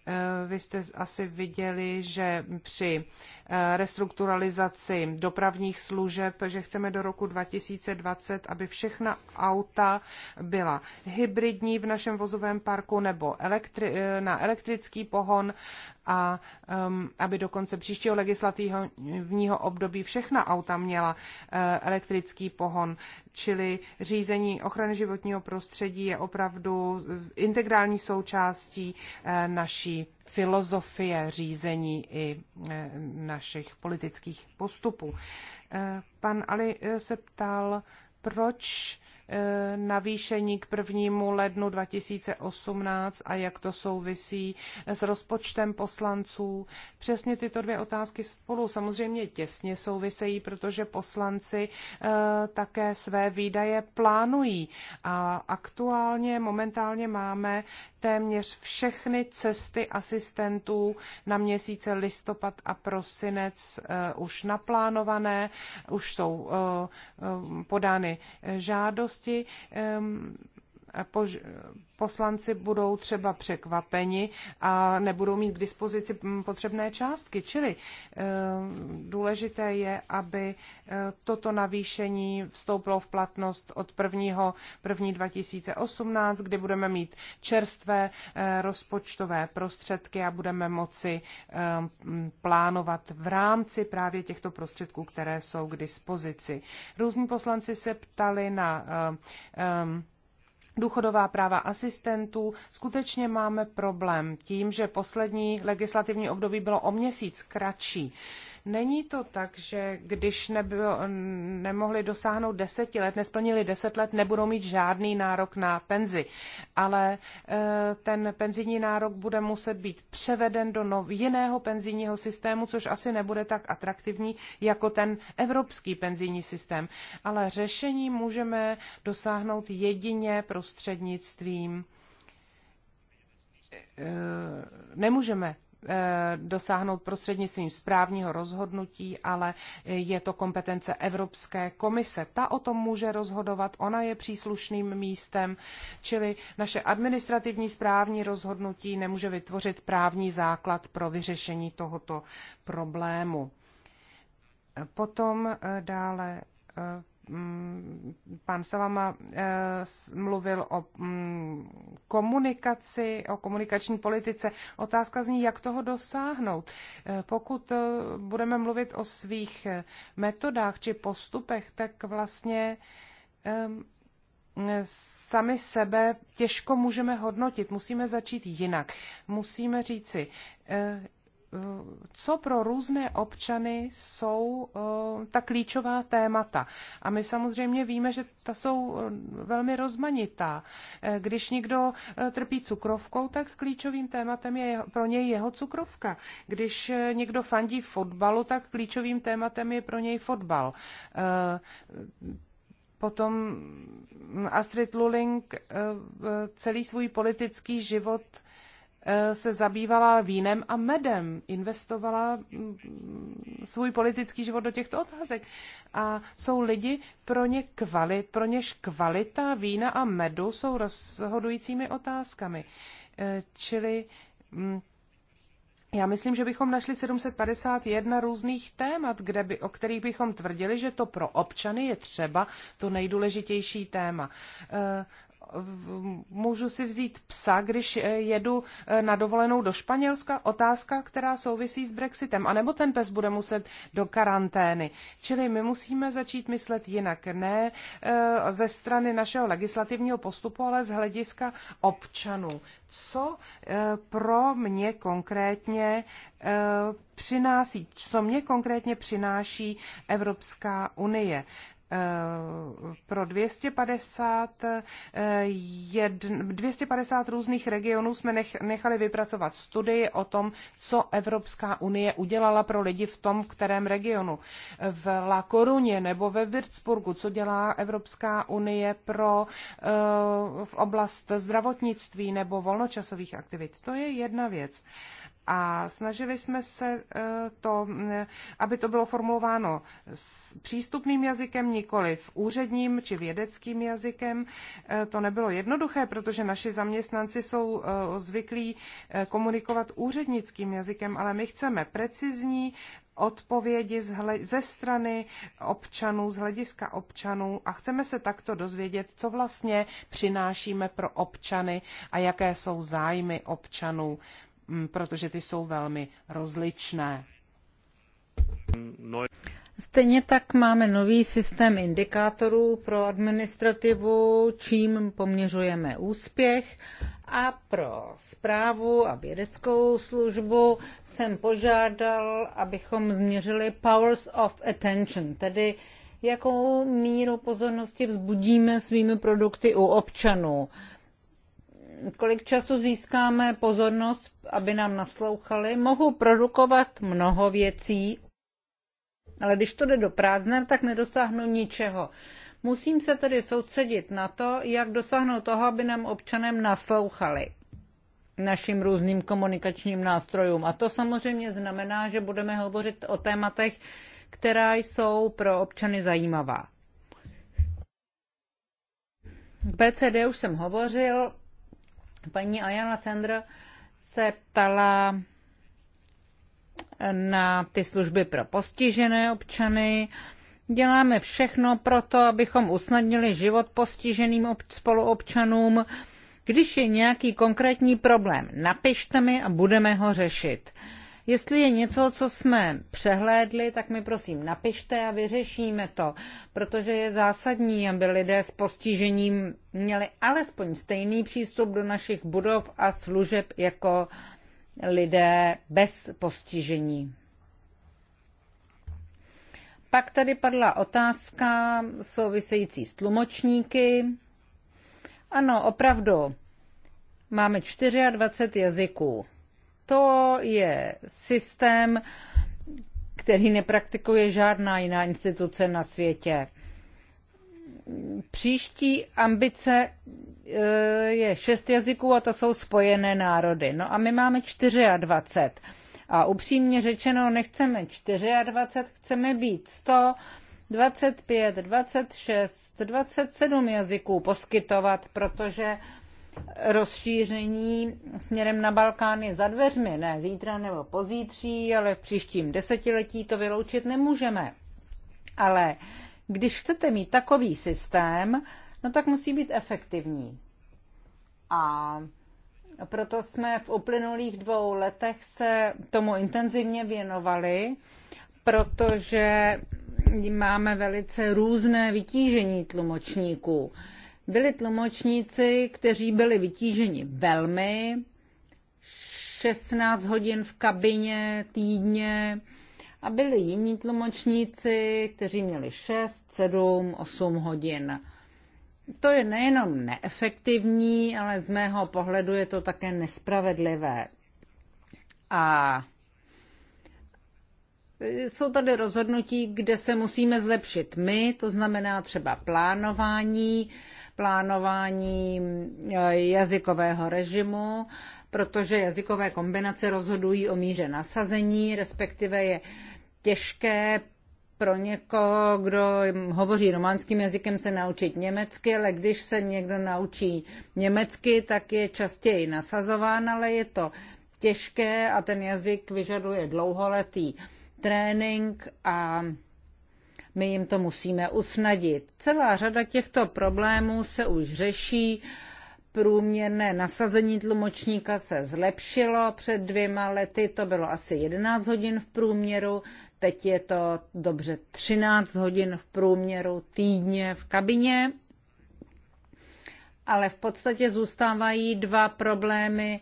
Eh, vy jste asi viděli, že při Eh, restrukturalizaci dopravních služeb, že chceme do roku 2020, aby všechna auta byla hybridní v našem vozovém parku nebo elektri- eh, na elektrický pohon a um, aby do konce příštího legislativního období všechna auta měla uh, elektrický pohon, čili řízení ochrany životního prostředí je opravdu integrální součástí uh, naší filozofie řízení i e, našich politických postupů. E, pan Ali se ptal, proč Eh, navýšení k prvnímu lednu 2018 a jak to souvisí s rozpočtem poslanců. Přesně tyto dvě otázky spolu samozřejmě těsně souvisejí, protože poslanci eh, také své výdaje plánují. A aktuálně, momentálně máme téměř všechny cesty asistentů na měsíce listopad a prosinec eh, už naplánované, už jsou podány žádosti možnosti ehm, pož- poslanci budou třeba překvapeni a nebudou mít k dispozici mm, potřebné částky. Čili eh, důležité je, aby eh, toto navýšení vstoupilo v platnost od 1. 1. 2018, kdy budeme mít čerstvé eh, rozpočtové prostředky a budeme moci plánovat v rámci právě těchto prostředků, které jsou k dispozici. Různí poslanci se ptali na důchodová práva asistentů. Skutečně máme problém tím, že poslední legislativní období bylo o měsíc kratší. Není to tak, že když nebylo, nemohli dosáhnout deseti let, nesplnili deset let, nebudou mít žádný nárok na penzi, ale eh, ten penzijní nárok bude muset být převeden do nov, jiného penzijního systému, což asi nebude tak atraktivní jako ten evropský penzijní systém. Ale řešení můžeme dosáhnout jedině prostřednictvím eh, nemůžeme Eh, dosáhnout prostřednictvím správního rozhodnutí, ale je to kompetence Evropské komise. Ta o tom může rozhodovat, ona je příslušným místem, čili naše administrativní správní rozhodnutí nemůže vytvořit právní základ pro vyřešení tohoto problému. Potom eh, dále eh, Mm, pan Savama eh, mluvil o mm, komunikaci, o komunikační politice. Otázka zní, jak toho dosáhnout. Eh, pokud eh, budeme mluvit o svých metodách či postupech, tak vlastně ehm, sami sebe těžko můžeme hodnotit. Musíme začít jinak. Musíme říci, co pro různé občany jsou eh, ta klíčová témata. A my samozřejmě víme, že ta jsou eh, velmi rozmanitá. Eh, když někdo trpí cukrovkou, tak klíčovým tématem je pro něj jeho cukrovka. Když někdo fandí fotbalu, tak klíčovým tématem je pro něj fotbal. Potom Astrid Luling celý svůj politický život Eh, se zabývala vínem a medem, investovala mm, svůj politický život do těchto otázek. A jsou lidi, pro, ně kvalit, pro něž kvalita vína a medu jsou rozhodujícími otázkami. Eh, čili mm, já myslím, že bychom našli 751 různých témat, kde by, o kterých bychom tvrdili, že to pro občany je třeba to nejdůležitější téma. Eh, můžu si vzít psa, když eh, jedu eh, na dovolenou do Španělska? Otázka, která souvisí s Brexitem. A nebo ten pes bude muset do karantény. Čili my musíme začít myslet jinak. Ne eh, ze strany našeho legislativního postupu, ale z hlediska občanů. Co pro mě konkrétně přináší, co mě konkrétně přináší Evropská unie. Eh, pro 250, 250 eh, různých regionů jsme nechali vypracovat studii o tom, co Evropská unie udělala pro lidi v tom, kterém regionu. V La Coruně nebo ve Würzburgu, co dělá Evropská unie pro eh, v oblast zdravotnictví nebo volnočasových aktivit. To je jedna věc a snažili jsme se eh, to, eh, aby to bylo formulováno s přístupným jazykem, nikoli v úředním či vědeckým jazykem. Eh, to nebylo jednoduché, protože naši zaměstnanci jsou zvyklí komunikovat úřednickým jazykem, ale my chceme precizní odpovědi ze strany občanů, z hlediska občanů a chceme se takto dozvědět, co vlastně přinášíme pro občany a jaké jsou zájmy občanů. Mm, protože ty jsou velmi rozličné. Stejně tak máme nový systém indikátorů pro administrativu, čím poměřujeme úspěch a pro zprávu a vědeckou službu jsem požádal, abychom změřili powers of attention, tedy jakou míru pozornosti vzbudíme svými produkty u občanů kolik času získáme pozornost, aby nám naslouchali. Mohou produkovat mnoho věcí, ale když to jde do prázdna, tak nedosáhnu ničeho. Musím se tedy soustředit na to, jak dosáhnout toho, aby nám občanem naslouchali našim různým komunikačním nástrojům. A to samozřejmě znamená, že budeme hovořit o tématech, která jsou pro občany zajímavá. PCD už jsem hovořil, Paní Ayala Sandra se ptala na ty služby pro postižené občany. Děláme všechno pro to, abychom usnadnili život postiženým spoluobčanům. Když je nějaký konkrétní problém, napište mi a budeme ho řešit. Jestli je něco, co jsme přehlédli, tak mi prosím napište a vyřešíme to, protože je zásadní, aby lidé s postižením měli alespoň stejný přístup do našich budov a služeb jako lidé bez postižení. Pak tady padla otázka související s tlumočníky. Ano, opravdu, máme 24 jazyků. To je systém, který nepraktikuje žádná jiná instituce na světě. Příští ambice eh, je šest jazyků a to jsou spojené národy. No a my máme 24. A upřímně řečeno, nechceme 24, chceme být 100, 25, 26, 27 jazyků poskytovat, protože rozšíření směrem na Balkán je za dveřmi, ne zítra nebo pozítří, ale v příštím desetiletí to vyloučit nemůžeme. Ale když chcete mít takový systém, no tak musí být efektivní. A proto jsme v uplynulých dvou letech se tomu intenzivně věnovali, protože máme velice různé vytížení tlumočníků byli tlumočníci, kteří byli vytíženi velmi, 16 hodin v kabině týdně a byli jiní tlumočníci, kteří měli 6, 7, 8 hodin. To je nejenom neefektivní, ale z mého pohledu je to také nespravedlivé. A jsou tady rozhodnutí, kde se musíme zlepšit my, to znamená třeba plánování, plánování eh, jazykového režimu, protože jazykové kombinace rozhodují o míře nasazení, respektive je těžké pro někoho, kdo hovoří románským jazykem, se naučit německy, ale když se někdo naučí německy, tak je častěji nasazován, ale je to těžké a ten jazyk vyžaduje dlouholetý trénink a my jim to musíme usnadit. Celá řada těchto problémů se už řeší. Průměrné nasazení tlumočníka se zlepšilo před dvěma lety, to bylo asi 11 hodin v průměru, teď je to dobře 13 hodin v průměru týdně v kabině. Ale v podstatě zůstávají dva problémy,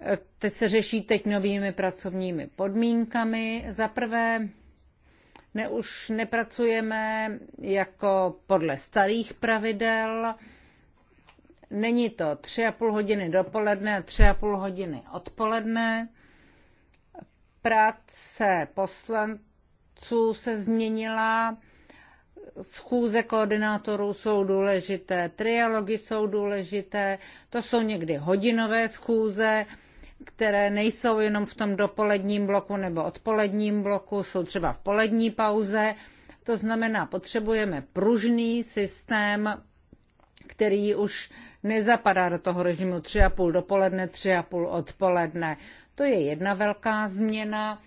eh, ty se řeší teď novými pracovními podmínkami. Za prvé, ne, už nepracujeme jako podle starých pravidel. Není to tři a půl hodiny dopoledne a tři a půl hodiny odpoledne. Práce poslanců se změnila, schůze koordinátorů jsou důležité, trialogy jsou důležité, to jsou někdy hodinové schůze, které nejsou jenom v tom dopoledním bloku nebo odpoledním bloku, jsou třeba v polední pauze. To znamená, potřebujeme pružný systém, který už nezapadá do toho režimu 3,5 dopoledne, 3,5 odpoledne. To je jedna velká změna,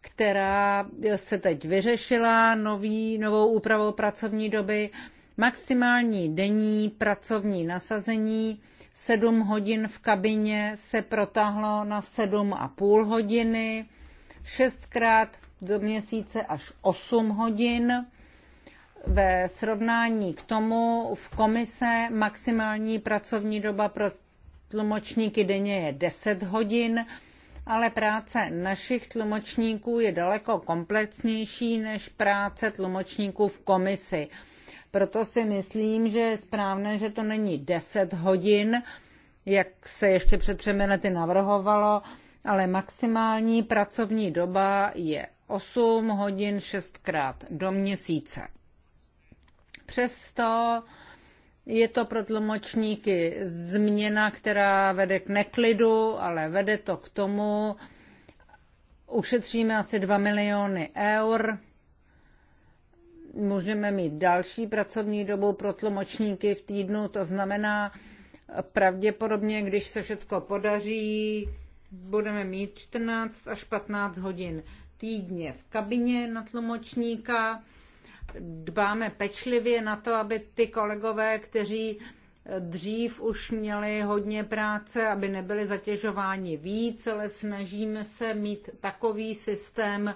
která se teď vyřešila nový, novou úpravou pracovní doby. Maximální denní pracovní nasazení Sedm hodin v kabině se protáhlo na sedm a půl hodiny, šestkrát do měsíce až osm hodin. Ve srovnání k tomu v komise maximální pracovní doba pro tlumočníky denně je 10 hodin, ale práce našich tlumočníků je daleko komplexnější než práce tlumočníků v komisi. Proto si myslím, že je správné, že to není 10 hodin, jak se ještě před třemi lety navrhovalo, ale maximální pracovní doba je 8 hodin 6krát do měsíce. Přesto je to pro tlumočníky změna, která vede k neklidu, ale vede to k tomu, ušetříme asi 2 miliony eur, můžeme mít další pracovní dobu pro tlumočníky v týdnu, to znamená pravděpodobně, když se všechno podaří, budeme mít 14 až 15 hodin týdně v kabině na tlumočníka. Dbáme pečlivě na to, aby ty kolegové, kteří dřív už měli hodně práce, aby nebyli zatěžováni víc, ale snažíme se mít takový systém,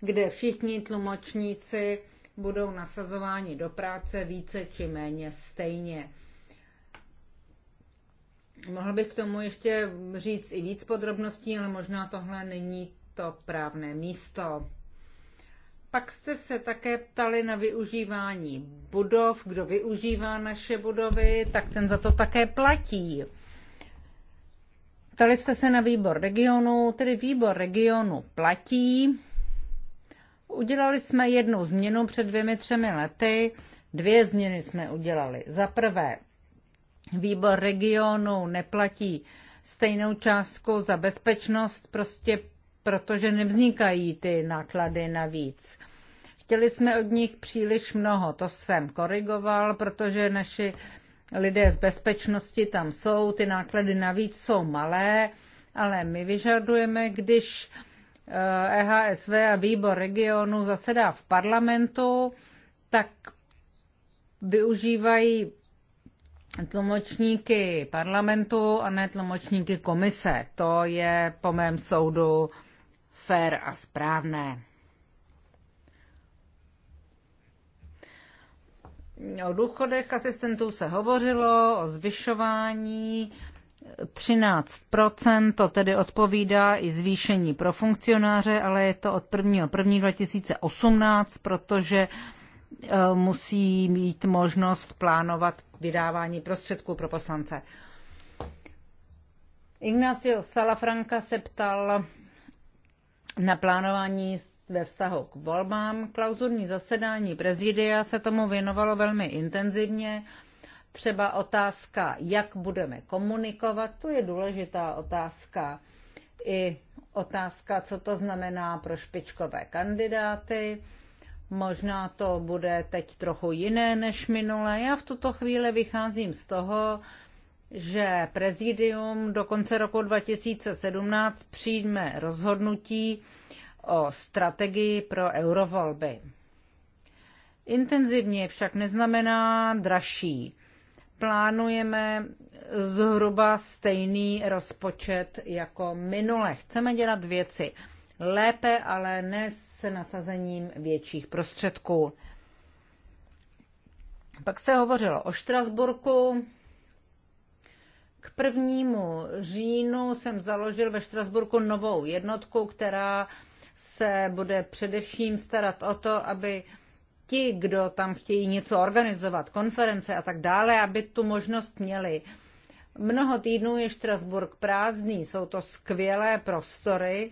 kde všichni tlumočníci budou nasazováni do práce více či méně stejně. Mohl bych k tomu ještě říct i víc podrobností, ale možná tohle není to právné místo. Pak jste se také ptali na využívání budov. Kdo využívá naše budovy, tak ten za to také platí. Ptali jste se na výbor regionu, tedy výbor regionu platí Udělali jsme jednu změnu před dvěmi, třemi lety. Dvě změny jsme udělali. Za prvé, výbor regionu neplatí stejnou částku za bezpečnost, prostě protože nevznikají ty náklady navíc. Chtěli jsme od nich příliš mnoho, to jsem korigoval, protože naši lidé z bezpečnosti tam jsou, ty náklady navíc jsou malé, ale my vyžadujeme, když EHSV e a výbor regionu zasedá v parlamentu, tak využívají tlumočníky parlamentu a ne tlumočníky komise. To je po mém soudu fair a správné. O důchodech asistentů se hovořilo, o zvyšování 13 to tedy odpovídá i zvýšení pro funkcionáře, ale je to od 1. 1. 2018, protože e, musí mít možnost plánovat vydávání prostředků pro poslance. Ignacio Salafranca se ptal na plánování ve vztahu k volbám. Klauzurní zasedání prezidia se tomu věnovalo velmi intenzivně. Třeba otázka, jak budeme komunikovat, to je důležitá otázka. I otázka, co to znamená pro špičkové kandidáty. Možná to bude teď trochu jiné než minule. Já v tuto chvíli vycházím z toho, že prezidium do konce roku 2017 přijme rozhodnutí o strategii pro eurovolby. Intenzivně však neznamená dražší plánujeme zhruba stejný rozpočet jako minule. Chceme dělat věci lépe, ale ne s nasazením větších prostředků. Pak se hovořilo o Štrasburku. K prvnímu říjnu jsem založil ve Štrasburku novou jednotku, která se bude především starat o to, aby ti, kdo tam chtějí něco organizovat, konference a tak dále, aby tu možnost měli. Mnoho týdnů je Štrasburg prázdný, jsou to skvělé prostory,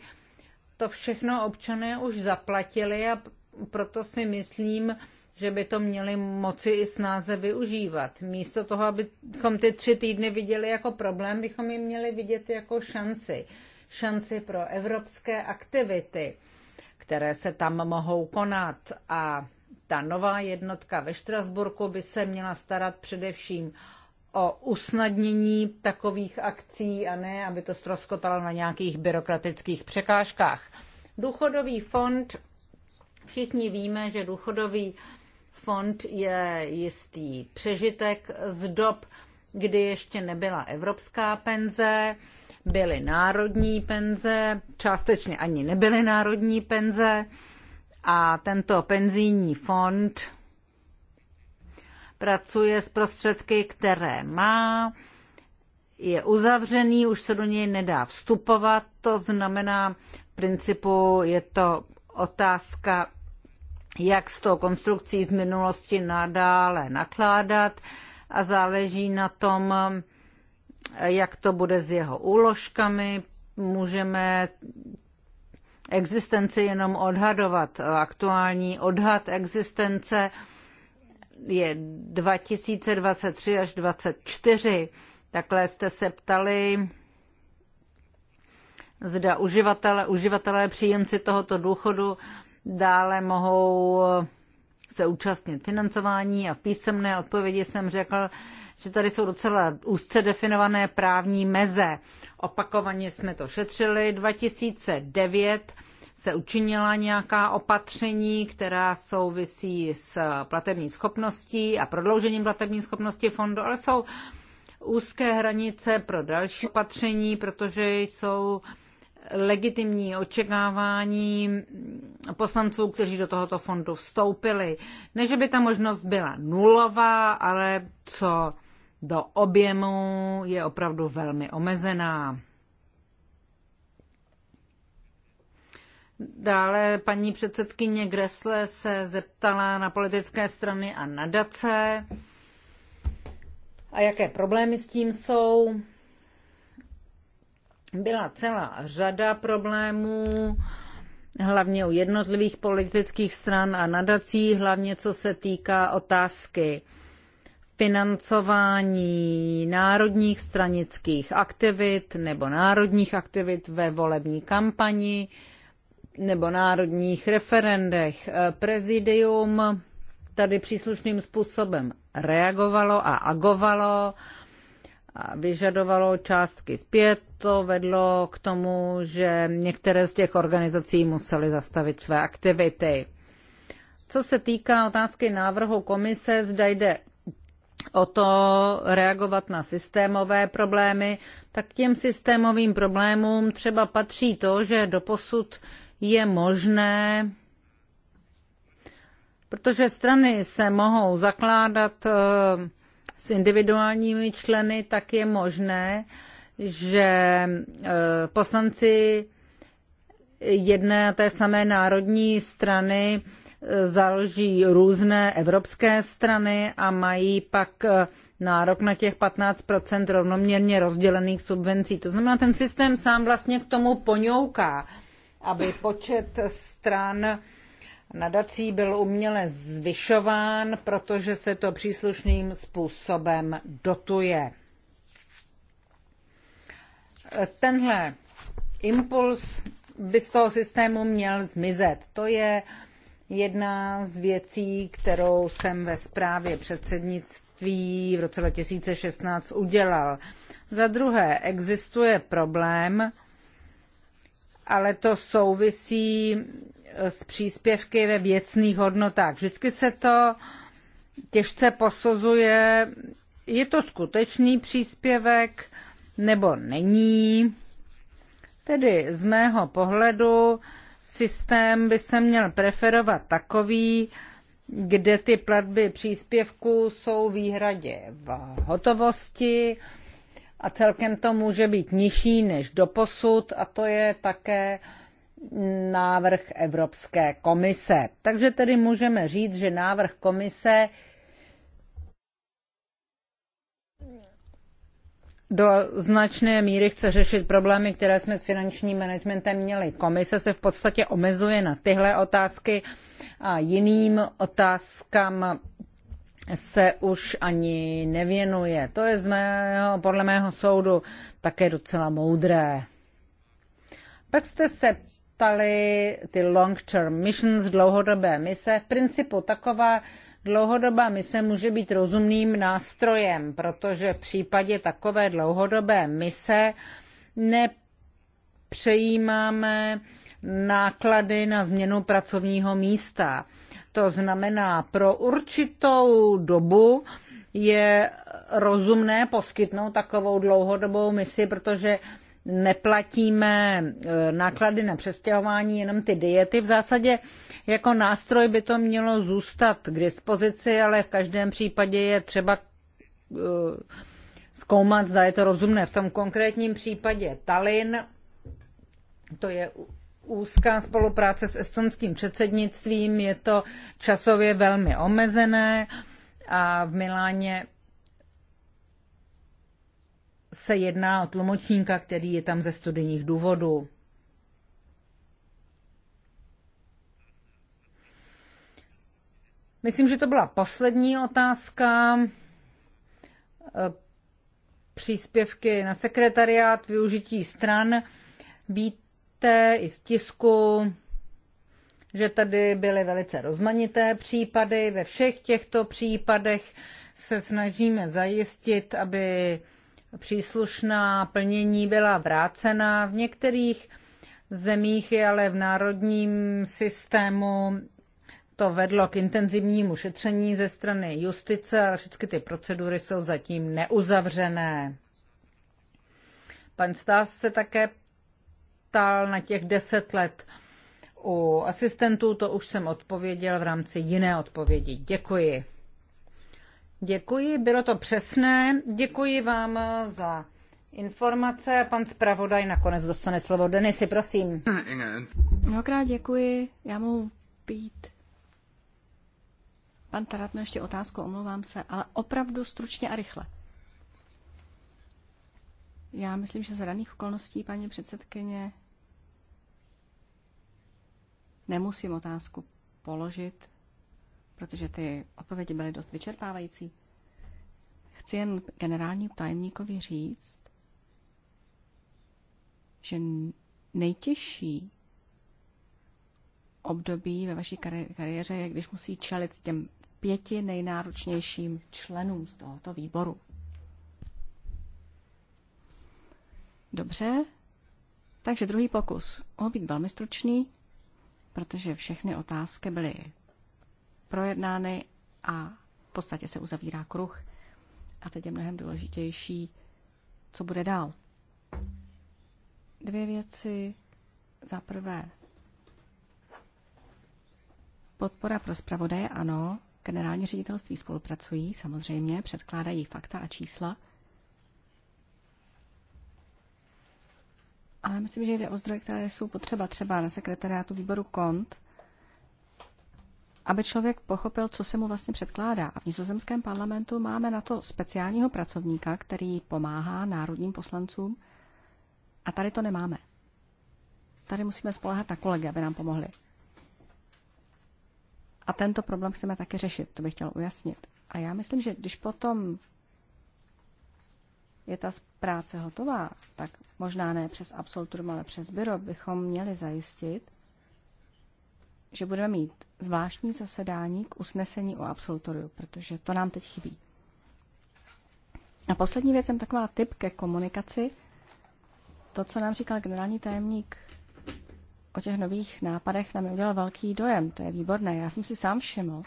to všechno občané už zaplatili a proto si myslím, že by to měli moci i snáze využívat. Místo toho, abychom ty tři týdny viděli jako problém, bychom je měli vidět jako šanci. Šanci pro evropské aktivity, které se tam mohou konat a ta nová jednotka ve Štrasburku by se měla starat především o usnadnění takových akcí a ne, aby to stroskotalo na nějakých byrokratických překážkách. Důchodový fond, všichni víme, že důchodový fond je jistý přežitek z dob, kdy ještě nebyla evropská penze, byly národní penze, částečně ani nebyly národní penze. A tento penzijní fond pracuje s prostředky, které má, je uzavřený, už se do něj nedá vstupovat, to znamená, v principu je to otázka, jak s tou konstrukcí z minulosti nadále nakládat a záleží na tom, jak to bude s jeho úložkami. Můžeme existenci jenom odhadovat. Aktuální odhad existence je 2023 až 2024. Takhle jste se ptali, zda uživatelé, uživatelé příjemci tohoto důchodu dále mohou se účastnit financování a v písemné odpovědi jsem řekl, že tady jsou docela úzce definované právní meze. Opakovaně jsme to šetřili. 2009 se učinila nějaká opatření, která souvisí s platební schopností a prodloužením platební schopnosti fondu, ale jsou úzké hranice pro další opatření, protože jsou legitimní očekávání poslanců, kteří do tohoto fondu vstoupili. Ne, že by ta možnost byla nulová, ale co do objemu je opravdu velmi omezená. Dále paní předsedkyně Gresle se zeptala na politické strany a nadace a jaké problémy s tím jsou. Byla celá řada problémů, hlavně u jednotlivých politických stran a nadací, hlavně co se týká otázky financování národních stranických aktivit nebo národních aktivit ve volební kampani nebo národních referendech. Prezidium tady příslušným způsobem reagovalo a agovalo a vyžadovalo částky zpět. To vedlo k tomu, že některé z těch organizací musely zastavit své aktivity. Co se týká otázky návrhu komise, zda jde o to reagovat na systémové problémy, tak těm systémovým problémům třeba patří to, že doposud je možné, protože strany se mohou zakládat eh, s individuálními členy, tak je možné, že eh, poslanci jedné a té samé národní strany založí různé evropské strany a mají pak e, nárok na těch 15 rovnoměrně rozdělených subvencí. To znamená, ten systém sám vlastně k tomu poňouká, aby počet stran nadací byl uměle zvyšován, protože se to příslušným způsobem dotuje. Tenhle impuls by z toho systému měl zmizet. To je uh, Jedna z věcí, kterou jsem ve zprávě předsednictví v roce 2016 udělal. Za druhé, existuje problém, ale to souvisí s příspěvky ve věcných hodnotách. Vždycky se to těžce posuzuje, je to skutečný příspěvek nebo není. Tedy z mého pohledu systém by se měl preferovat takový, kde ty platby příspěvků jsou výhradě v hotovosti a celkem to může být nižší než doposud a to je také návrh Evropské komise. Takže tedy můžeme říct, že návrh komise do značné míry chce řešit problémy, které jsme s finančním managementem měli. Komise se v podstatě omezuje na tyhle otázky a jiným otázkám se už ani nevěnuje. To je z mého, podle mého soudu také docela moudré. Pak jste se ptali ty long-term missions, dlouhodobé mise. V principu taková Dlouhodobá mise může být rozumným nástrojem, protože v případě takové dlouhodobé mise nepřejímáme náklady na změnu pracovního místa. To znamená, pro určitou dobu je rozumné poskytnout takovou dlouhodobou misi, protože neplatíme e, náklady na přestěhování, jenom ty diety. V zásadě jako nástroj by to mělo zůstat k dispozici, ale v každém případě je třeba e, zkoumat, zda je to rozumné. V tom konkrétním případě Tallinn, to je úzká spolupráce s estonským předsednictvím, je to časově velmi omezené a v Miláně se jedná o tlumočníka, který je tam ze studijních důvodů. Myslím, že to byla poslední otázka. Eh, příspěvky na sekretariát, využití stran. Víte i z tisku, že tady byly velice rozmanité případy. Ve všech těchto případech se snažíme zajistit, aby příslušná plnění byla vrácena. V některých zemích je ale v národním systému to vedlo k intenzivnímu šetření ze strany justice, ale všechny ty procedury jsou zatím neuzavřené. Pan Stas se také ptal na těch deset let u asistentů, to už jsem odpověděl v rámci jiné odpovědi. Děkuji. Děkuji, bylo to přesné. Děkuji vám za informace. Pan zpravodaj nakonec dostane slovo. Denisy, prosím. Mnohokrát děkuji. Já mohu být. Pan Tarat ještě otázku, omlouvám se, ale opravdu stručně a rychle. Já myslím, že za daných okolností, paní předsedkyně, nemusím otázku položit, protože ty odpovědi byly dost vyčerpávající. Chci jen generální tajemníkovi říct, že nejtěžší období ve vaší kariéře je, když musí čelit těm pěti nejnáročnějším členům z tohoto výboru. Dobře, takže druhý pokus. Mohl být velmi stručný, protože všechny otázky byly projednány a v podstatě se uzavírá kruh. A teď je mnohem důležitější, co bude dál. Dvě věci. Za prvé, podpora pro zpravodaje, ano, generální ředitelství spolupracují, samozřejmě, předkládají fakta a čísla, ale myslím, že jde o zdroje, které jsou potřeba třeba na sekretariátu výboru KONT, aby člověk pochopil, co se mu vlastně předkládá. A v nizozemském parlamentu máme na to speciálního pracovníka, který pomáhá národním poslancům. A tady to nemáme. Tady musíme spolehat na kolegy, aby nám pomohli. A tento problém chceme taky řešit, to bych chtěl ujasnit. A já myslím, že když potom je ta práce hotová, tak možná ne přes absolutum, ale přes byro bychom měli zajistit, že budeme mít zvláštní zasedání k usnesení o absolutoriu, protože to nám teď chybí. A poslední věc jsem taková tip ke komunikaci. To, co nám říkal generální tajemník o těch nových nápadech, nám udělal velký dojem. To je výborné. Já jsem si sám všiml,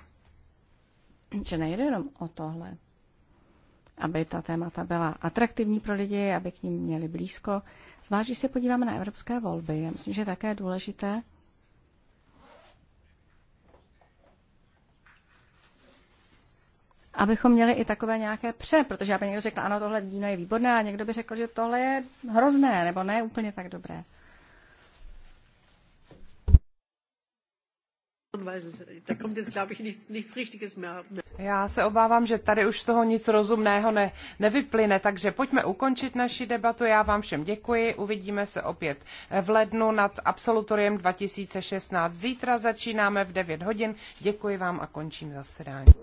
že nejde jenom o tohle, aby ta témata byla atraktivní pro lidi, aby k ním měli blízko. Zvlášť, když se podíváme na evropské volby, já myslím, že je také důležité, abychom měli i takové nějaké pře, protože já by někdo řekl, ano, tohle víno je výborné, a někdo by řekl, že tohle je hrozné, nebo ne úplně tak dobré. Já se obávám, že tady už z toho nic rozumného ne, nevyplyne, takže pojďme ukončit naši debatu. Já vám všem děkuji, uvidíme se opět v lednu nad absolutoriem 2016. Zítra začínáme v 9 hodin. Děkuji vám a končím zasedání.